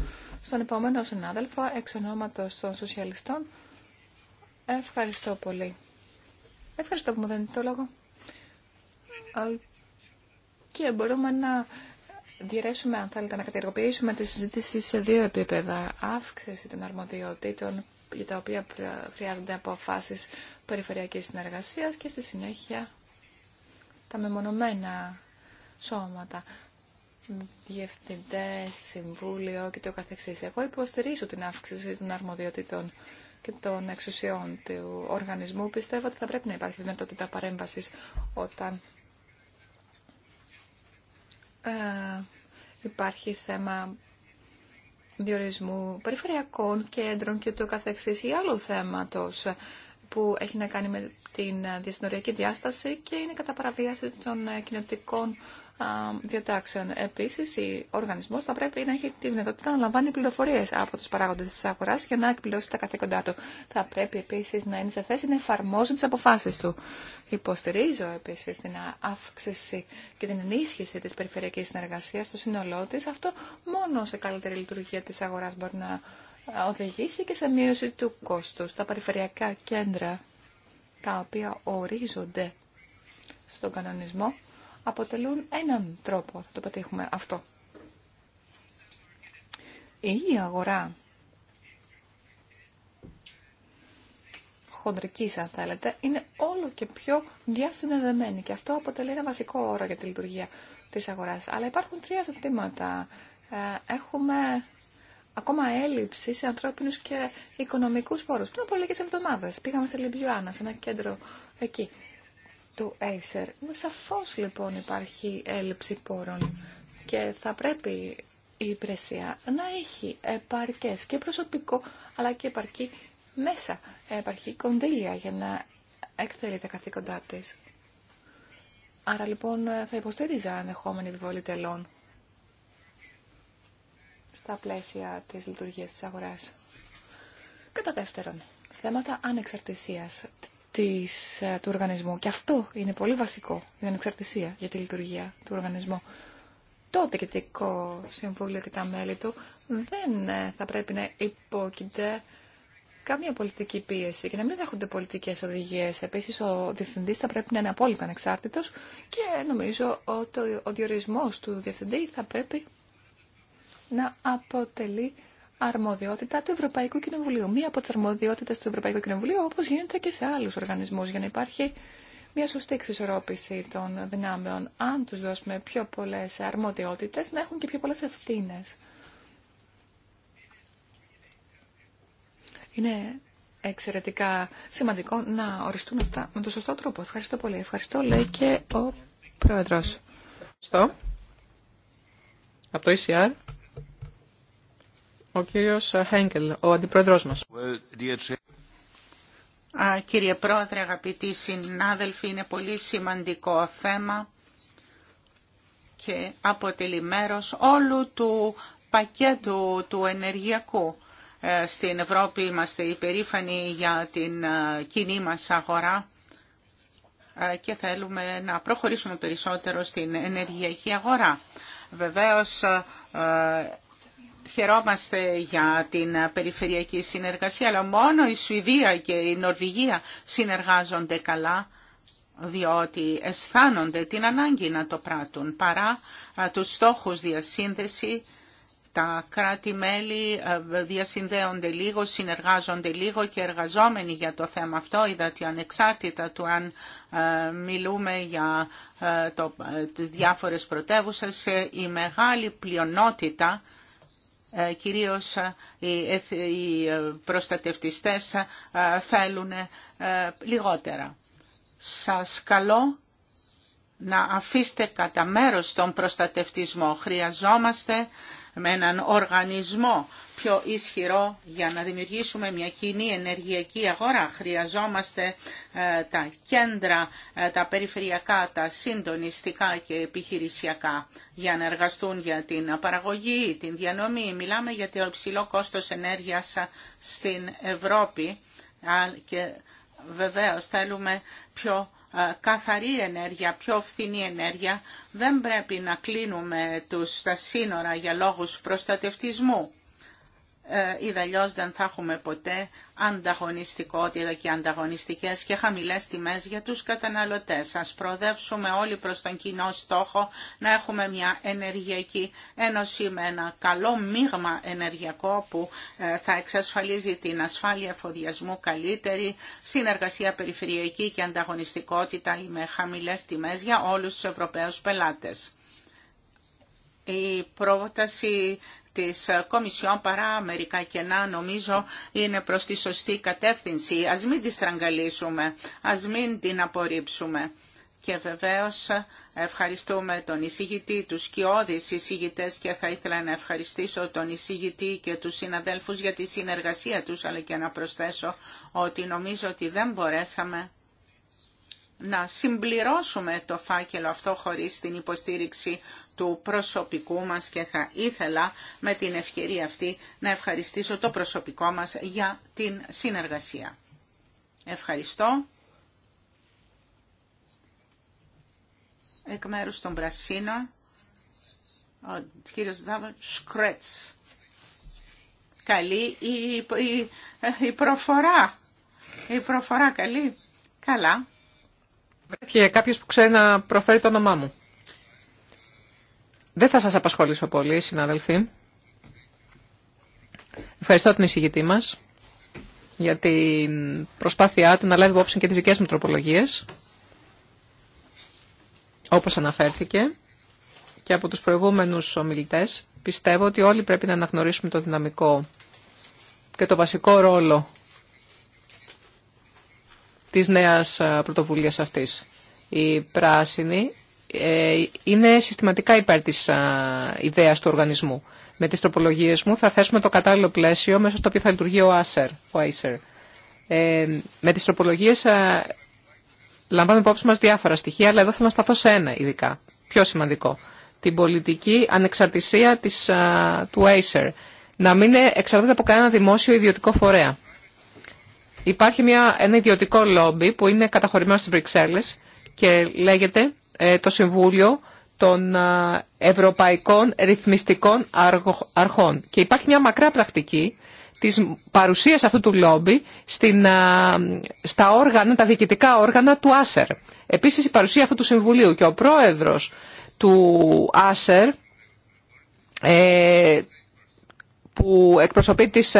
S3: στον επόμενο συνάδελφο, εξ ονόματος των σοσιαλιστών. Ευχαριστώ πολύ. Ευχαριστώ που μου δίνετε το λόγο. Και μπορούμε να διαιρέσουμε, αν θέλετε, να κατεργοποιήσουμε τη συζήτηση σε δύο επίπεδα. Αύξηση των αρμοδιοτήτων για τα οποία χρειάζονται αποφάσεις περιφερειακής συνεργασίας και στη συνέχεια τα μεμονωμένα σώματα, διευθυντές, συμβούλιο και το καθεξής. Εγώ υποστηρίζω την αύξηση των αρμοδιοτήτων και των εξουσιών του οργανισμού. Πιστεύω ότι θα πρέπει να υπάρχει δυνατότητα παρέμβασης όταν ε, υπάρχει θέμα διορισμού περιφερειακών κέντρων και το καθεξής ή άλλου θέματος που έχει να κάνει με την διασυνοριακή διάσταση και είναι κατά παραβίαση των κοινωτικών διατάξεων. Επίσης, ο οργανισμός θα πρέπει να έχει τη δυνατότητα να λαμβάνει πληροφορίες από τους παράγοντες της αγοράς για να εκπληρώσει τα καθήκοντά του. Θα πρέπει επίσης να είναι σε θέση να εφαρμόζει τις αποφάσεις του. Υποστηρίζω επίσης την αύξηση και την ενίσχυση της περιφερειακής συνεργασίας στο σύνολό της. Αυτό μόνο σε καλύτερη λειτουργία της αγοράς μπορεί να οδηγήσει και σε μείωση του κόστους. Τα περιφερειακά κέντρα τα οποία ορίζονται στον κανονισμό αποτελούν έναν τρόπο να το πετύχουμε αυτό. Η αγορά αν είναι όλο και πιο διασυνδεδεμένη και αυτό αποτελεί ένα βασικό όρο για τη λειτουργία τη αγορά. Αλλά υπάρχουν τρία ζητήματα. Ε, έχουμε ακόμα έλλειψη σε ανθρώπινου και οικονομικού πόρου. Πριν από λίγε εβδομάδε. πήγαμε σε Λιμπιουάνα, σε ένα κέντρο εκεί του Acer. σαφώ, λοιπόν υπάρχει έλλειψη πόρων και θα πρέπει η υπηρεσία να έχει επαρκές και προσωπικό αλλά και επαρκή μέσα, υπάρχει κονδύλια για να εκτελεί τα καθήκοντά τη. Άρα λοιπόν θα υποστήριζα ανεχόμενη επιβολή τελών στα πλαίσια της λειτουργίας της αγοράς. Κατά δεύτερον, θέματα ανεξαρτησίας της, ε, του οργανισμού. Και αυτό είναι πολύ βασικό, η ανεξαρτησία για τη λειτουργία του οργανισμού. Το Διοικητικό Συμβούλιο και τα μέλη του δεν ε, θα πρέπει να υπόκειται καμία πολιτική πίεση και να μην δέχονται πολιτικέ οδηγίε. Επίση, ο διευθυντή θα πρέπει να είναι απόλυτα ανεξάρτητο και νομίζω ότι ο διορισμό του διευθυντή θα πρέπει να αποτελεί αρμοδιότητα του Ευρωπαϊκού Κοινοβουλίου. Μία από τι αρμοδιότητε του Ευρωπαϊκού Κοινοβουλίου, όπω γίνεται και σε άλλου οργανισμού, για να υπάρχει μια σωστή εξισορρόπηση των δυνάμεων. Αν του δώσουμε πιο πολλέ αρμοδιότητε, να έχουν και πιο πολλέ ευθύνε. Είναι εξαιρετικά σημαντικό να οριστούν αυτά με τον σωστό τρόπο. Ευχαριστώ πολύ. Ευχαριστώ, λέει
S6: και ο Πρόεδρος. Ευχαριστώ. Από το ECR, ο κύριος Χέγκελ, ο
S7: αντιπρόεδρος μας. Κύριε Πρόεδρε, αγαπητοί συνάδελφοι, είναι πολύ σημαντικό θέμα και αποτελεί μέρος όλου του πακέτου του ενεργειακού ε, στην Ευρώπη είμαστε υπερήφανοι για την ε, κοινή μας αγορά ε, και θέλουμε να προχωρήσουμε περισσότερο στην ενεργειακή αγορά. Βεβαίως, χαιρόμαστε για την περιφερειακή συνεργασία, αλλά μόνο η Σουηδία και η Νορβηγία συνεργάζονται καλά, διότι αισθάνονται την ανάγκη να το πράττουν, παρά τους στόχους διασύνδεση τα κράτη-μέλη ε, διασυνδέονται λίγο, συνεργάζονται λίγο και εργαζόμενοι για το θέμα αυτό. Είδατε ανεξάρτητα του αν ε, μιλούμε για ε, το, τις διάφορες πρωτεύουσες, η μεγάλη πλειονότητα κυρίως οι προστατευτιστές θέλουν λιγότερα. Σας καλώ να αφήσετε κατά μέρος τον προστατευτισμό. Χρειαζόμαστε με έναν οργανισμό πιο ισχυρό για να δημιουργήσουμε μια κοινή ενεργειακή αγορά. Χρειαζόμαστε ε, τα κέντρα, ε, τα περιφερειακά, τα συντονιστικά και επιχειρησιακά για να εργαστούν για την παραγωγή, την διανομή. Μιλάμε για το υψηλό κόστος ενέργειας ε, στην Ευρώπη και βεβαίως θέλουμε πιο ε, καθαρή ενέργεια, πιο φθηνή ενέργεια. Δεν πρέπει να κλείνουμε τους στα σύνορα για λόγους προστατευτισμού. Ε, αλλιώ δεν θα έχουμε ποτέ ανταγωνιστικότητα και ανταγωνιστικές και χαμηλές τιμές για τους καταναλωτές. Ας προοδεύσουμε όλοι προς τον κοινό στόχο να έχουμε μια ενεργειακή ένωση με ένα καλό μείγμα ενεργειακό που ε, θα εξασφαλίζει την ασφάλεια εφοδιασμού καλύτερη, συνεργασία περιφερειακή και ανταγωνιστικότητα με χαμηλές τιμές για όλους τους Ευρωπαίους πελάτες η πρόταση της Κομισιόν παρά μερικά να νομίζω είναι προς τη σωστή κατεύθυνση. Ας μην τη στραγγαλίσουμε, ας μην την απορρίψουμε. Και βεβαίως ευχαριστούμε τον εισηγητή, τους κοιόδης εισηγητές και θα ήθελα να ευχαριστήσω τον εισηγητή και τους συναδέλφους για τη συνεργασία τους, αλλά και να προσθέσω ότι νομίζω ότι δεν μπορέσαμε να συμπληρώσουμε το φάκελο αυτό χωρίς την υποστήριξη του προσωπικού μας και θα ήθελα με την ευκαιρία αυτή να ευχαριστήσω το προσωπικό μας για την συνεργασία. Ευχαριστώ. Εκ μέρους των Πρασίνων, ο κύριος Δάβολ Σκρέτς. Καλή η, η, η προφορά. Η προφορά καλή. Καλά.
S6: Βρέθηκε κάποιος που ξέρει να προφέρει το όνομά μου. Δεν θα σας απασχολήσω πολύ, συναδελφοί. Ευχαριστώ τον εισηγητή μας για την προσπάθειά του να λάβει υπόψη και τις δικές μου τροπολογίες, όπως αναφέρθηκε και από τους προηγούμενους ομιλητές. Πιστεύω ότι όλοι πρέπει να αναγνωρίσουμε το δυναμικό και το βασικό ρόλο της νέας πρωτοβουλίας αυτής. Οι πράσινοι ε, είναι συστηματικά υπέρ της ιδέας του οργανισμού. Με τις τροπολογίες μου θα θέσουμε το κατάλληλο πλαίσιο μέσα στο οποίο θα λειτουργεί ο Acer. Ε, με τις τροπολογίες λαμβάνουμε υπόψη μας διάφορα στοιχεία, αλλά εδώ θέλω να σταθώ σε ένα ειδικά, πιο σημαντικό. Την πολιτική ανεξαρτησία της, α, του Acer. Να μην εξαρτάται από κανένα δημόσιο ιδιωτικό φορέα. Υπάρχει μια, ένα ιδιωτικό λόμπι που είναι καταχωρημένο στις Βρυξέλλες και λέγεται ε, το Συμβούλιο των ε, Ευρωπαϊκών Ρυθμιστικών Αρχών. Και υπάρχει μια μακρά πρακτική της παρουσίας αυτού του λόμπι στην, ε, στα όργανα, τα διοικητικά όργανα του Άσερ. Επίσης η παρουσία αυτού του Συμβουλίου και ο πρόεδρος του Άσερ ε, που εκπροσωπεί τις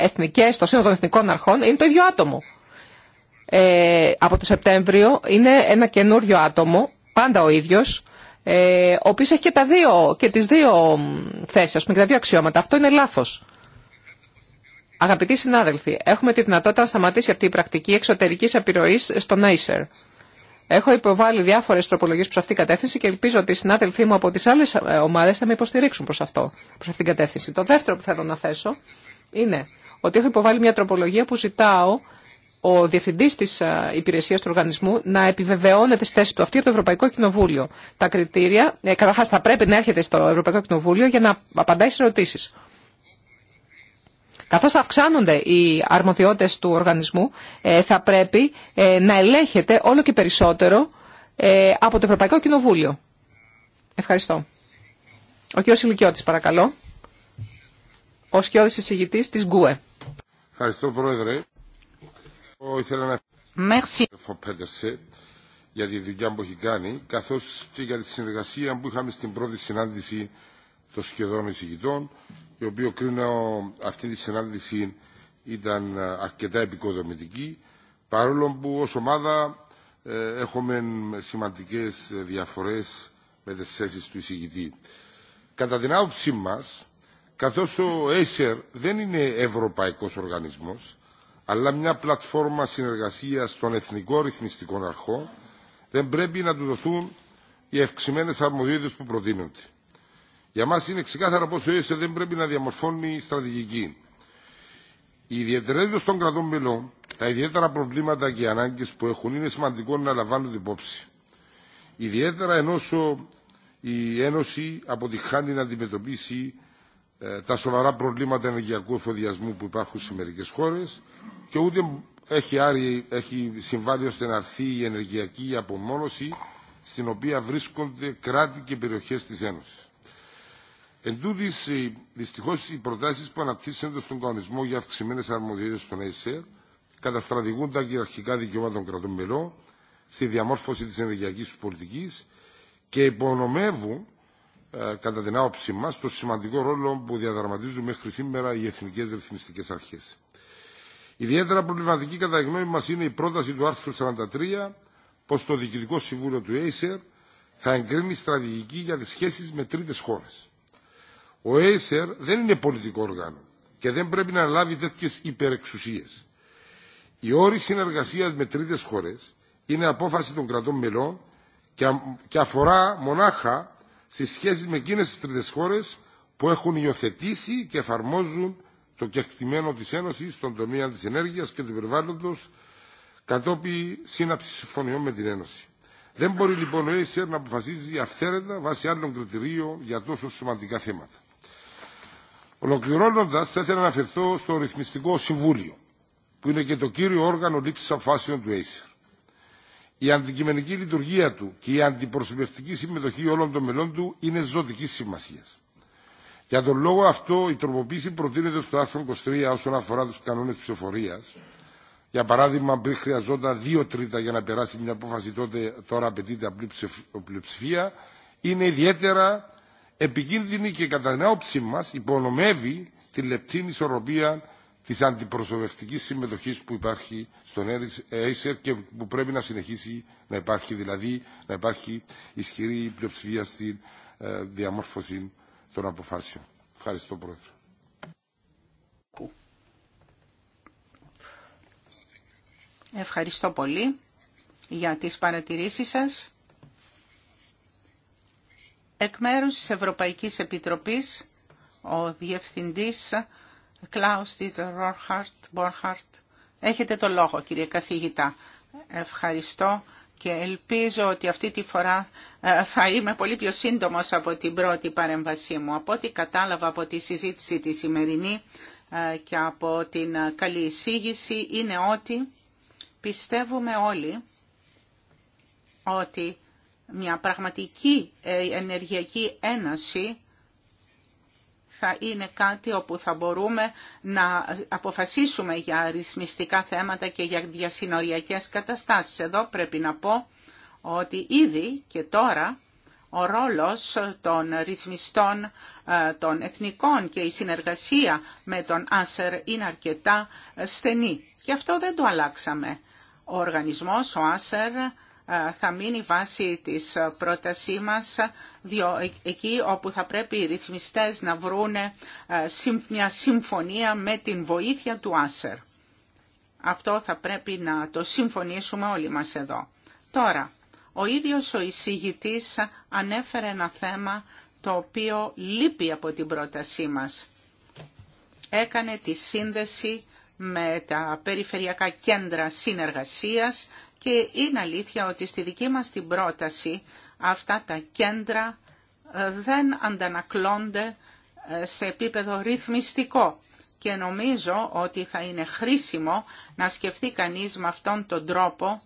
S6: εθνικές, το Σύνοδο των Εθνικών Αρχών είναι το ίδιο άτομο. από το Σεπτέμβριο είναι ένα καινούριο άτομο πάντα ο ίδιος, ε, ο οποίος έχει και, τα δύο, και τις δύο θέσεις, ας πούμε, και τα δύο αξιώματα. Αυτό είναι λάθος. Αγαπητοί συνάδελφοι, έχουμε τη δυνατότητα να σταματήσει αυτή η πρακτική εξωτερικής επιρροής στον Acer. Έχω υποβάλει διάφορε τροπολογίε προ αυτήν την κατεύθυνση και ελπίζω ότι οι συνάδελφοί μου από τι άλλε ομάδε θα με υποστηρίξουν προ αυτό, προ αυτήν την κατεύθυνση. Το δεύτερο που θέλω να θέσω είναι ότι έχω υποβάλει μια τροπολογία που ζητάω ο διευθυντή τη υπηρεσία του οργανισμού να επιβεβαιώνεται στη θέση του αυτή από το Ευρωπαϊκό Κοινοβούλιο. Τα κριτήρια, ε, καταρχά, θα πρέπει να έρχεται στο Ευρωπαϊκό Κοινοβούλιο για να απαντάει σε ερωτήσει. Καθώ αυξάνονται οι αρμοδιότητε του οργανισμού, ε, θα πρέπει ε, να ελέγχεται όλο και περισσότερο ε, από το Ευρωπαϊκό Κοινοβούλιο. Ευχαριστώ. Ο κ. Σιλικιώτης, παρακαλώ. Ο σκιώδης εισηγητής τη ΓΚΟΕ.
S5: Ευχαριστώ, Πρόεδρε. Merci. για τη δουλειά που έχει κάνει, καθώς και για τη συνεργασία που είχαμε στην πρώτη συνάντηση των σχεδόν εισηγητών, η οποία κρίνω αυτή τη συνάντηση ήταν αρκετά επικοδομητική, παρόλο που ως ομάδα ε, έχουμε σημαντικές διαφορές με τις θέσεις του εισηγητή. Κατά την άποψή μας, καθώς ο ΕΣΕΡ δεν είναι ευρωπαϊκός οργανισμός, αλλά μια πλατφόρμα συνεργασία των εθνικών ρυθμιστικών αρχών δεν πρέπει να του δοθούν οι ευξημένε αρμοδίδε που προτείνονται. Για μας είναι ξεκάθαρα πως ο ΕΣΕ δεν πρέπει να διαμορφώνει στρατηγική. Οι ιδιαιτερότητες των κρατών μελών, τα ιδιαίτερα προβλήματα και οι ανάγκε που έχουν είναι σημαντικό να λαμβάνονται υπόψη. Ιδιαίτερα ενώ η Ένωση αποτυχάνει να αντιμετωπίσει ε, τα σοβαρά προβλήματα ενεργειακού εφοδιασμού που υπάρχουν σε μερικέ χώρε, και ούτε έχει, άρει, έχει συμβάλει ώστε να έρθει η ενεργειακή απομόνωση στην οποία βρίσκονται κράτη και περιοχές της Ένωσης. Εν τούτης, ε, δυστυχώς, οι προτάσεις που αναπτύσσονται στον κανονισμό για αυξημένες αρμοδιότητες των ΕΣΕΡ καταστρατηγούν τα κυριαρχικά δικαιώματα των κρατών μελών στη διαμόρφωση της ενεργειακής πολιτικής και υπονομεύουν, ε, κατά την άποψή μας, το σημαντικό ρόλο που διαδραματίζουν μέχρι σήμερα οι εθνικές ρυθμιστικές αρχές. Ιδιαίτερα προβληματική κατά τη γνώμη μα είναι η πρόταση του άρθρου 43 πω το Διοικητικό Συμβούλιο του Acer θα εγκρίνει στρατηγική για τι σχέσει με τρίτε χώρε. Ο Acer δεν είναι πολιτικό όργανο και δεν πρέπει να λάβει τέτοιε υπερεξουσίε. Η όρη συνεργασία με τρίτε χώρε είναι απόφαση των κρατών μελών και αφορά μονάχα στι σχέσει με εκείνε τι τρίτε χώρε που έχουν υιοθετήσει και εφαρμόζουν το κεκτημένο της Ένωσης στον τομέα της ενέργειας και του περιβάλλοντος κατόπιν σύναψης συμφωνιών με την Ένωση. Δεν μπορεί λοιπόν ο ΕΣΕΡ να αποφασίζει αυθαίρετα βάσει άλλων κριτηρίων για τόσο σημαντικά θέματα. Ολοκληρώνοντα, θα ήθελα να αναφερθώ στο Ρυθμιστικό Συμβούλιο, που είναι και το κύριο όργανο λήψη αποφάσεων του ΕΣΕΡ. Η αντικειμενική λειτουργία του και η αντιπροσωπευτική συμμετοχή όλων των μελών του είναι ζωτική σημασία. Για τον λόγο αυτό, η τροποποίηση προτείνεται στο άρθρο 23 όσον αφορά του κανόνε ψηφοφορία. Για παράδειγμα, πριν χρειαζόταν δύο τρίτα για να περάσει μια απόφαση, τότε τώρα απαιτείται απλή πλειοψηφία. Είναι ιδιαίτερα επικίνδυνη και κατά την άποψή μα υπονομεύει τη λεπτή ισορροπία τη αντιπροσωπευτική συμμετοχή που υπάρχει στον Acer και που πρέπει να συνεχίσει να υπάρχει, δηλαδή να υπάρχει ισχυρή πλειοψηφία στην ε, διαμόρφωση των αποφάσεων. Ευχαριστώ Πρόεδρε.
S7: Ευχαριστώ πολύ για τις παρατηρήσεις σας. Εκ μέρους της Ευρωπαϊκής Επιτροπής, ο Διευθυντής Κλάους Τίτερ Μπορχαρτ, έχετε το λόγο κύριε καθηγητά. Ευχαριστώ και ελπίζω ότι αυτή τη φορά ε, θα είμαι πολύ πιο σύντομος από την πρώτη παρέμβασή μου. Από ό,τι κατάλαβα από τη συζήτηση τη σημερινή ε, και από την ε, καλή εισήγηση είναι ότι πιστεύουμε όλοι ότι μια πραγματική ενεργειακή ένωση θα είναι κάτι όπου θα μπορούμε να αποφασίσουμε για ρυθμιστικά θέματα και για διασυνοριακές καταστάσεις. Εδώ πρέπει να πω ότι ήδη και τώρα ο ρόλος των ρυθμιστών ε, των εθνικών και η συνεργασία με τον Άσερ είναι αρκετά στενή. Και αυτό δεν το αλλάξαμε. Ο οργανισμός, ο Άσερ, ε, θα μείνει βάση της ε, πρότασή μας ε, εκεί όπου θα πρέπει οι ρυθμιστές να βρουν μια συμφωνία με την βοήθεια του Άσερ. Αυτό θα πρέπει να το συμφωνήσουμε όλοι μας εδώ. Τώρα, ο ίδιος ο εισηγητής ανέφερε ένα θέμα το οποίο λείπει από την πρότασή μας. Έκανε τη σύνδεση με τα περιφερειακά κέντρα συνεργασίας και είναι αλήθεια ότι στη δική μας την πρόταση αυτά τα κέντρα ε, δεν αντανακλώνται ε, σε επίπεδο ρυθμιστικό. Και νομίζω ότι θα είναι χρήσιμο να σκεφτεί κανείς με αυτόν τον τρόπο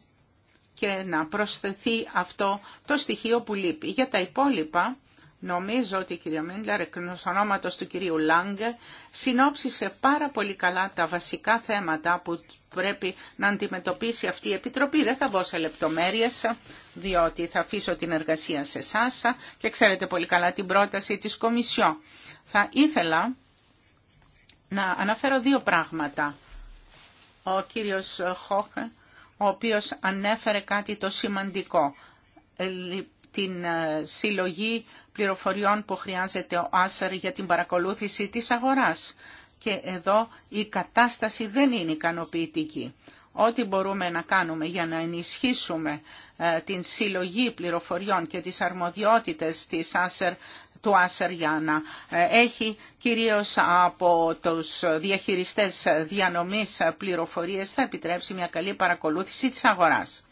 S7: και να προσθεθεί αυτό το στοιχείο που λείπει. Για τα υπόλοιπα, νομίζω ότι η κυρία Μίντλερ, εκ του κυρίου Λάγκε, συνόψισε πάρα πολύ καλά τα βασικά θέματα που πρέπει να αντιμετωπίσει αυτή η Επιτροπή. Δεν θα μπω σε λεπτομέρειες, διότι θα αφήσω την εργασία σε εσά και ξέρετε πολύ καλά την πρόταση της Κομισιό. Θα ήθελα να αναφέρω δύο πράγματα. Ο κύριος Χόχ, ο οποίος ανέφερε κάτι το σημαντικό, ε, την ε, συλλογή πληροφοριών που χρειάζεται ο Άσερ για την παρακολούθηση της αγοράς και εδώ η κατάσταση δεν είναι ικανοποιητική. Ό,τι μπορούμε να κάνουμε για να ενισχύσουμε ε, την συλλογή πληροφοριών και τις αρμοδιότητες της ΑΣΕΡ του Άσερ να ε, Έχει κυρίως από τους διαχειριστές διανομής πληροφορίες θα επιτρέψει μια καλή παρακολούθηση της αγοράς.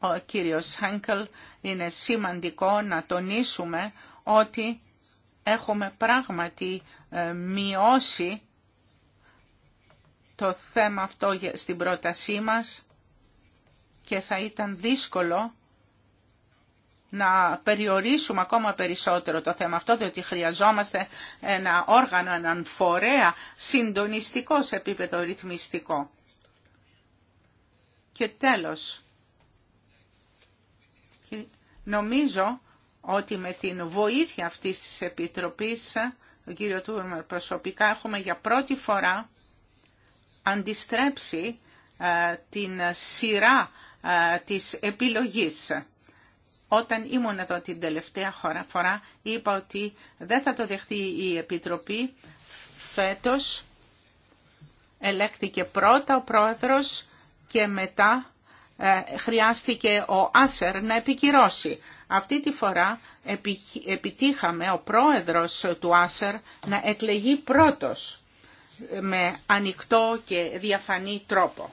S7: Ο κύριος Χάνκελ είναι σημαντικό να τονίσουμε ότι έχουμε πράγματι ε, μειώσει το θέμα αυτό στην πρότασή μας και θα ήταν δύσκολο να περιορίσουμε ακόμα περισσότερο το θέμα αυτό, διότι χρειαζόμαστε ένα όργανο, έναν φορέα συντονιστικό σε επίπεδο ρυθμιστικό. Και τέλος, νομίζω ότι με την βοήθεια αυτής της Επιτροπής, τον κύριο Τούρμερ προσωπικά, έχουμε για πρώτη φορά αντιστρέψει ε, την σειρά ε, της επιλογής. Όταν ήμουν εδώ την τελευταία φορά, είπα ότι δεν θα το δεχτεί η Επιτροπή. Φέτος ελέγχθηκε πρώτα ο πρόεδρος και μετά ε, χρειάστηκε ο Άσερ να επικυρώσει. Αυτή τη φορά επιτύχαμε ο πρόεδρος του Άσερ να εκλεγεί πρώτος ε, με ανοιχτό και διαφανή τρόπο.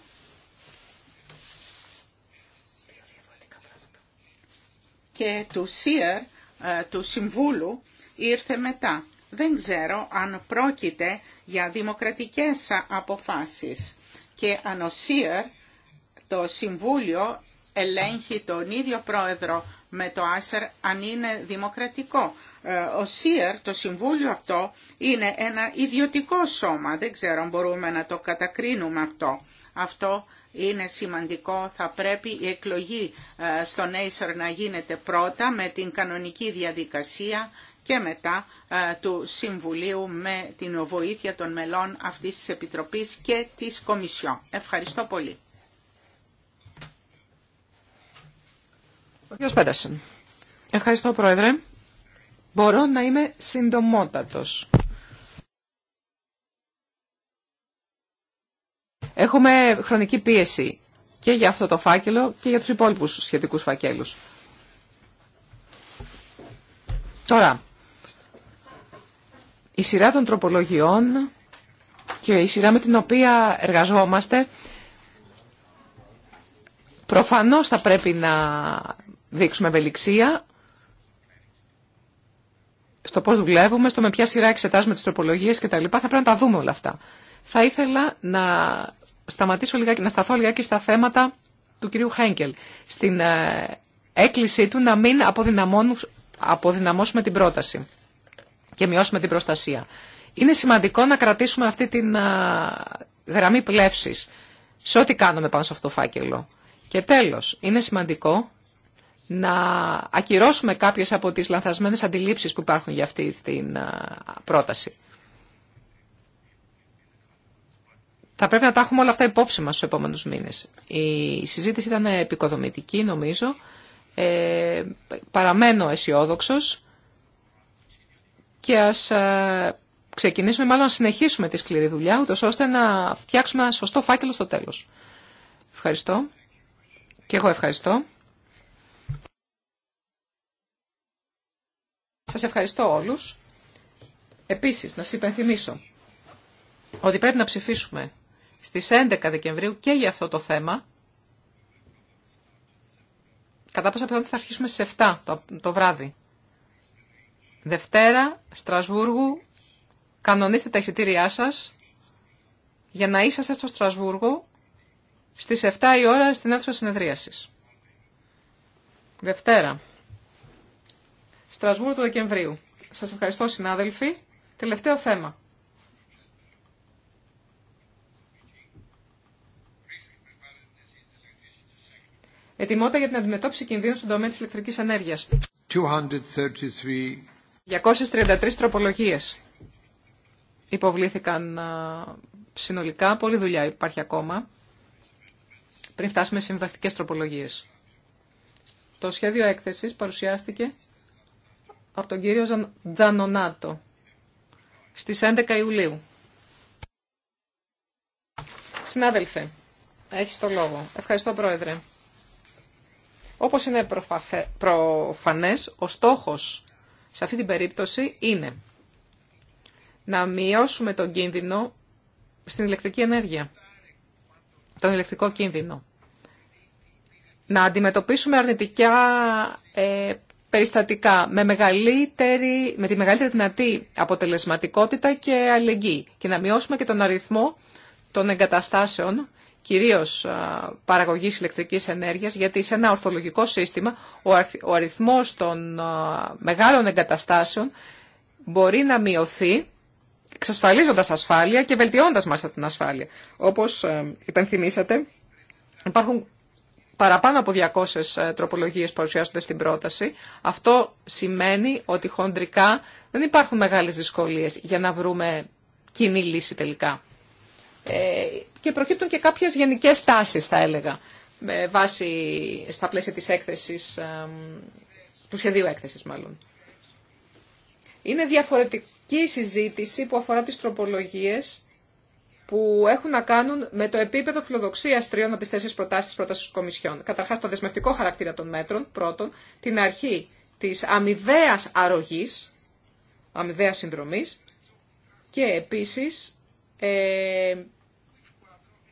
S7: Και του ΣΥΕΡ, ε, του Συμβούλου, ήρθε μετά. Δεν ξέρω αν πρόκειται για δημοκρατικές αποφάσεις. Και αν ο ΣΥΕΡ, το Συμβούλιο, ελέγχει τον ίδιο πρόεδρο με το Άσερ αν είναι δημοκρατικό. Ε, ο ΣΥΕΡ, το Συμβούλιο αυτό, είναι ένα ιδιωτικό σώμα. Δεν ξέρω αν μπορούμε να το κατακρίνουμε αυτό. Αυτό είναι σημαντικό. Θα πρέπει η εκλογή ε, στον Νέισερ να γίνεται πρώτα με την κανονική διαδικασία και μετά ε, του Συμβουλίου με την βοήθεια των μελών αυτής της Επιτροπής και της Κομισιόν. Ευχαριστώ πολύ.
S6: Ευχαριστώ, Πρόεδρε. Μπορώ να είμαι συντομότατος. Έχουμε χρονική πίεση και για αυτό το φάκελο και για τους υπόλοιπους σχετικούς φακέλους. Τώρα, η σειρά των τροπολογιών και η σειρά με την οποία εργαζόμαστε προφανώς θα πρέπει να δείξουμε ευελιξία στο πώς δουλεύουμε, στο με ποια σειρά εξετάζουμε τις τροπολογίες λοιπά. Θα πρέπει να τα δούμε όλα αυτά. Θα ήθελα να σταματήσω λιγάκι, να σταθώ λιγάκι στα θέματα του κυρίου Χένκελ. Στην ε, έκκλησή του να μην αποδυναμώσουμε την πρόταση και μειώσουμε την προστασία. Είναι σημαντικό να κρατήσουμε αυτή την ε, γραμμή πλεύσης σε ό,τι κάνουμε πάνω σε αυτό το φάκελο. Και τέλος, είναι σημαντικό να ακυρώσουμε κάποιες από τις λανθασμένες αντιλήψεις που υπάρχουν για αυτή την πρόταση. Θα πρέπει να τα έχουμε όλα αυτά υπόψη μας στους επόμενους μήνες. Η συζήτηση ήταν επικοδομητική νομίζω. Ε, παραμένω αισιόδοξο και ας ξεκινήσουμε μάλλον να συνεχίσουμε τη σκληρή δουλειά ούτως ώστε να φτιάξουμε ένα σωστό φάκελο στο τέλος. Ευχαριστώ. Και εγώ ευχαριστώ. Σας ευχαριστώ όλους. Επίσης, να σας υπενθυμίσω ότι πρέπει να ψηφίσουμε στις 11 Δεκεμβρίου και για αυτό το θέμα. Κατά πάσα πιθανότητα θα αρχίσουμε στις 7 το, το βράδυ. Δευτέρα, Στρασβούργου, κανονίστε τα εισιτήριά σας για να είσαστε στο Στρασβούργο στις 7 η ώρα στην αίθουσα συνεδρίασης. Δευτέρα. Στρασβούργο του Δεκεμβρίου. Σας ευχαριστώ συνάδελφοι. Τελευταίο θέμα. Ετοιμότητα για την αντιμετώπιση κινδύνων στον τομέα τη ηλεκτρικής ενέργεια.
S5: 233,
S6: 233 τροπολογίες υποβλήθηκαν συνολικά. Πολλή δουλειά υπάρχει ακόμα πριν φτάσουμε σε συμβαστικές τροπολογίες. Το σχέδιο έκθεσης παρουσιάστηκε από τον κύριο Τζανονάτο στις 11 Ιουλίου. Συνάδελφε, έχεις το λόγο. Ευχαριστώ Πρόεδρε. Όπως είναι προφανές, ο στόχος σε αυτή την περίπτωση είναι να μειώσουμε τον κίνδυνο στην ηλεκτρική ενέργεια, τον ηλεκτρικό κίνδυνο. Να αντιμετωπίσουμε αρνητικά ε, περιστατικά με, με τη μεγαλύτερη δυνατή αποτελεσματικότητα και αλληλεγγύη και να μειώσουμε και τον αριθμό των εγκαταστάσεων κυρίως παραγωγής ηλεκτρικής ενέργειας, γιατί σε ένα ορθολογικό σύστημα ο αριθμός των μεγάλων εγκαταστάσεων μπορεί να μειωθεί εξασφαλίζοντας ασφάλεια και βελτιώντας μας την ασφάλεια. Όπως ε, υπενθυμίσατε, υπάρχουν παραπάνω από 200 ε, τροπολογίες παρουσιάζονται στην πρόταση. Αυτό σημαίνει ότι χοντρικά δεν υπάρχουν μεγάλες δυσκολίες για να βρούμε κοινή λύση τελικά. Ε, και προκύπτουν και κάποιες γενικές τάσεις, θα έλεγα, με βάση στα πλαίσια της έκθεσης, του σχεδίου έκθεσης μάλλον. Είναι διαφορετική συζήτηση που αφορά τις τροπολογίες που έχουν να κάνουν με το επίπεδο φιλοδοξία τριών από τι τέσσερι προτάσει τη πρόταση Κομισιόν. Καταρχά, το δεσμευτικό χαρακτήρα των μέτρων, πρώτον, την αρχή τη αμοιβαία αρρωγή, αμοιβαία συνδρομή και επίση ε,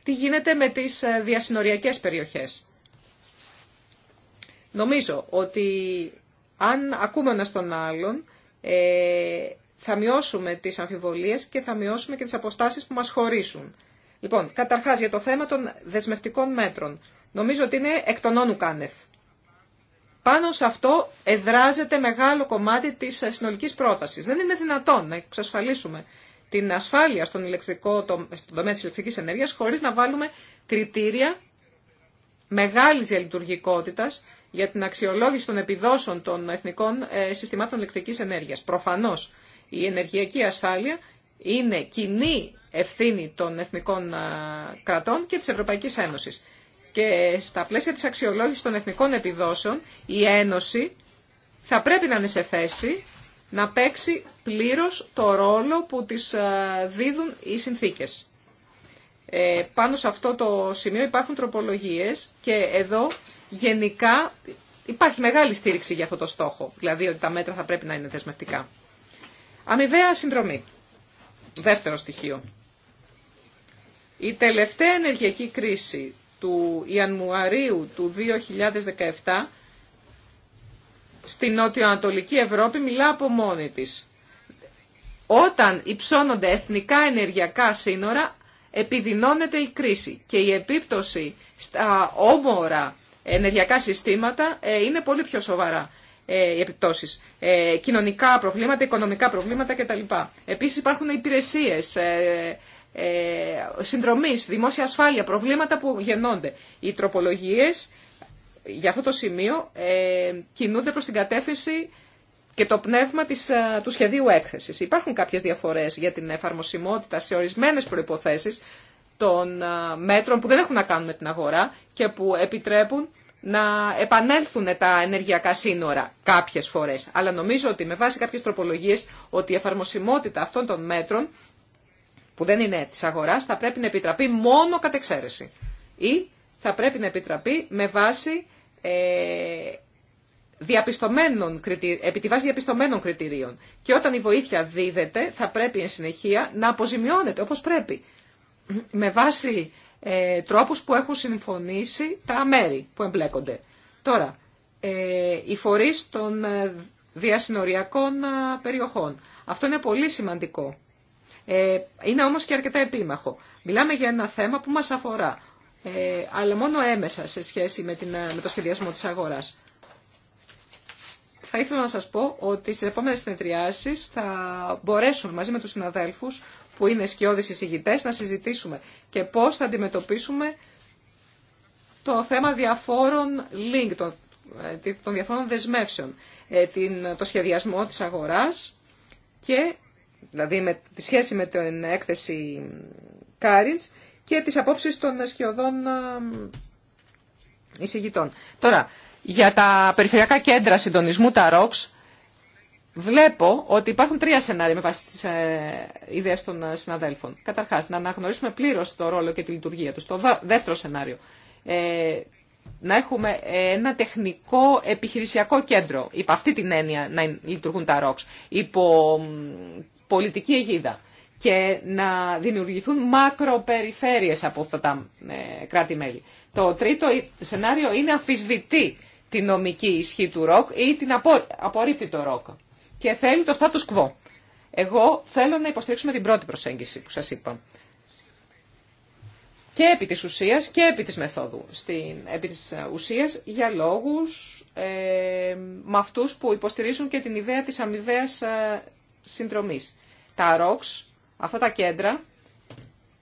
S6: τι γίνεται με τι ε, διασυνοριακές περιοχέ. Νομίζω ότι αν ακούμε ένα τον άλλον, ε, θα μειώσουμε τις αμφιβολίες και θα μειώσουμε και τις αποστάσεις που μας χωρίσουν. Λοιπόν, καταρχάς για το θέμα των δεσμευτικών μέτρων. Νομίζω ότι είναι εκ των όνου κάνευ. Πάνω σε αυτό εδράζεται μεγάλο κομμάτι της συνολικής πρότασης. Δεν είναι δυνατόν να εξασφαλίσουμε την ασφάλεια στον, ηλεκτρικό, στον τομέα της ηλεκτρικής ενέργειας χωρίς να βάλουμε κριτήρια μεγάλης διαλειτουργικότητας για την αξιολόγηση των επιδόσεων των εθνικών ε, συστημάτων ηλεκτρικής ενέργειας. Προφανώς η ενεργειακή ασφάλεια είναι κοινή ευθύνη των εθνικών κρατών και της Ευρωπαϊκής Ένωσης. Και στα πλαίσια της αξιολόγησης των εθνικών επιδόσεων, η Ένωση θα πρέπει να είναι σε θέση να παίξει πλήρως το ρόλο που της δίδουν οι συνθήκες. Ε, πάνω σε αυτό το σημείο υπάρχουν τροπολογίες και εδώ γενικά υπάρχει μεγάλη στήριξη για αυτό το στόχο, δηλαδή ότι τα μέτρα θα πρέπει να είναι δεσμευτικά. Αμοιβαία συνδρομή. Δεύτερο στοιχείο. Η τελευταία ενεργειακή κρίση του Ιανουαρίου του 2017 στην νότιο-ανατολική Ευρώπη μιλά από μόνη της. Όταν υψώνονται εθνικά ενεργειακά σύνορα, επιδεινώνεται η κρίση και η επίπτωση στα όμορα ενεργειακά συστήματα ε, είναι πολύ πιο σοβαρά. Ε, οι επιπτώσεις. Ε, κοινωνικά προβλήματα, οικονομικά προβλήματα κτλ. Επίση υπάρχουν υπηρεσίες, ε, συνδρομής, δημόσια ασφάλεια, προβλήματα που γεννώνται. Οι τροπολογίε για αυτό το σημείο κινούνται προς την κατεύθυνση και το πνεύμα της, του σχεδίου έκθεσης. Υπάρχουν κάποιες διαφορές για την εφαρμοσιμότητα σε ορισμένες προϋποθέσεις των μέτρων που δεν έχουν να κάνουν με την αγορά και που επιτρέπουν να επανέλθουν τα ενεργειακά σύνορα κάποιες φορές. Αλλά νομίζω ότι με βάση κάποιες τροπολογίες ότι η εφαρμοσιμότητα αυτών των μέτρων που δεν είναι της αγοράς θα πρέπει να επιτραπεί μόνο κατ' εξαίρεση. Ή θα πρέπει να επιτραπεί με βάση, ε, διαπιστωμένων, επί τη βάση διαπιστωμένων κριτηρίων. Και όταν η βοήθεια δίδεται θα πρέπει εν συνεχεία να αποζημιώνεται όπως πρέπει. Με βαση ε διαπιστωμενων διαπιστωμενων κριτηριων και οταν η βοηθεια διδεται θα πρεπει εν συνεχεια να αποζημιωνεται οπως πρεπει με βαση ε, τρόπους που έχουν συμφωνήσει τα μέρη που εμπλέκονται. Τώρα, ε, οι φορείς των ε, διασυνοριακών ε, περιοχών. Αυτό είναι πολύ σημαντικό. Ε, είναι όμως και αρκετά επίμαχο. Μιλάμε για ένα θέμα που μας αφορά, ε, αλλά μόνο έμεσα σε σχέση με, την, ε, με το σχεδιασμό της αγοράς. Θα ήθελα να σας πω ότι στις επόμενες συνεδριάσεις θα μπορέσουν μαζί με τους συναδέλφους που είναι σκιώδεις εισηγητές να συζητήσουμε και πώς θα αντιμετωπίσουμε το θέμα διαφόρων link, των, ε, των διαφόρων δεσμεύσεων, ε, την, το σχεδιασμό της αγοράς και δηλαδή με, τη σχέση με την έκθεση Κάριντς και τις απόψεις των σκιωδών ε, εισηγητών. Τώρα, για τα περιφερειακά κέντρα συντονισμού, τα ROCS, Βλέπω ότι υπάρχουν τρία σενάρια με βάση τις ε, ιδέε των ε, συναδέλφων. Καταρχάς, να αναγνωρίσουμε πλήρω το ρόλο και τη λειτουργία του. Το δεύτερο σενάριο, ε, να έχουμε ένα τεχνικό επιχειρησιακό κέντρο, υπό αυτή την έννοια να λειτουργούν τα ROCs, υπό πολιτική αιγίδα και να δημιουργηθούν μακροπεριφέρειες από αυτά τα κράτη-μέλη. Το τρίτο σενάριο είναι αφισβητή τη νομική ισχύ του ροκ ή την απορρίπτει το ροκ και θέλει το status quo. Εγώ θέλω να υποστηρίξουμε την πρώτη προσέγγιση που σας είπα. Και επί της ουσίας και επί της μεθόδου. Στην, επί της ουσίας για λόγους ε, με αυτού που υποστηρίζουν και την ιδέα της αμοιβαίας ε, συνδρομής. Τα ROCs, αυτά τα κέντρα,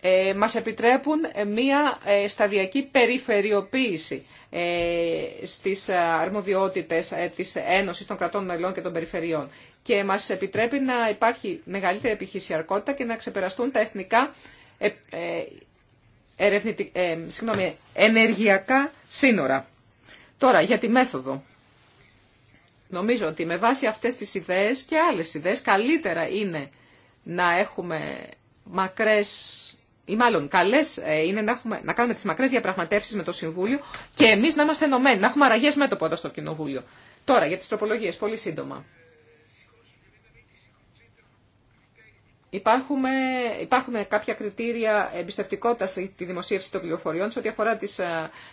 S6: ε, μας επιτρέπουν ε, μία ε, σταδιακή περιφερειοποίηση ε, στις ε, αρμοδιότητες της Ένωσης των κρατών μελών και των περιφερειών και μας επιτρέπει να υπάρχει μεγαλύτερη επιχειρησιακότητα και να ξεπεραστούν τα εθνικά ε, ε, ε, συγγνώμη, ενεργειακά σύνορα. Τώρα, για τη μέθοδο. Νομίζω ότι με βάση αυτές τις ιδέες και άλλες ιδέες καλύτερα είναι να έχουμε μακρές ή μάλλον καλές ε, είναι να, έχουμε, να κάνουμε τις μακρές διαπραγματεύσεις με το Συμβούλιο και εμείς να είμαστε ενωμένοι, να έχουμε αραγές μέτωπο εδώ στο Κοινοβούλιο. Τώρα, για τις τροπολογίες, πολύ σύντομα. Υπάρχουμε, υπάρχουν κάποια κριτήρια εμπιστευτικότητα στη δημοσίευση των πληροφοριών σε ό,τι αφορά ε,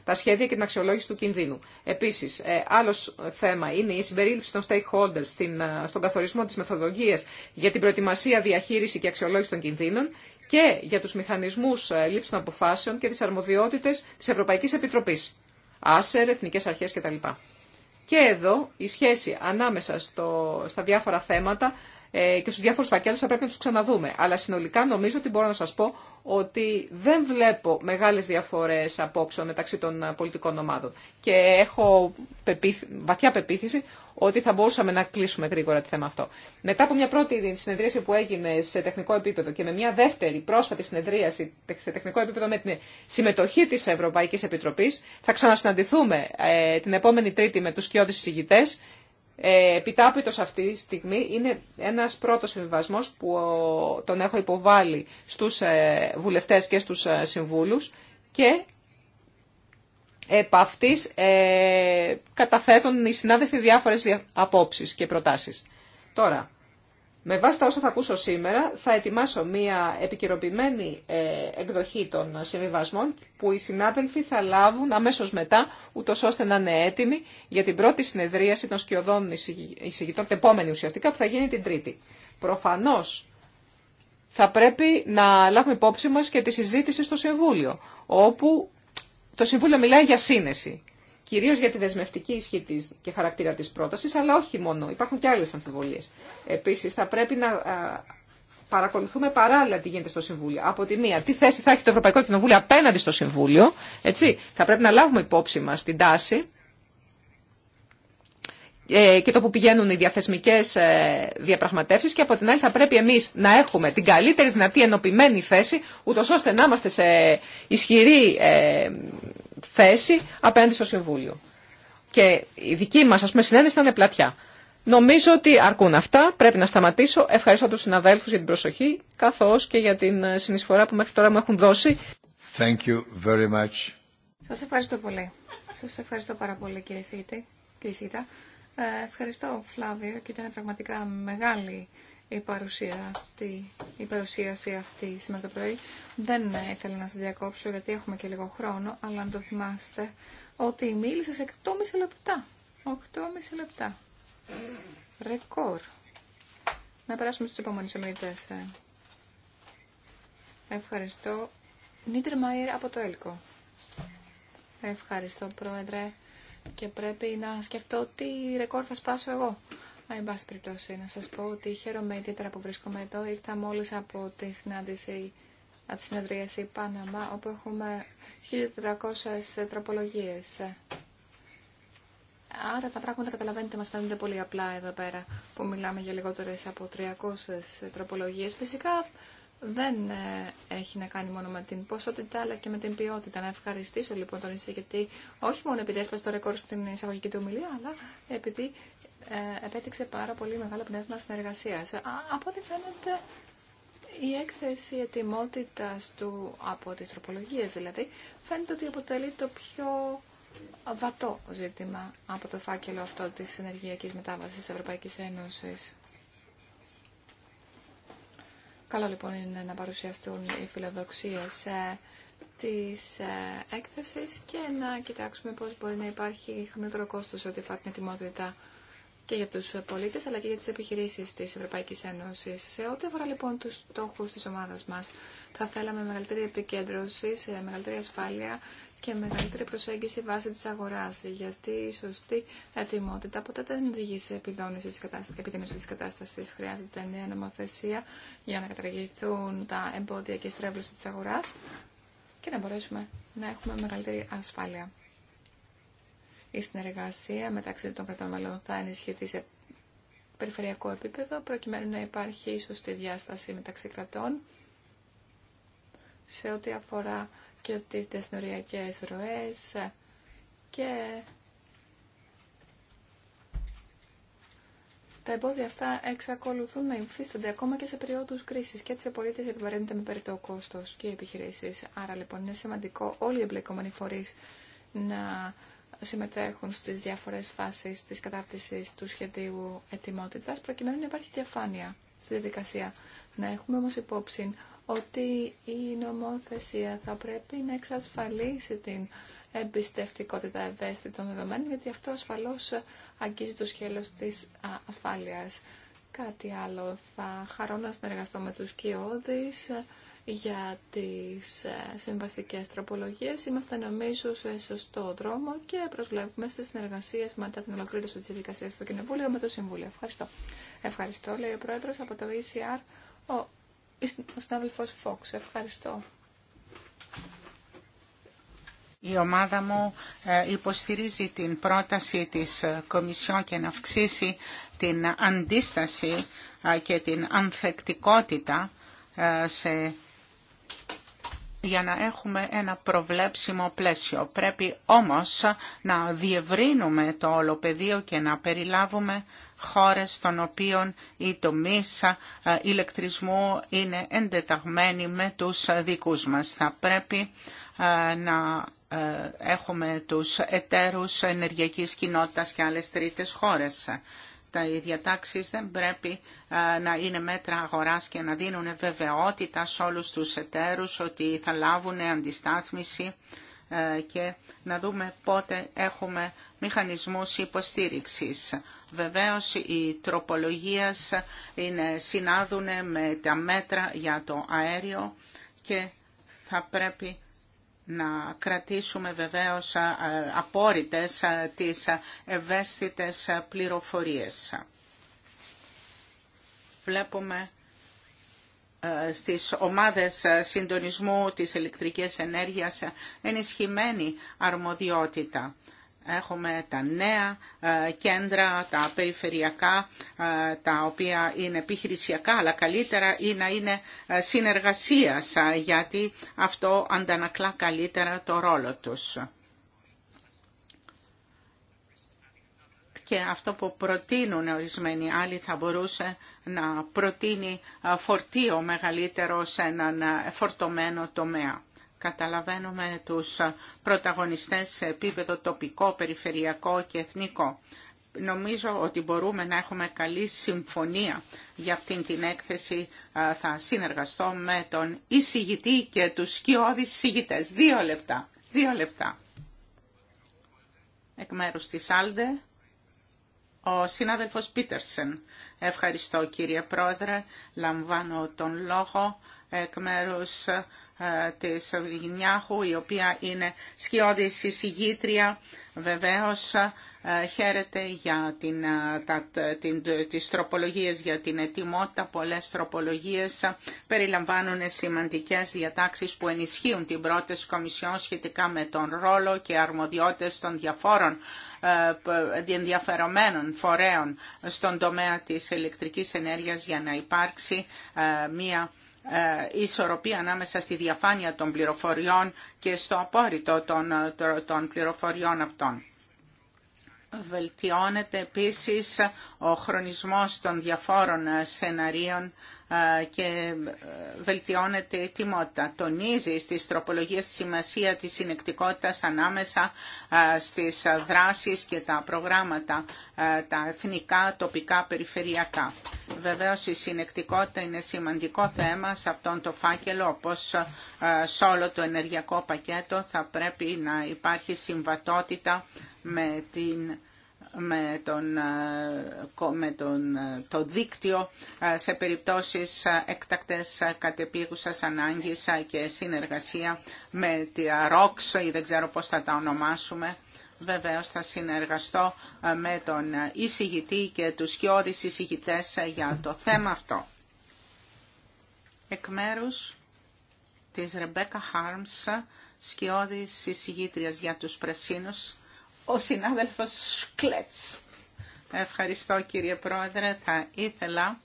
S6: τα σχέδια και την αξιολόγηση του κινδύνου. Επίση, ε, άλλο θέμα είναι η συμπερίληψη των stakeholders στην, ε, στον καθορισμό τη μεθοδολογία για την προετοιμασία, διαχείριση και αξιολόγηση των κινδύνων και για του μηχανισμού λήψη των αποφάσεων και τι αρμοδιότητε τη Ευρωπαϊκή Επιτροπή. ΑΣΕΡ, Εθνικέ Αρχέ κτλ. Και εδώ η σχέση ανάμεσα στο, στα διάφορα θέματα ε, και στους διάφορους φακέλους θα πρέπει να τους ξαναδούμε. Αλλά συνολικά νομίζω ότι μπορώ να σας πω ότι δεν βλέπω μεγάλες διαφορές απόψεων μεταξύ των πολιτικών ομάδων. Και έχω βαθιά πεποίθηση ότι θα μπορούσαμε να κλείσουμε γρήγορα το θέμα αυτό. Μετά από μια πρώτη συνεδρίαση που έγινε σε τεχνικό επίπεδο και με μια δεύτερη πρόσφατη συνεδρίαση σε τεχνικό επίπεδο με την συμμετοχή τη Ευρωπαϊκή Επιτροπή, θα ξανασυναντηθούμε ε, την επόμενη Τρίτη με του κοιόδης συζητητέ. Ε, επιτάπητος αυτή τη στιγμή είναι ένας πρώτος συμβιβασμό που τον έχω υποβάλει στους ε, βουλευτές και στους ε, συμβούλους και επ' αυτής ε, καταθέτουν οι συνάδελφοι διάφορες απόψεις και προτάσεις. Τώρα, με βάση τα όσα θα ακούσω σήμερα, θα ετοιμάσω μία επικαιροποιημένη ε, εκδοχή των συμβιβασμών που οι συνάδελφοι θα λάβουν αμέσως μετά, ούτω ώστε να είναι έτοιμοι για την πρώτη συνεδρίαση των σκιωδών εισηγητών, την επόμενη ουσιαστικά, που θα γίνει την Τρίτη. Προφανώς θα πρέπει να λάβουμε υπόψη μας και τη συζήτηση στο Συμβούλιο, όπου το Συμβούλιο μιλάει για σύνεση κυρίως για τη δεσμευτική ισχύ της και χαρακτήρα τη πρόταση, αλλά όχι μόνο, υπάρχουν και άλλε αμφιβολίε. Επίση, θα πρέπει να παρακολουθούμε παράλληλα τι γίνεται στο Συμβούλιο. Από τη μία, τι θέση θα έχει το Ευρωπαϊκό Κοινοβούλιο απέναντι στο Συμβούλιο, έτσι, θα πρέπει να λάβουμε υπόψη μα την τάση ε, και το που πηγαίνουν οι διαθεσμικές ε, διαπραγματεύσεις και από την άλλη θα πρέπει εμείς να έχουμε την καλύτερη δυνατή ενωπημένη θέση ούτω ώστε να είμαστε σε ισχυρή ε, θέση απέναντι στο Συμβούλιο. Και η δική μας, ας πούμε, συνέντευξη ήταν πλατιά. Νομίζω ότι αρκούν αυτά. Πρέπει να σταματήσω. Ευχαριστώ τους συναδέλφους για την προσοχή, καθώς και για την ε, συνεισφορά που μέχρι τώρα μου έχουν δώσει.
S4: Thank you very much.
S3: Σας ευχαριστώ πολύ. Σας ευχαριστώ πάρα πολύ κύριε Σίτα. Ε, ευχαριστώ Φλάβιο και ήταν πραγματικά μεγάλη η, παρουσία αυτή, η παρουσίαση αυτή σήμερα το πρωί. Δεν ήθελα να σας διακόψω γιατί έχουμε και λίγο χρόνο, αλλά να το θυμάστε ότι μίλησα σε 8,5 λεπτά. 8,5 λεπτά. Ρεκόρ. Να περάσουμε στους επόμενους ομιλητές. Ευχαριστώ. Νίτερ Μάιρ από το ΕΛΚΟ. Ευχαριστώ, Πρόεδρε. Και πρέπει να σκεφτώ τι ρεκόρ θα σπάσω εγώ. Εν πάση περιπτώσει, να σα πω ότι χαίρομαι ιδιαίτερα που βρίσκομαι εδώ. Ήρθα μόλι από τη συνάντηση, από τη συνεδρίαση Πάναμα, όπου έχουμε 1.400 τροπολογίε. Άρα τα πράγματα καταλαβαίνετε μα φαίνονται πολύ απλά εδώ πέρα που μιλάμε για λιγότερε από 300 τροπολογίε. Φυσικά δεν ε, έχει να κάνει μόνο με την ποσότητα αλλά και με την ποιότητα. Να ευχαριστήσω λοιπόν τον εισηγητή, όχι μόνο επειδή έσπασε το ρεκόρ στην εισαγωγική του ομιλία, αλλά επειδή ε, επέτυξε πάρα πολύ μεγάλο πνεύμα συνεργασία. Από ό,τι φαίνεται η έκθεση ετοιμότητα του από τι τροπολογίε, δηλαδή φαίνεται ότι αποτελεί το πιο βατό ζήτημα από το φάκελο αυτό της ενεργειακής μετάβασης της Ευρωπαϊκής Ένωσης. Καλό λοιπόν είναι να παρουσιαστούν οι φιλοδοξίες ε, της ε, έκθεσης και να κοιτάξουμε πώς μπορεί να υπάρχει χαμηλότερο κόστος ό,τι αφορά την ετοιμότητα και για τους πολίτες αλλά και για τις επιχειρήσεις της Ευρωπαϊκής Ένωσης. Σε ό,τι αφορά λοιπόν τους στόχους της ομάδας μας, θα θέλαμε μεγαλύτερη επικέντρωση, σε μεγαλύτερη ασφάλεια και μεγαλύτερη προσέγγιση βάσει της αγοράς, γιατί η σωστή ετοιμότητα ποτέ δεν οδηγεί σε επιδόνηση της κατάστασης, επιδόνηση της κατάστασης. Χρειάζεται νέα νομοθεσία για να καταργηθούν τα εμπόδια και η στρέβλωση της αγοράς και να μπορέσουμε να έχουμε μεγαλύτερη ασφάλεια. Η συνεργασία μεταξύ των κρατών μελών θα ενισχυθεί σε περιφερειακό επίπεδο, προκειμένου να υπάρχει σωστή διάσταση μεταξύ κρατών σε ό,τι αφορά και τις τεχνοριακές ροές και τα εμπόδια αυτά εξακολουθούν να υφίστανται ακόμα και σε περιόδους κρίσης και έτσι οι πολίτες επιβαρύνονται με περιττό κόστος και οι επιχειρήσεις. Άρα λοιπόν είναι σημαντικό όλοι οι εμπλεκόμενοι φορείς να συμμετέχουν στις διάφορες φάσεις της κατάρτισης του σχεδίου ετοιμότητας, προκειμένου να υπάρχει διαφάνεια στη διαδικασία. Να έχουμε όμως υπόψη ότι η νομοθεσία θα πρέπει να εξασφαλίσει την εμπιστευτικότητα ευαίσθητων δεδομένων, γιατί αυτό ασφαλώς αγγίζει το σχέλο της ασφάλειας. Κάτι άλλο. Θα χαρώ να συνεργαστώ με τους κοιόδης για τις ε, συμβαστικές τροπολογίες. Είμαστε νομίζω σε σωστό δρόμο και προσβλέπουμε στις συνεργασίες μετά την ολοκλήρωση της διαδικασίας στο Κοινοβούλιο με το Συμβούλιο. Ευχαριστώ. Ευχαριστώ, λέει ο Πρόεδρος από το ECR, ο, ο συνάδελφος Φόξ. Ευχαριστώ.
S7: Η ομάδα μου ε, υποστηρίζει την πρόταση της ε, Κομισιόν και να αυξήσει την αντίσταση και την ανθεκτικότητα σε για να έχουμε ένα προβλέψιμο πλαίσιο. Πρέπει όμως να διευρύνουμε το όλο και να περιλάβουμε χώρες των οποίων οι τομήσα ηλεκτρισμού είναι εντεταγμένη με τους δικούς μας. Θα πρέπει να έχουμε τους εταίρους ενεργειακής κοινότητας και άλλες τρίτες χώρες τα διατάξει δεν πρέπει να είναι μέτρα αγοράς και να δίνουν βεβαιότητα σε όλους τους εταίρους ότι θα λάβουν αντιστάθμιση και να δούμε πότε έχουμε μηχανισμούς υποστήριξης. Βεβαίως οι τροπολογίες είναι, συνάδουν με τα μέτρα για το αέριο και θα πρέπει να κρατήσουμε βεβαίως απόρριτες τις ευαίσθητες πληροφορίες. Βλέπουμε στις ομάδες συντονισμού της ηλεκτρικής ενέργειας ενισχυμένη αρμοδιότητα. Έχουμε τα νέα ε, κέντρα, τα περιφερειακά, ε, τα οποία είναι επιχειρησιακά, αλλά καλύτερα είναι να είναι ε, συνεργασίας, γιατί αυτό αντανακλά καλύτερα το ρόλο τους. και αυτό που προτείνουν ορισμένοι άλλοι θα μπορούσε να προτείνει φορτίο μεγαλύτερο σε έναν φορτωμένο τομέα καταλαβαίνουμε τους πρωταγωνιστές σε επίπεδο τοπικό, περιφερειακό και εθνικό. Νομίζω ότι μπορούμε να έχουμε καλή συμφωνία για αυτήν την έκθεση. Θα συνεργαστώ με τον εισηγητή και τους σκιώδεις εισηγητές. Δύο λεπτά. Δύο λεπτά. Εκ μέρους της Άλντε, ο συνάδελφος Πίτερσεν. Ευχαριστώ κύριε Πρόεδρε. Λαμβάνω τον λόγο εκ μέρους ε, της Γινιάχου, η οποία είναι σκιώδη εισηγήτρια. Βεβαίως ε, χαίρεται για την, ε, τα, την, τις τροπολογίες, για την ετοιμότητα. Πολλές τροπολογίες περιλαμβάνουν σημαντικές διατάξεις που ενισχύουν την πρώτη Κομισιόν σχετικά με τον ρόλο και αρμοδιότητες των διαφόρων ενδιαφερομένων φορέων στον τομέα της ηλεκτρικής ενέργειας για να υπάρξει μία ε, ισορροπία ανάμεσα στη διαφάνεια των πληροφοριών και στο απόρριτο των ε, πληροφοριών αυτών. Βελτιώνεται επίσης ο χρονισμός των διαφόρων ε, σεναρίων και ε, βελτιώνεται η τιμότητα. Τονίζει στις τροπολογίες τη σημασία της συνεκτικότητας ανάμεσα στις δράσεις και τα προγράμματα, τα εθνικά, τοπικά, περιφερειακά. Βεβαίως η συνεκτικότητα είναι σημαντικό θέμα σε αυτόν το φάκελο, όπως σε όλο το ενεργειακό πακέτο θα πρέπει να υπάρχει συμβατότητα με την με, τον, ε, με τον, ε, το δίκτυο ε, σε περιπτώσεις εκτακτές κατεπίγουσας ανάγκης και συνεργασία με τη ROX ή δεν ξέρω πώς θα τα ονομάσουμε. Βεβαίως θα συνεργαστώ με τον εισηγητή και τους σκιώδεις εισηγητές για το θέμα αυτό. Εκ μέρους της Ρεμπέκα Χάρμς, σκιώδης εισηγήτριας για τους Πρεσίνους, ο συνάδελφος Σκλέτς. Ευχαριστώ κύριε Πρόεδρε. Θα ήθελα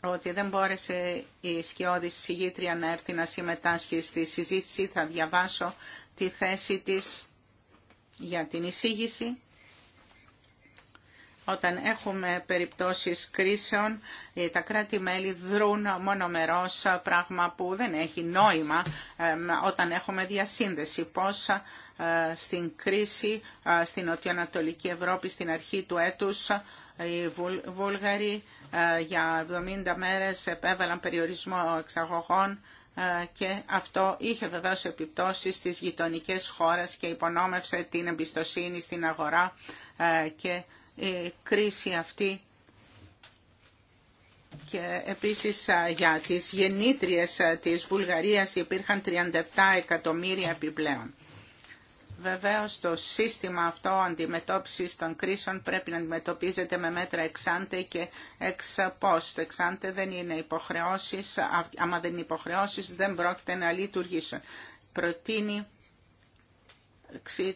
S7: ότι δεν μπόρεσε η σκιώδη συγγήτρια να έρθει να συμμετάσχει στη συζήτηση. Θα διαβάσω τη θέση της για την εισήγηση. Όταν έχουμε περιπτώσεις κρίσεων, ε, τα κράτη-μέλη δρούν μονομερός, ε, πράγμα που δεν έχει νόημα ε, όταν έχουμε διασύνδεση. Πώς ε, στην κρίση ε, στην νοτιοανατολική Ευρώπη στην αρχή του έτους. Ε, οι Βούλγαροι για 70 μέρες επέβαλαν περιορισμό εξαγωγών και αυτό είχε βεβαίως επιπτώσεις στις γειτονικές χώρες και υπονόμευσε την εμπιστοσύνη στην αγορά και η κρίση αυτή και επίσης για τις γεννήτριες της Βουλγαρίας υπήρχαν 37 εκατομμύρια επιπλέον. Βεβαίως το σύστημα αυτό αντιμετώπισης των κρίσεων πρέπει να αντιμετωπίζεται με μέτρα εξάντε και εξ post. Εξάντε δεν είναι υποχρεώσεις, άμα δεν είναι υποχρεώσεις δεν πρόκειται να λειτουργήσουν. Προτείνει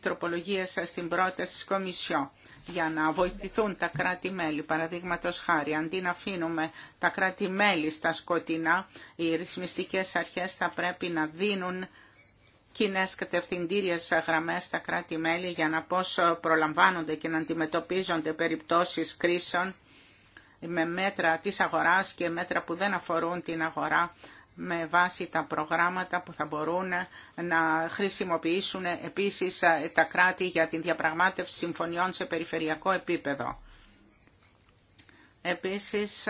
S7: τροπολογία σας στην πρόταση της Κομισιό για να βοηθηθούν τα κράτη-μέλη, παραδείγματος χάρη. Αντί να αφήνουμε τα κράτη-μέλη στα σκοτεινά, οι ρυθμιστικές αρχές θα πρέπει να δίνουν κοινέ κατευθυντήριε γραμμέ στα κράτη-μέλη για να πώ προλαμβάνονται και να αντιμετωπίζονται περιπτώσει κρίσεων με μέτρα της αγοράς και μέτρα που δεν αφορούν την αγορά με βάση τα προγράμματα που θα μπορούν να χρησιμοποιήσουν επίσης τα κράτη για την διαπραγμάτευση συμφωνιών σε περιφερειακό επίπεδο. Επίσης,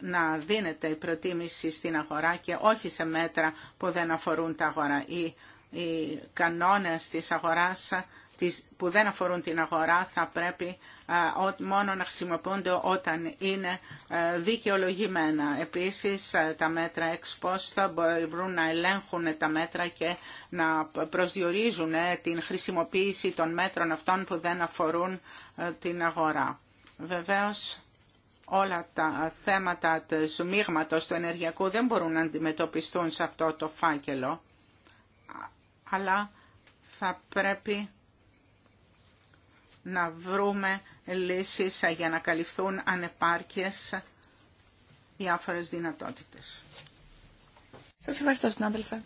S7: να δίνεται η προτίμηση στην αγορά και όχι σε μέτρα που δεν αφορούν τα αγορά. Οι, οι κανόνες της αγοράς που δεν αφορούν την αγορά θα πρέπει μόνο να χρησιμοποιούνται όταν είναι δικαιολογημένα. Επίσης, τα μέτρα ex θα μπορούν να ελέγχουν τα μέτρα και να προσδιορίζουν ε, την χρησιμοποίηση των μέτρων αυτών που δεν αφορούν την αγορά. Βεβαίως, όλα τα θέματα του μείγματος του ενεργειακού δεν μπορούν να αντιμετωπιστούν σε αυτό το φάκελο, αλλά θα πρέπει να βρούμε λύσεις για να καλυφθούν ανεπάρκειες διάφορες δυνατότητες.
S3: Σας ευχαριστώ, συνάδελφε.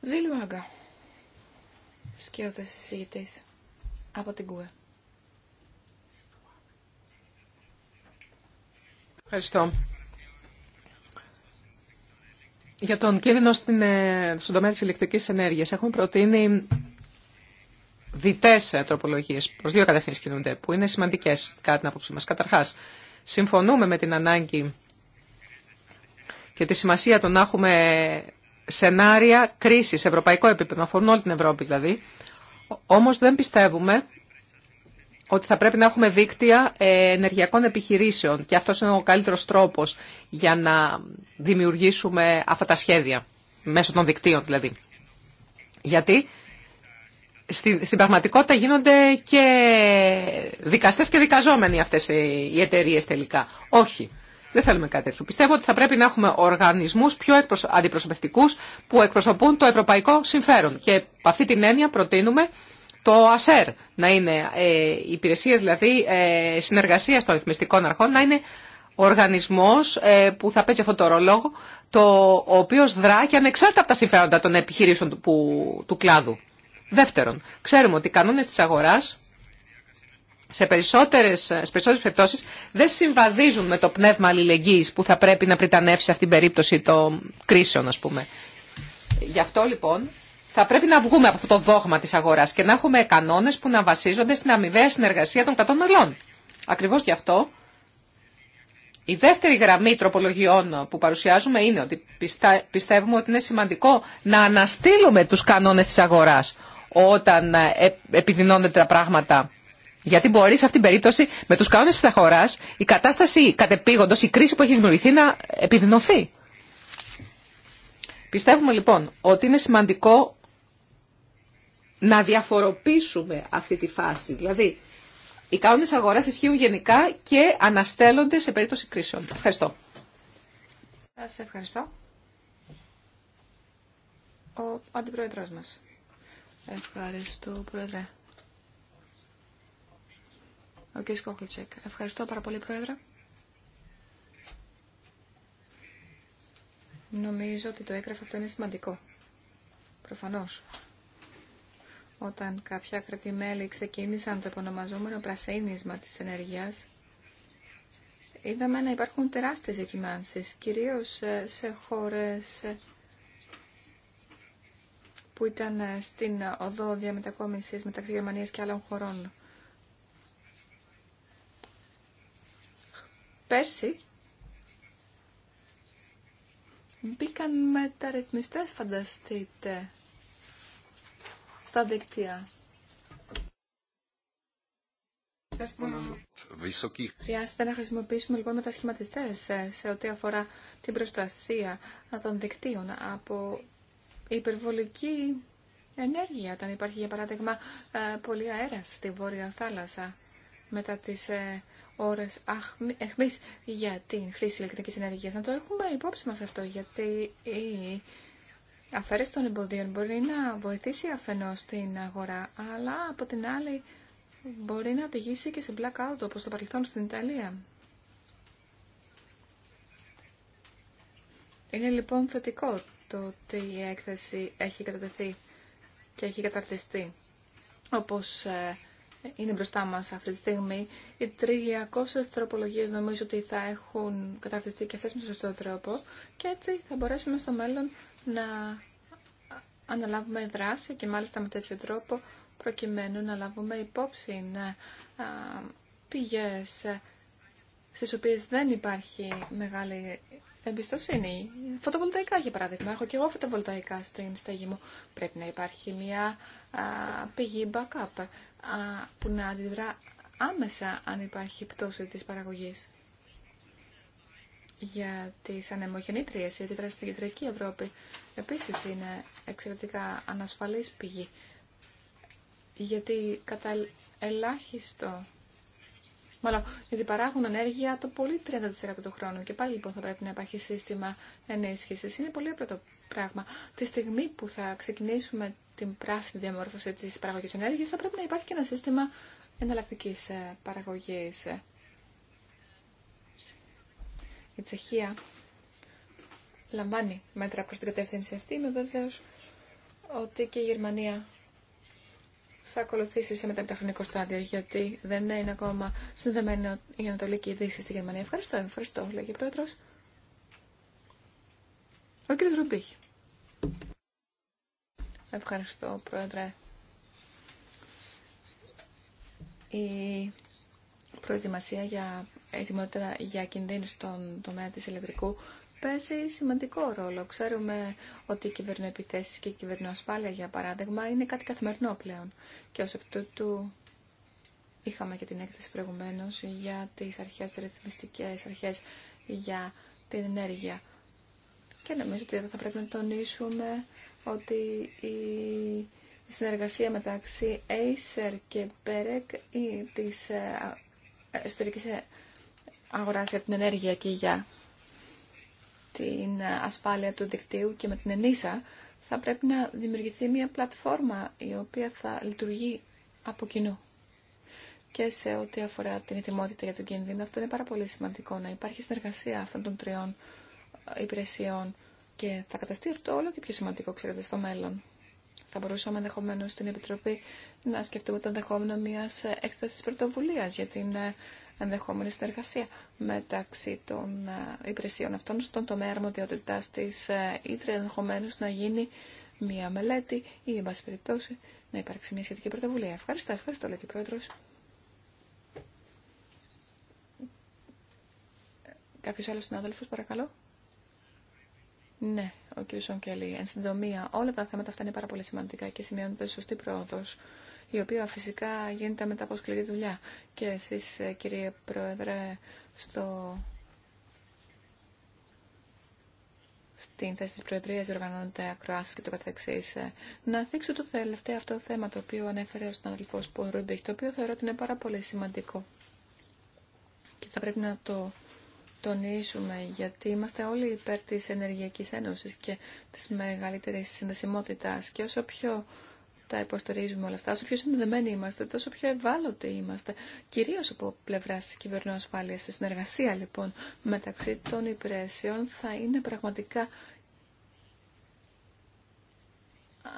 S3: Ζήλου Άγκα, σκιώδες εισηγητής
S6: από την ΚΟΕ. Ευχαριστώ. Για τον κίνδυνο στην, ε, στον τομέα της ηλεκτρικής ενέργειας έχουμε προτείνει διτές ε, τροπολογίες προς δύο κατευθύνσεις κινούνται που είναι σημαντικές κατά την άποψή μας. Καταρχάς, συμφωνούμε με την ανάγκη και τη σημασία των να έχουμε σενάρια κρίσης σε ευρωπαϊκό επίπεδο, αφορούν όλη την Ευρώπη δηλαδή, όμως δεν πιστεύουμε ότι θα πρέπει να έχουμε δίκτυα ε, ενεργειακών επιχειρήσεων και αυτός είναι ο καλύτερος τρόπος για να δημιουργήσουμε αυτά τα σχέδια, μέσω των δικτύων δηλαδή. Γιατί στην πραγματικότητα γίνονται και δικαστές και δικαζόμενοι αυτές οι εταιρείε τελικά. Όχι. Δεν θέλουμε κάτι τέτοιο. Πιστεύω ότι θα πρέπει να έχουμε οργανισμού πιο αντιπροσωπευτικού που εκπροσωπούν το ευρωπαϊκό συμφέρον. Και από αυτή την έννοια προτείνουμε το ΑΣΕΡ να είναι οι ε, υπηρεσίες δηλαδή ε, συνεργασίας των ρυθμιστικών αρχών να είναι οργανισμός ε, που θα παίζει αυτό το ρολόγο το οποίο δρά και ανεξάρτητα από τα συμφέροντα των επιχειρήσεων του, του κλάδου. Δεύτερον, ξέρουμε ότι οι κανόνες της αγοράς σε περισσότερες, σε περισσότερες περιπτώσεις δεν συμβαδίζουν με το πνεύμα αλληλεγγύης που θα πρέπει να πριτανεύσει σε αυτήν την περίπτωση των κρίσεων, ας πούμε. Γι' αυτό λοιπόν θα πρέπει να βγούμε από αυτό το δόγμα της αγοράς και να έχουμε κανόνες που να βασίζονται στην αμοιβαία συνεργασία των κρατών μελών. Ακριβώς γι' αυτό η δεύτερη γραμμή τροπολογιών που παρουσιάζουμε είναι ότι πιστεύουμε ότι είναι σημαντικό να αναστείλουμε τους κανόνες της αγοράς όταν ε, επιδεινώνεται τα πράγματα. Γιατί μπορεί σε αυτήν την περίπτωση με τους κανόνες της αγοράς η κατάσταση κατεπήγοντος, η κρίση που έχει δημιουργηθεί να επιδεινωθεί. Πιστεύουμε λοιπόν ότι είναι σημαντικό να διαφοροποιήσουμε αυτή τη φάση. Δηλαδή, οι κανόνες αγοράς ισχύουν γενικά και αναστέλλονται σε περίπτωση κρίσεων. Ευχαριστώ.
S3: Σα ευχαριστώ. Ο αντιπρόεδρος μας. Ευχαριστώ, Πρόεδρε. Ο κ. Κόχλητσεκ. Ευχαριστώ πάρα πολύ, Πρόεδρε. Νομίζω ότι το έγγραφο αυτό είναι σημαντικό. Προφανώς όταν κάποια κρατημέλη ξεκίνησαν το επωνομαζόμενο πρασίνισμα της ενέργειας, είδαμε να υπάρχουν τεράστιες δοκιμάνσεις, κυρίως ε, σε χώρες ε, που ήταν ε, στην οδό διαμετακόμισης μεταξύ Γερμανίας και άλλων χωρών. Πέρσι μπήκαν μεταρρυθμιστές, φανταστείτε, στα δίκτυα. Χρειάζεται να χρησιμοποιήσουμε λοιπόν μετασχηματιστέ ε, σε ό,τι αφορά την προστασία των δικτύων από υπερβολική ενέργεια. Όταν υπάρχει για παράδειγμα ε, πολύ αέρα στη Βόρεια Θάλασσα μετά τι ε, ώρε αχμή για την χρήση ηλεκτρική ενέργεια. Να το έχουμε υπόψη μα αυτό γιατί αφαίρεση των εμποδίων μπορεί να βοηθήσει αφενός την αγορά, αλλά από την άλλη μπορεί να οδηγήσει και σε blackout όπως το παρελθόν στην Ιταλία. Είναι λοιπόν θετικό το ότι η έκθεση έχει κατατεθεί και έχει καταρτιστεί. Όπως ε, είναι μπροστά μας αυτή τη στιγμή, οι 300 τροπολογίες νομίζω ότι θα έχουν καταρτιστεί και αυτές με σωστό τρόπο και έτσι θα μπορέσουμε στο μέλλον να αναλάβουμε δράση και μάλιστα με τέτοιο τρόπο προκειμένου να λάβουμε υπόψη να, πηγές ε, στις οποίες δεν υπάρχει μεγάλη εμπιστοσύνη. Φωτοβολταϊκά, για παράδειγμα. Έχω και εγώ φωτοβολταϊκά στην στέγη μου. Πρέπει να υπάρχει μια πηγή backup α, που να αντιδρά άμεσα αν υπάρχει πτώση της παραγωγής για τις ανεμογεννήτριες, τώρα στην Κεντρική Ευρώπη, επίσης είναι εξαιρετικά ανασφαλής πηγή. Γιατί κατά ελάχιστο, μάλλον γιατί παράγουν ενέργεια το πολύ 30% του χρόνου και πάλι λοιπόν θα πρέπει να υπάρχει σύστημα ενίσχυσης. Είναι πολύ απλό το πράγμα. Τη στιγμή που θα ξεκινήσουμε την πράσινη διαμόρφωση της παραγωγής ενέργειας θα πρέπει να υπάρχει και ένα σύστημα εναλλακτικής ε, παραγωγής η Τσεχία λαμβάνει μέτρα προς την κατεύθυνση αυτή. Είμαι βέβαιος ότι και η Γερμανία θα ακολουθήσει σε μεταπιταχρονικό στάδιο, γιατί δεν είναι ακόμα συνδεδεμένη η Ανατολική Δύση στη Γερμανία. Ευχαριστώ, ευχαριστώ, λέγει ο Πρόεδρος. Ο κ. Ρουμπίχ. Ευχαριστώ, Πρόεδρε. Η προετοιμασία για ετοιμότητα για κίνδυνου στον τομέα της ηλεκτρικού παίζει σημαντικό ρόλο. Ξέρουμε ότι οι κυβερνοεπιθέσεις και η κυβερνοασφάλεια, για παράδειγμα, είναι κάτι καθημερινό πλέον. Και ως εκ τούτου είχαμε και την έκθεση προηγουμένω για τις αρχές ρυθμιστικές, αρχές για την ενέργεια. Και νομίζω ότι εδώ θα πρέπει να τονίσουμε ότι η συνεργασία μεταξύ Acer και BEREC ή της ε, εσωτερικής ε, αγοράς για την ενέργεια και για την ασφάλεια του δικτύου και με την ενίσα, θα πρέπει να δημιουργηθεί μια πλατφόρμα η οποία θα λειτουργεί από κοινού. Και σε ό,τι αφορά την ετοιμότητα για τον κίνδυνο, αυτό είναι πάρα πολύ σημαντικό να υπάρχει συνεργασία αυτών των τριών ε, υπηρεσιών και θα καταστεί αυτό όλο και πιο σημαντικό, ξέρετε, στο μέλλον. Θα μπορούσαμε ενδεχομένω στην Επιτροπή να σκεφτούμε το ενδεχόμενο μια ε, έκθεση πρωτοβουλία για την ε, ενδεχόμενη συνεργασία μεταξύ των ε, υπηρεσιών αυτών στον τομέα αρμοδιότητα τη ε, ήτρε ενδεχομένω να γίνει μια μελέτη ή, εν πάση περιπτώσει, να υπάρξει μια σχετική πρωτοβουλία. Ευχαριστώ, ευχαριστώ, λέει και πρόεδρο. Κάποιος άλλος συνάδελφος, παρακαλώ. Ναι, ο κ. Σονκελή. Εν συντομία, όλα τα θέματα αυτά είναι πάρα πολύ σημαντικά και σημειώνεται σωστή πρόοδο η οποία φυσικά γίνεται μετά από σκληρή δουλειά. Και εσείς, ε, κύριε Πρόεδρε, στο... στην θέση της Προεδρίας διοργανώνεται ακροάσεις και το καθεξής. Ε, να θίξω το τελευταίο αυτό θέμα το οποίο ανέφερε ο συναδελφός Πολ το οποίο θεωρώ ότι είναι πάρα πολύ σημαντικό. Και θα πρέπει να το τονίσουμε, γιατί είμαστε όλοι υπέρ της Ενεργειακής Ένωσης και της μεγαλύτερης συνδεσιμότητας και όσο πιο τα υποστηρίζουμε όλα αυτά, όσο πιο συνδεδεμένοι είμαστε, τόσο πιο ευάλωτοι είμαστε, κυρίως από πλευρά πλευράς ασφάλεια. Η συνεργασία λοιπόν μεταξύ των υπηρεσιών θα είναι πραγματικά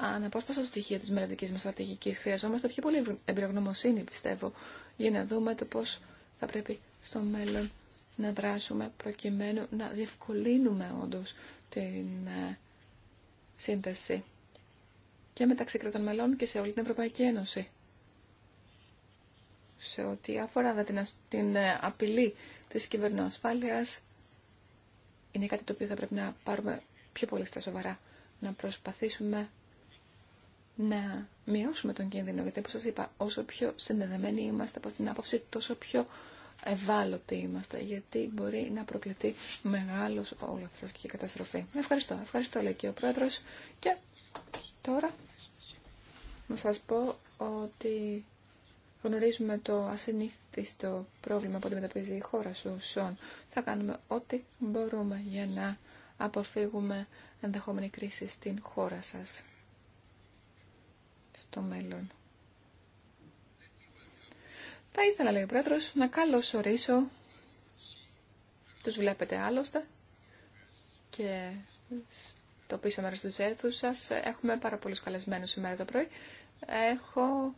S3: αναπόσπαστο στοιχείο της μελλοντικής μας στρατηγικής. Χρειαζόμαστε πιο πολύ εμπειρογνωμοσύνη, πιστεύω, για να δούμε το πώς θα πρέπει στο μέλλον να δράσουμε προκειμένου να διευκολύνουμε όντως την ε, σύνθεση και μεταξύ κρατών μελών και σε όλη την Ευρωπαϊκή Ένωση. Σε ό,τι αφορά την ε, απειλή της κυβερνοασφάλειας, είναι κάτι το οποίο θα πρέπει να πάρουμε πιο πολύ στα σοβαρά. Να προσπαθήσουμε να μειώσουμε τον κίνδυνο, γιατί όπως σας είπα, όσο πιο συνδεδεμένοι είμαστε από την άποψη, τόσο πιο ευάλωτοι είμαστε, γιατί μπορεί να προκληθεί μεγάλος όλαθρος και καταστροφή. Ευχαριστώ, ευχαριστώ λέει και ο Πρόεδρος και Τώρα να σας πω ότι γνωρίζουμε το ασυνήθιστο πρόβλημα που αντιμετωπίζει η χώρα σου, Σον. Θα κάνουμε ό,τι μπορούμε για να αποφύγουμε ενδεχόμενη κρίση στην χώρα σας στο μέλλον. Θα ήθελα, λέει ο Πρόεδρος, να καλωσορίσω, τους βλέπετε άλλωστε, και το πίσω μέρος του αίθουσα. Έχουμε πάρα πολλούς καλεσμένους σήμερα το πρωί. Έχω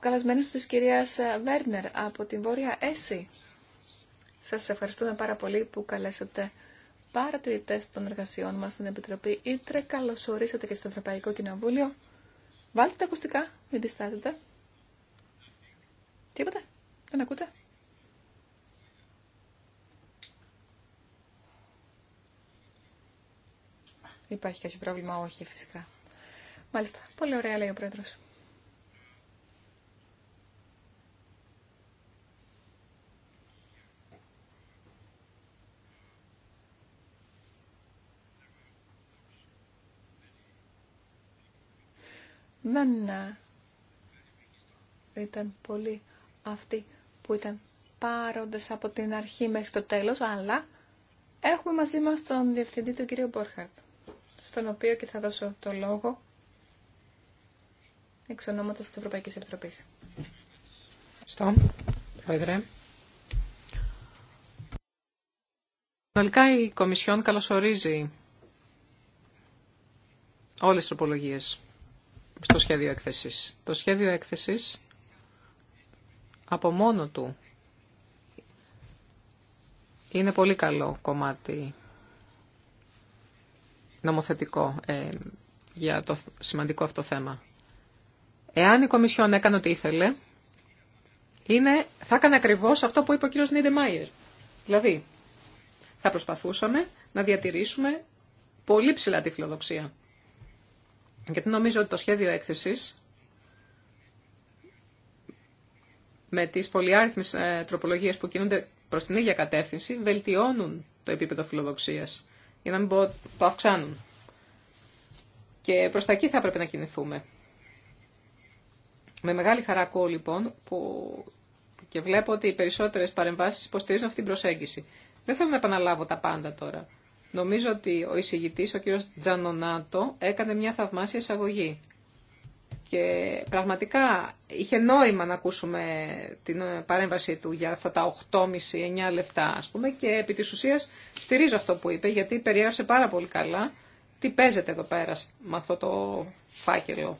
S3: καλεσμένους της κυρίας Βέρνερ από την Βόρεια Έση. Σας ευχαριστούμε πάρα πολύ που καλέσατε παρατηρητές των εργασιών μας στην Επιτροπή Ήτρε. Καλωσορίσατε και στο Ευρωπαϊκό Κοινοβούλιο. Βάλτε τα ακουστικά, μην διστάζετε. Τίποτα, δεν ακούτε. Υπάρχει κάποιο πρόβλημα, όχι φυσικά. Μάλιστα. Πολύ ωραία λέει ο πρόεδρος. να. Ναι. ήταν πολύ αυτοί που ήταν πάροντες από την αρχή μέχρι το τέλος, αλλά έχουμε μαζί μας τον διευθυντή του κύριο Μπόρχαρτ στον οποίο και θα δώσω το λόγο εξ ονόματος της Ευρωπαϊκής Επιτροπής.
S6: Στο, Πρόεδρε. Συνολικά η Κομισιόν καλωσορίζει όλες τις τροπολογίες στο σχέδιο έκθεσης. Το σχέδιο έκθεσης από μόνο του είναι πολύ καλό κομμάτι νομοθετικό ε, για το σημαντικό αυτό θέμα. Εάν η Κομισιόν έκανε ό,τι ήθελε, είναι, θα έκανε ακριβώ αυτό που είπε ο κύριο Νίντεμάιερ. Δηλαδή, θα προσπαθούσαμε να διατηρήσουμε πολύ ψηλά τη φιλοδοξία. Γιατί νομίζω ότι το σχέδιο έκθεσης με τις πολυάριθμες ε, τροπολογίες που κινούνται προς την ίδια κατεύθυνση βελτιώνουν το επίπεδο φιλοδοξία για να μην πω το αυξάνουν. Και προς τα εκεί θα έπρεπε να κινηθούμε. Με μεγάλη χαρά ακούω λοιπόν που και βλέπω ότι οι περισσότερες παρεμβάσει υποστηρίζουν αυτή την προσέγγιση. Δεν θέλω να επαναλάβω τα πάντα τώρα. Νομίζω ότι ο εισηγητής, ο κύριος Τζανονάτο, έκανε μια θαυμάσια εισαγωγή και πραγματικά είχε νόημα να ακούσουμε την ε, παρέμβαση του για αυτά τα 8,5-9 λεφτά ας πούμε και επί της ουσίας στηρίζω αυτό που είπε γιατί περιέγραψε πάρα πολύ καλά τι παίζεται εδώ πέρα με αυτό το φάκελο.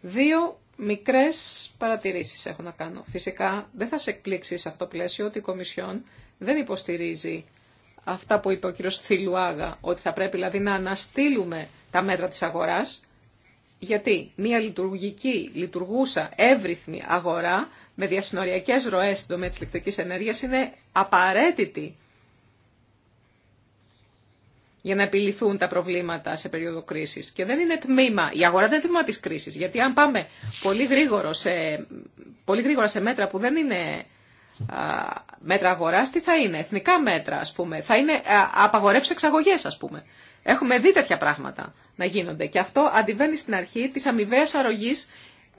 S6: Δύο μικρές παρατηρήσεις έχω να κάνω. Φυσικά δεν θα σε εκπλήξει σε αυτό το πλαίσιο ότι η Κομισιόν δεν υποστηρίζει αυτά που είπε ο κύριος Θηλουάγα, ότι θα πρέπει δηλαδή να αναστείλουμε τα μέτρα της αγοράς, γιατί μια λειτουργική, λειτουργούσα, εύρυθμη αγορά με διασυνοριακές ροές στην τομέα της ηλεκτρικής ενέργειας είναι απαραίτητη για να επιληθούν τα προβλήματα σε περίοδο κρίσης. Και δεν είναι τμήμα, η αγορά δεν είναι τμήμα της κρίσης, γιατί αν πάμε πολύ, σε, πολύ γρήγορα σε μέτρα που δεν είναι μέτρα αγορά τι θα είναι, εθνικά μέτρα, α πούμε, θα είναι απαγορεύσεις εξαγωγέ, ας πούμε. Έχουμε δει τέτοια πράγματα να γίνονται και αυτό αντιβαίνει στην αρχή τη αμοιβαία αρρωγής,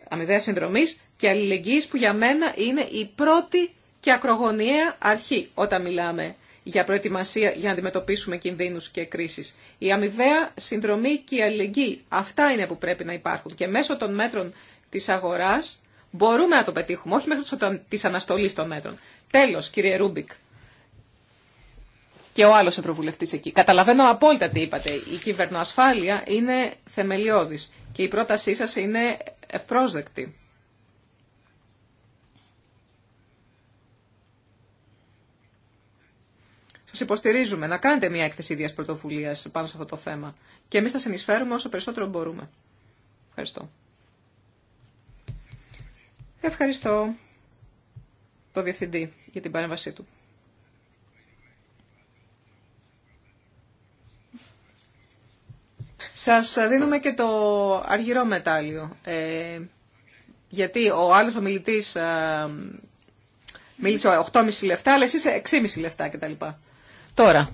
S6: αμοιβαία συνδρομής και αλληλεγγύης που για μένα είναι η πρώτη και ακρογωνιαία αρχή όταν μιλάμε για προετοιμασία για να αντιμετωπίσουμε κινδύνους και κρίσεις. Η αμοιβαία συνδρομή και η αλληλεγγύη, αυτά είναι που πρέπει να υπάρχουν και μέσω των μέτρων της αγοράς Μπορούμε να το πετύχουμε, όχι μέχρι τη αναστολή των μέτρων. Τέλο, κύριε Ρούμπικ. Και ο άλλο Ευρωβουλευτή εκεί. Καταλαβαίνω απόλυτα τι είπατε. Η κυβερνοασφάλεια είναι θεμελιώδη και η πρότασή σα είναι ευπρόσδεκτη. Σα υποστηρίζουμε να κάνετε μια έκθεση ίδια πρωτοβουλία πάνω σε αυτό το θέμα. Και εμεί θα συνεισφέρουμε όσο περισσότερο μπορούμε. Ευχαριστώ. Ευχαριστώ το Διευθυντή για την παρέμβασή του. Σας δίνουμε και το αργυρό μετάλλιο. Ε, γιατί ο άλλος ομιλητής ε, μίλησε 8,5 λεφτά, αλλά εσείς 6,5 λεφτά κτλ. Τώρα,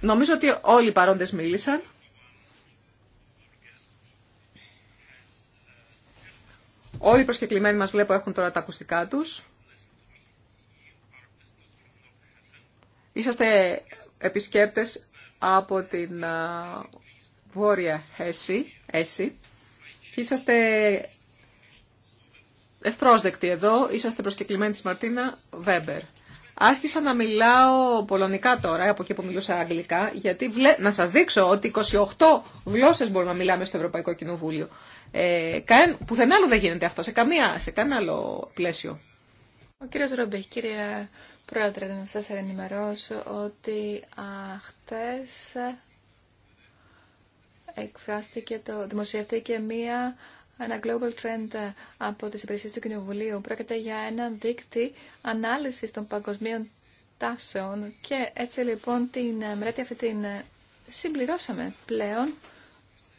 S6: νομίζω ότι όλοι οι παρόντες μίλησαν. Όλοι οι προσκεκλημένοι μας βλέπω έχουν τώρα τα ακουστικά τους. Είσαστε επισκέπτες από την Βόρεια Έση, Έση και είσαστε ευπρόσδεκτοι εδώ, είσαστε προσκεκλημένοι της Μαρτίνα Βέμπερ. Άρχισα να μιλάω πολωνικά τώρα, από εκεί που μιλούσα αγγλικά, γιατί να σας δείξω ότι 28 γλώσσες μπορούμε να μιλάμε στο Ευρωπαϊκό Κοινοβούλιο. Ε, καν... Πουθενά άλλο δεν γίνεται αυτό, σε, καμία, σε κανένα άλλο πλαίσιο.
S3: Ο κύριος Ρομπίχ, κύριε Πρόεδρε, να σας ενημερώσω ότι χτες ε, εκφράστηκε το, δημοσιεύτηκε μία ένα global trend ε, από τις υπηρεσίες του Κοινοβουλίου. Πρόκειται για ένα δίκτυ ανάλυσης των παγκοσμίων τάσεων και έτσι λοιπόν την ε, μελέτη αυτή την ε, συμπληρώσαμε πλέον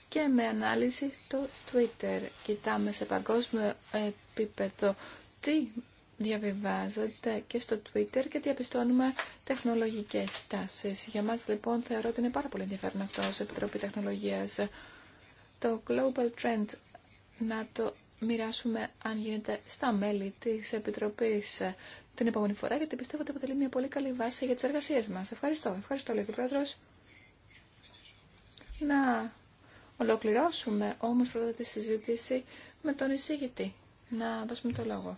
S3: και με ανάλυση το Twitter. Κοιτάμε σε παγκόσμιο επίπεδο τι διαβιβάζεται και στο Twitter και διαπιστώνουμε τεχνολογικές τάσεις. Για μας λοιπόν θεωρώ ότι είναι πάρα πολύ ενδιαφέρον αυτό Επιτροπή Τεχνολογίας. Το Global Trend να το μοιράσουμε, αν γίνεται, στα μέλη της Επιτροπής ε, την επόμενη φορά, γιατί πιστεύω ότι αποτελεί μια πολύ καλή βάση για τις εργασίες μας. Ευχαριστώ. Ευχαριστώ, λέει ο Πρόεδρος. Να ολοκληρώσουμε όμως πρώτα τη συζήτηση με τον εισήγητη. Να δώσουμε το λόγο.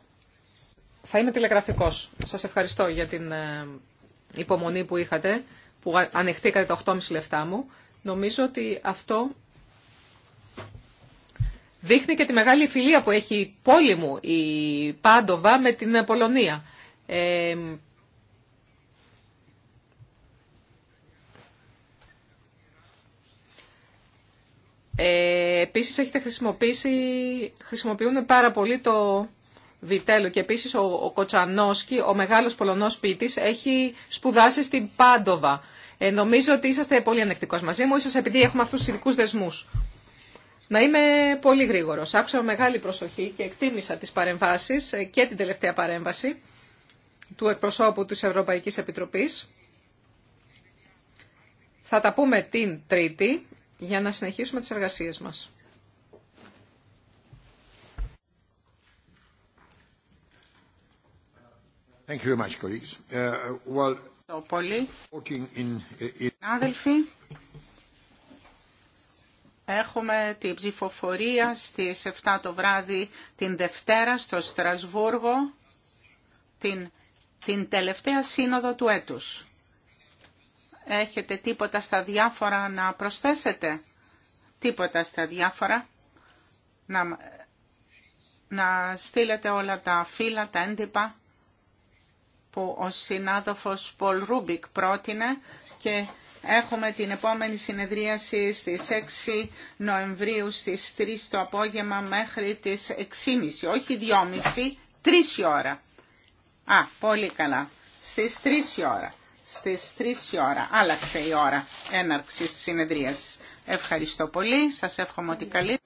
S6: Θα είμαι τηλεγραφικός. Σας ευχαριστώ για την ε, υπομονή που είχατε, που ανοιχτήκατε τα 8,5 λεφτά μου. Νομίζω ότι αυτό δείχνει και τη μεγάλη φιλία που έχει η πόλη μου, η Πάντοβα, με την Πολωνία. Ε, ε, επίσης έχετε χρησιμοποιήσει, χρησιμοποιούν πάρα πολύ το βιτέλο και επίσης ο, ο Κοτσανόσκι, ο μεγάλος Πολωνός ποιητής, έχει σπουδάσει στην Πάντοβα. Ε, νομίζω ότι είσαστε πολύ ανεκτικός μαζί μου, ίσως επειδή έχουμε αυτούς τους ειδικούς δεσμούς. Να είμαι πολύ γρήγορος. Άκουσα μεγάλη προσοχή και εκτίμησα τις παρεμβάσει ε, και την τελευταία παρέμβαση του εκπροσώπου της Ευρωπαϊκής Επιτροπής. Θα τα πούμε την Τρίτη για να συνεχίσουμε τις εργασίες μας.
S5: Thank uh, Άδελφοι,
S7: Έχουμε την ψηφοφορία στις 7 το βράδυ την Δευτέρα στο Στρασβούργο, την, την τελευταία σύνοδο του έτους. Έχετε τίποτα στα διάφορα να προσθέσετε. Τίποτα στα διάφορα. Να, να στείλετε όλα τα φύλλα, τα έντυπα που ο συνάδελφος Πολ Ρούμπικ πρότεινε και Έχουμε την επόμενη συνεδρίαση στις 6 Νοεμβρίου στις 3 το απόγευμα μέχρι τις 6.30, όχι 2.30, 3 η ώρα. Α, πολύ καλά. Στις 3 η ώρα. Στις 3 η ώρα. Άλλαξε η ώρα έναρξης συνεδρίασης. Ευχαριστώ πολύ. Σας εύχομαι ότι καλή.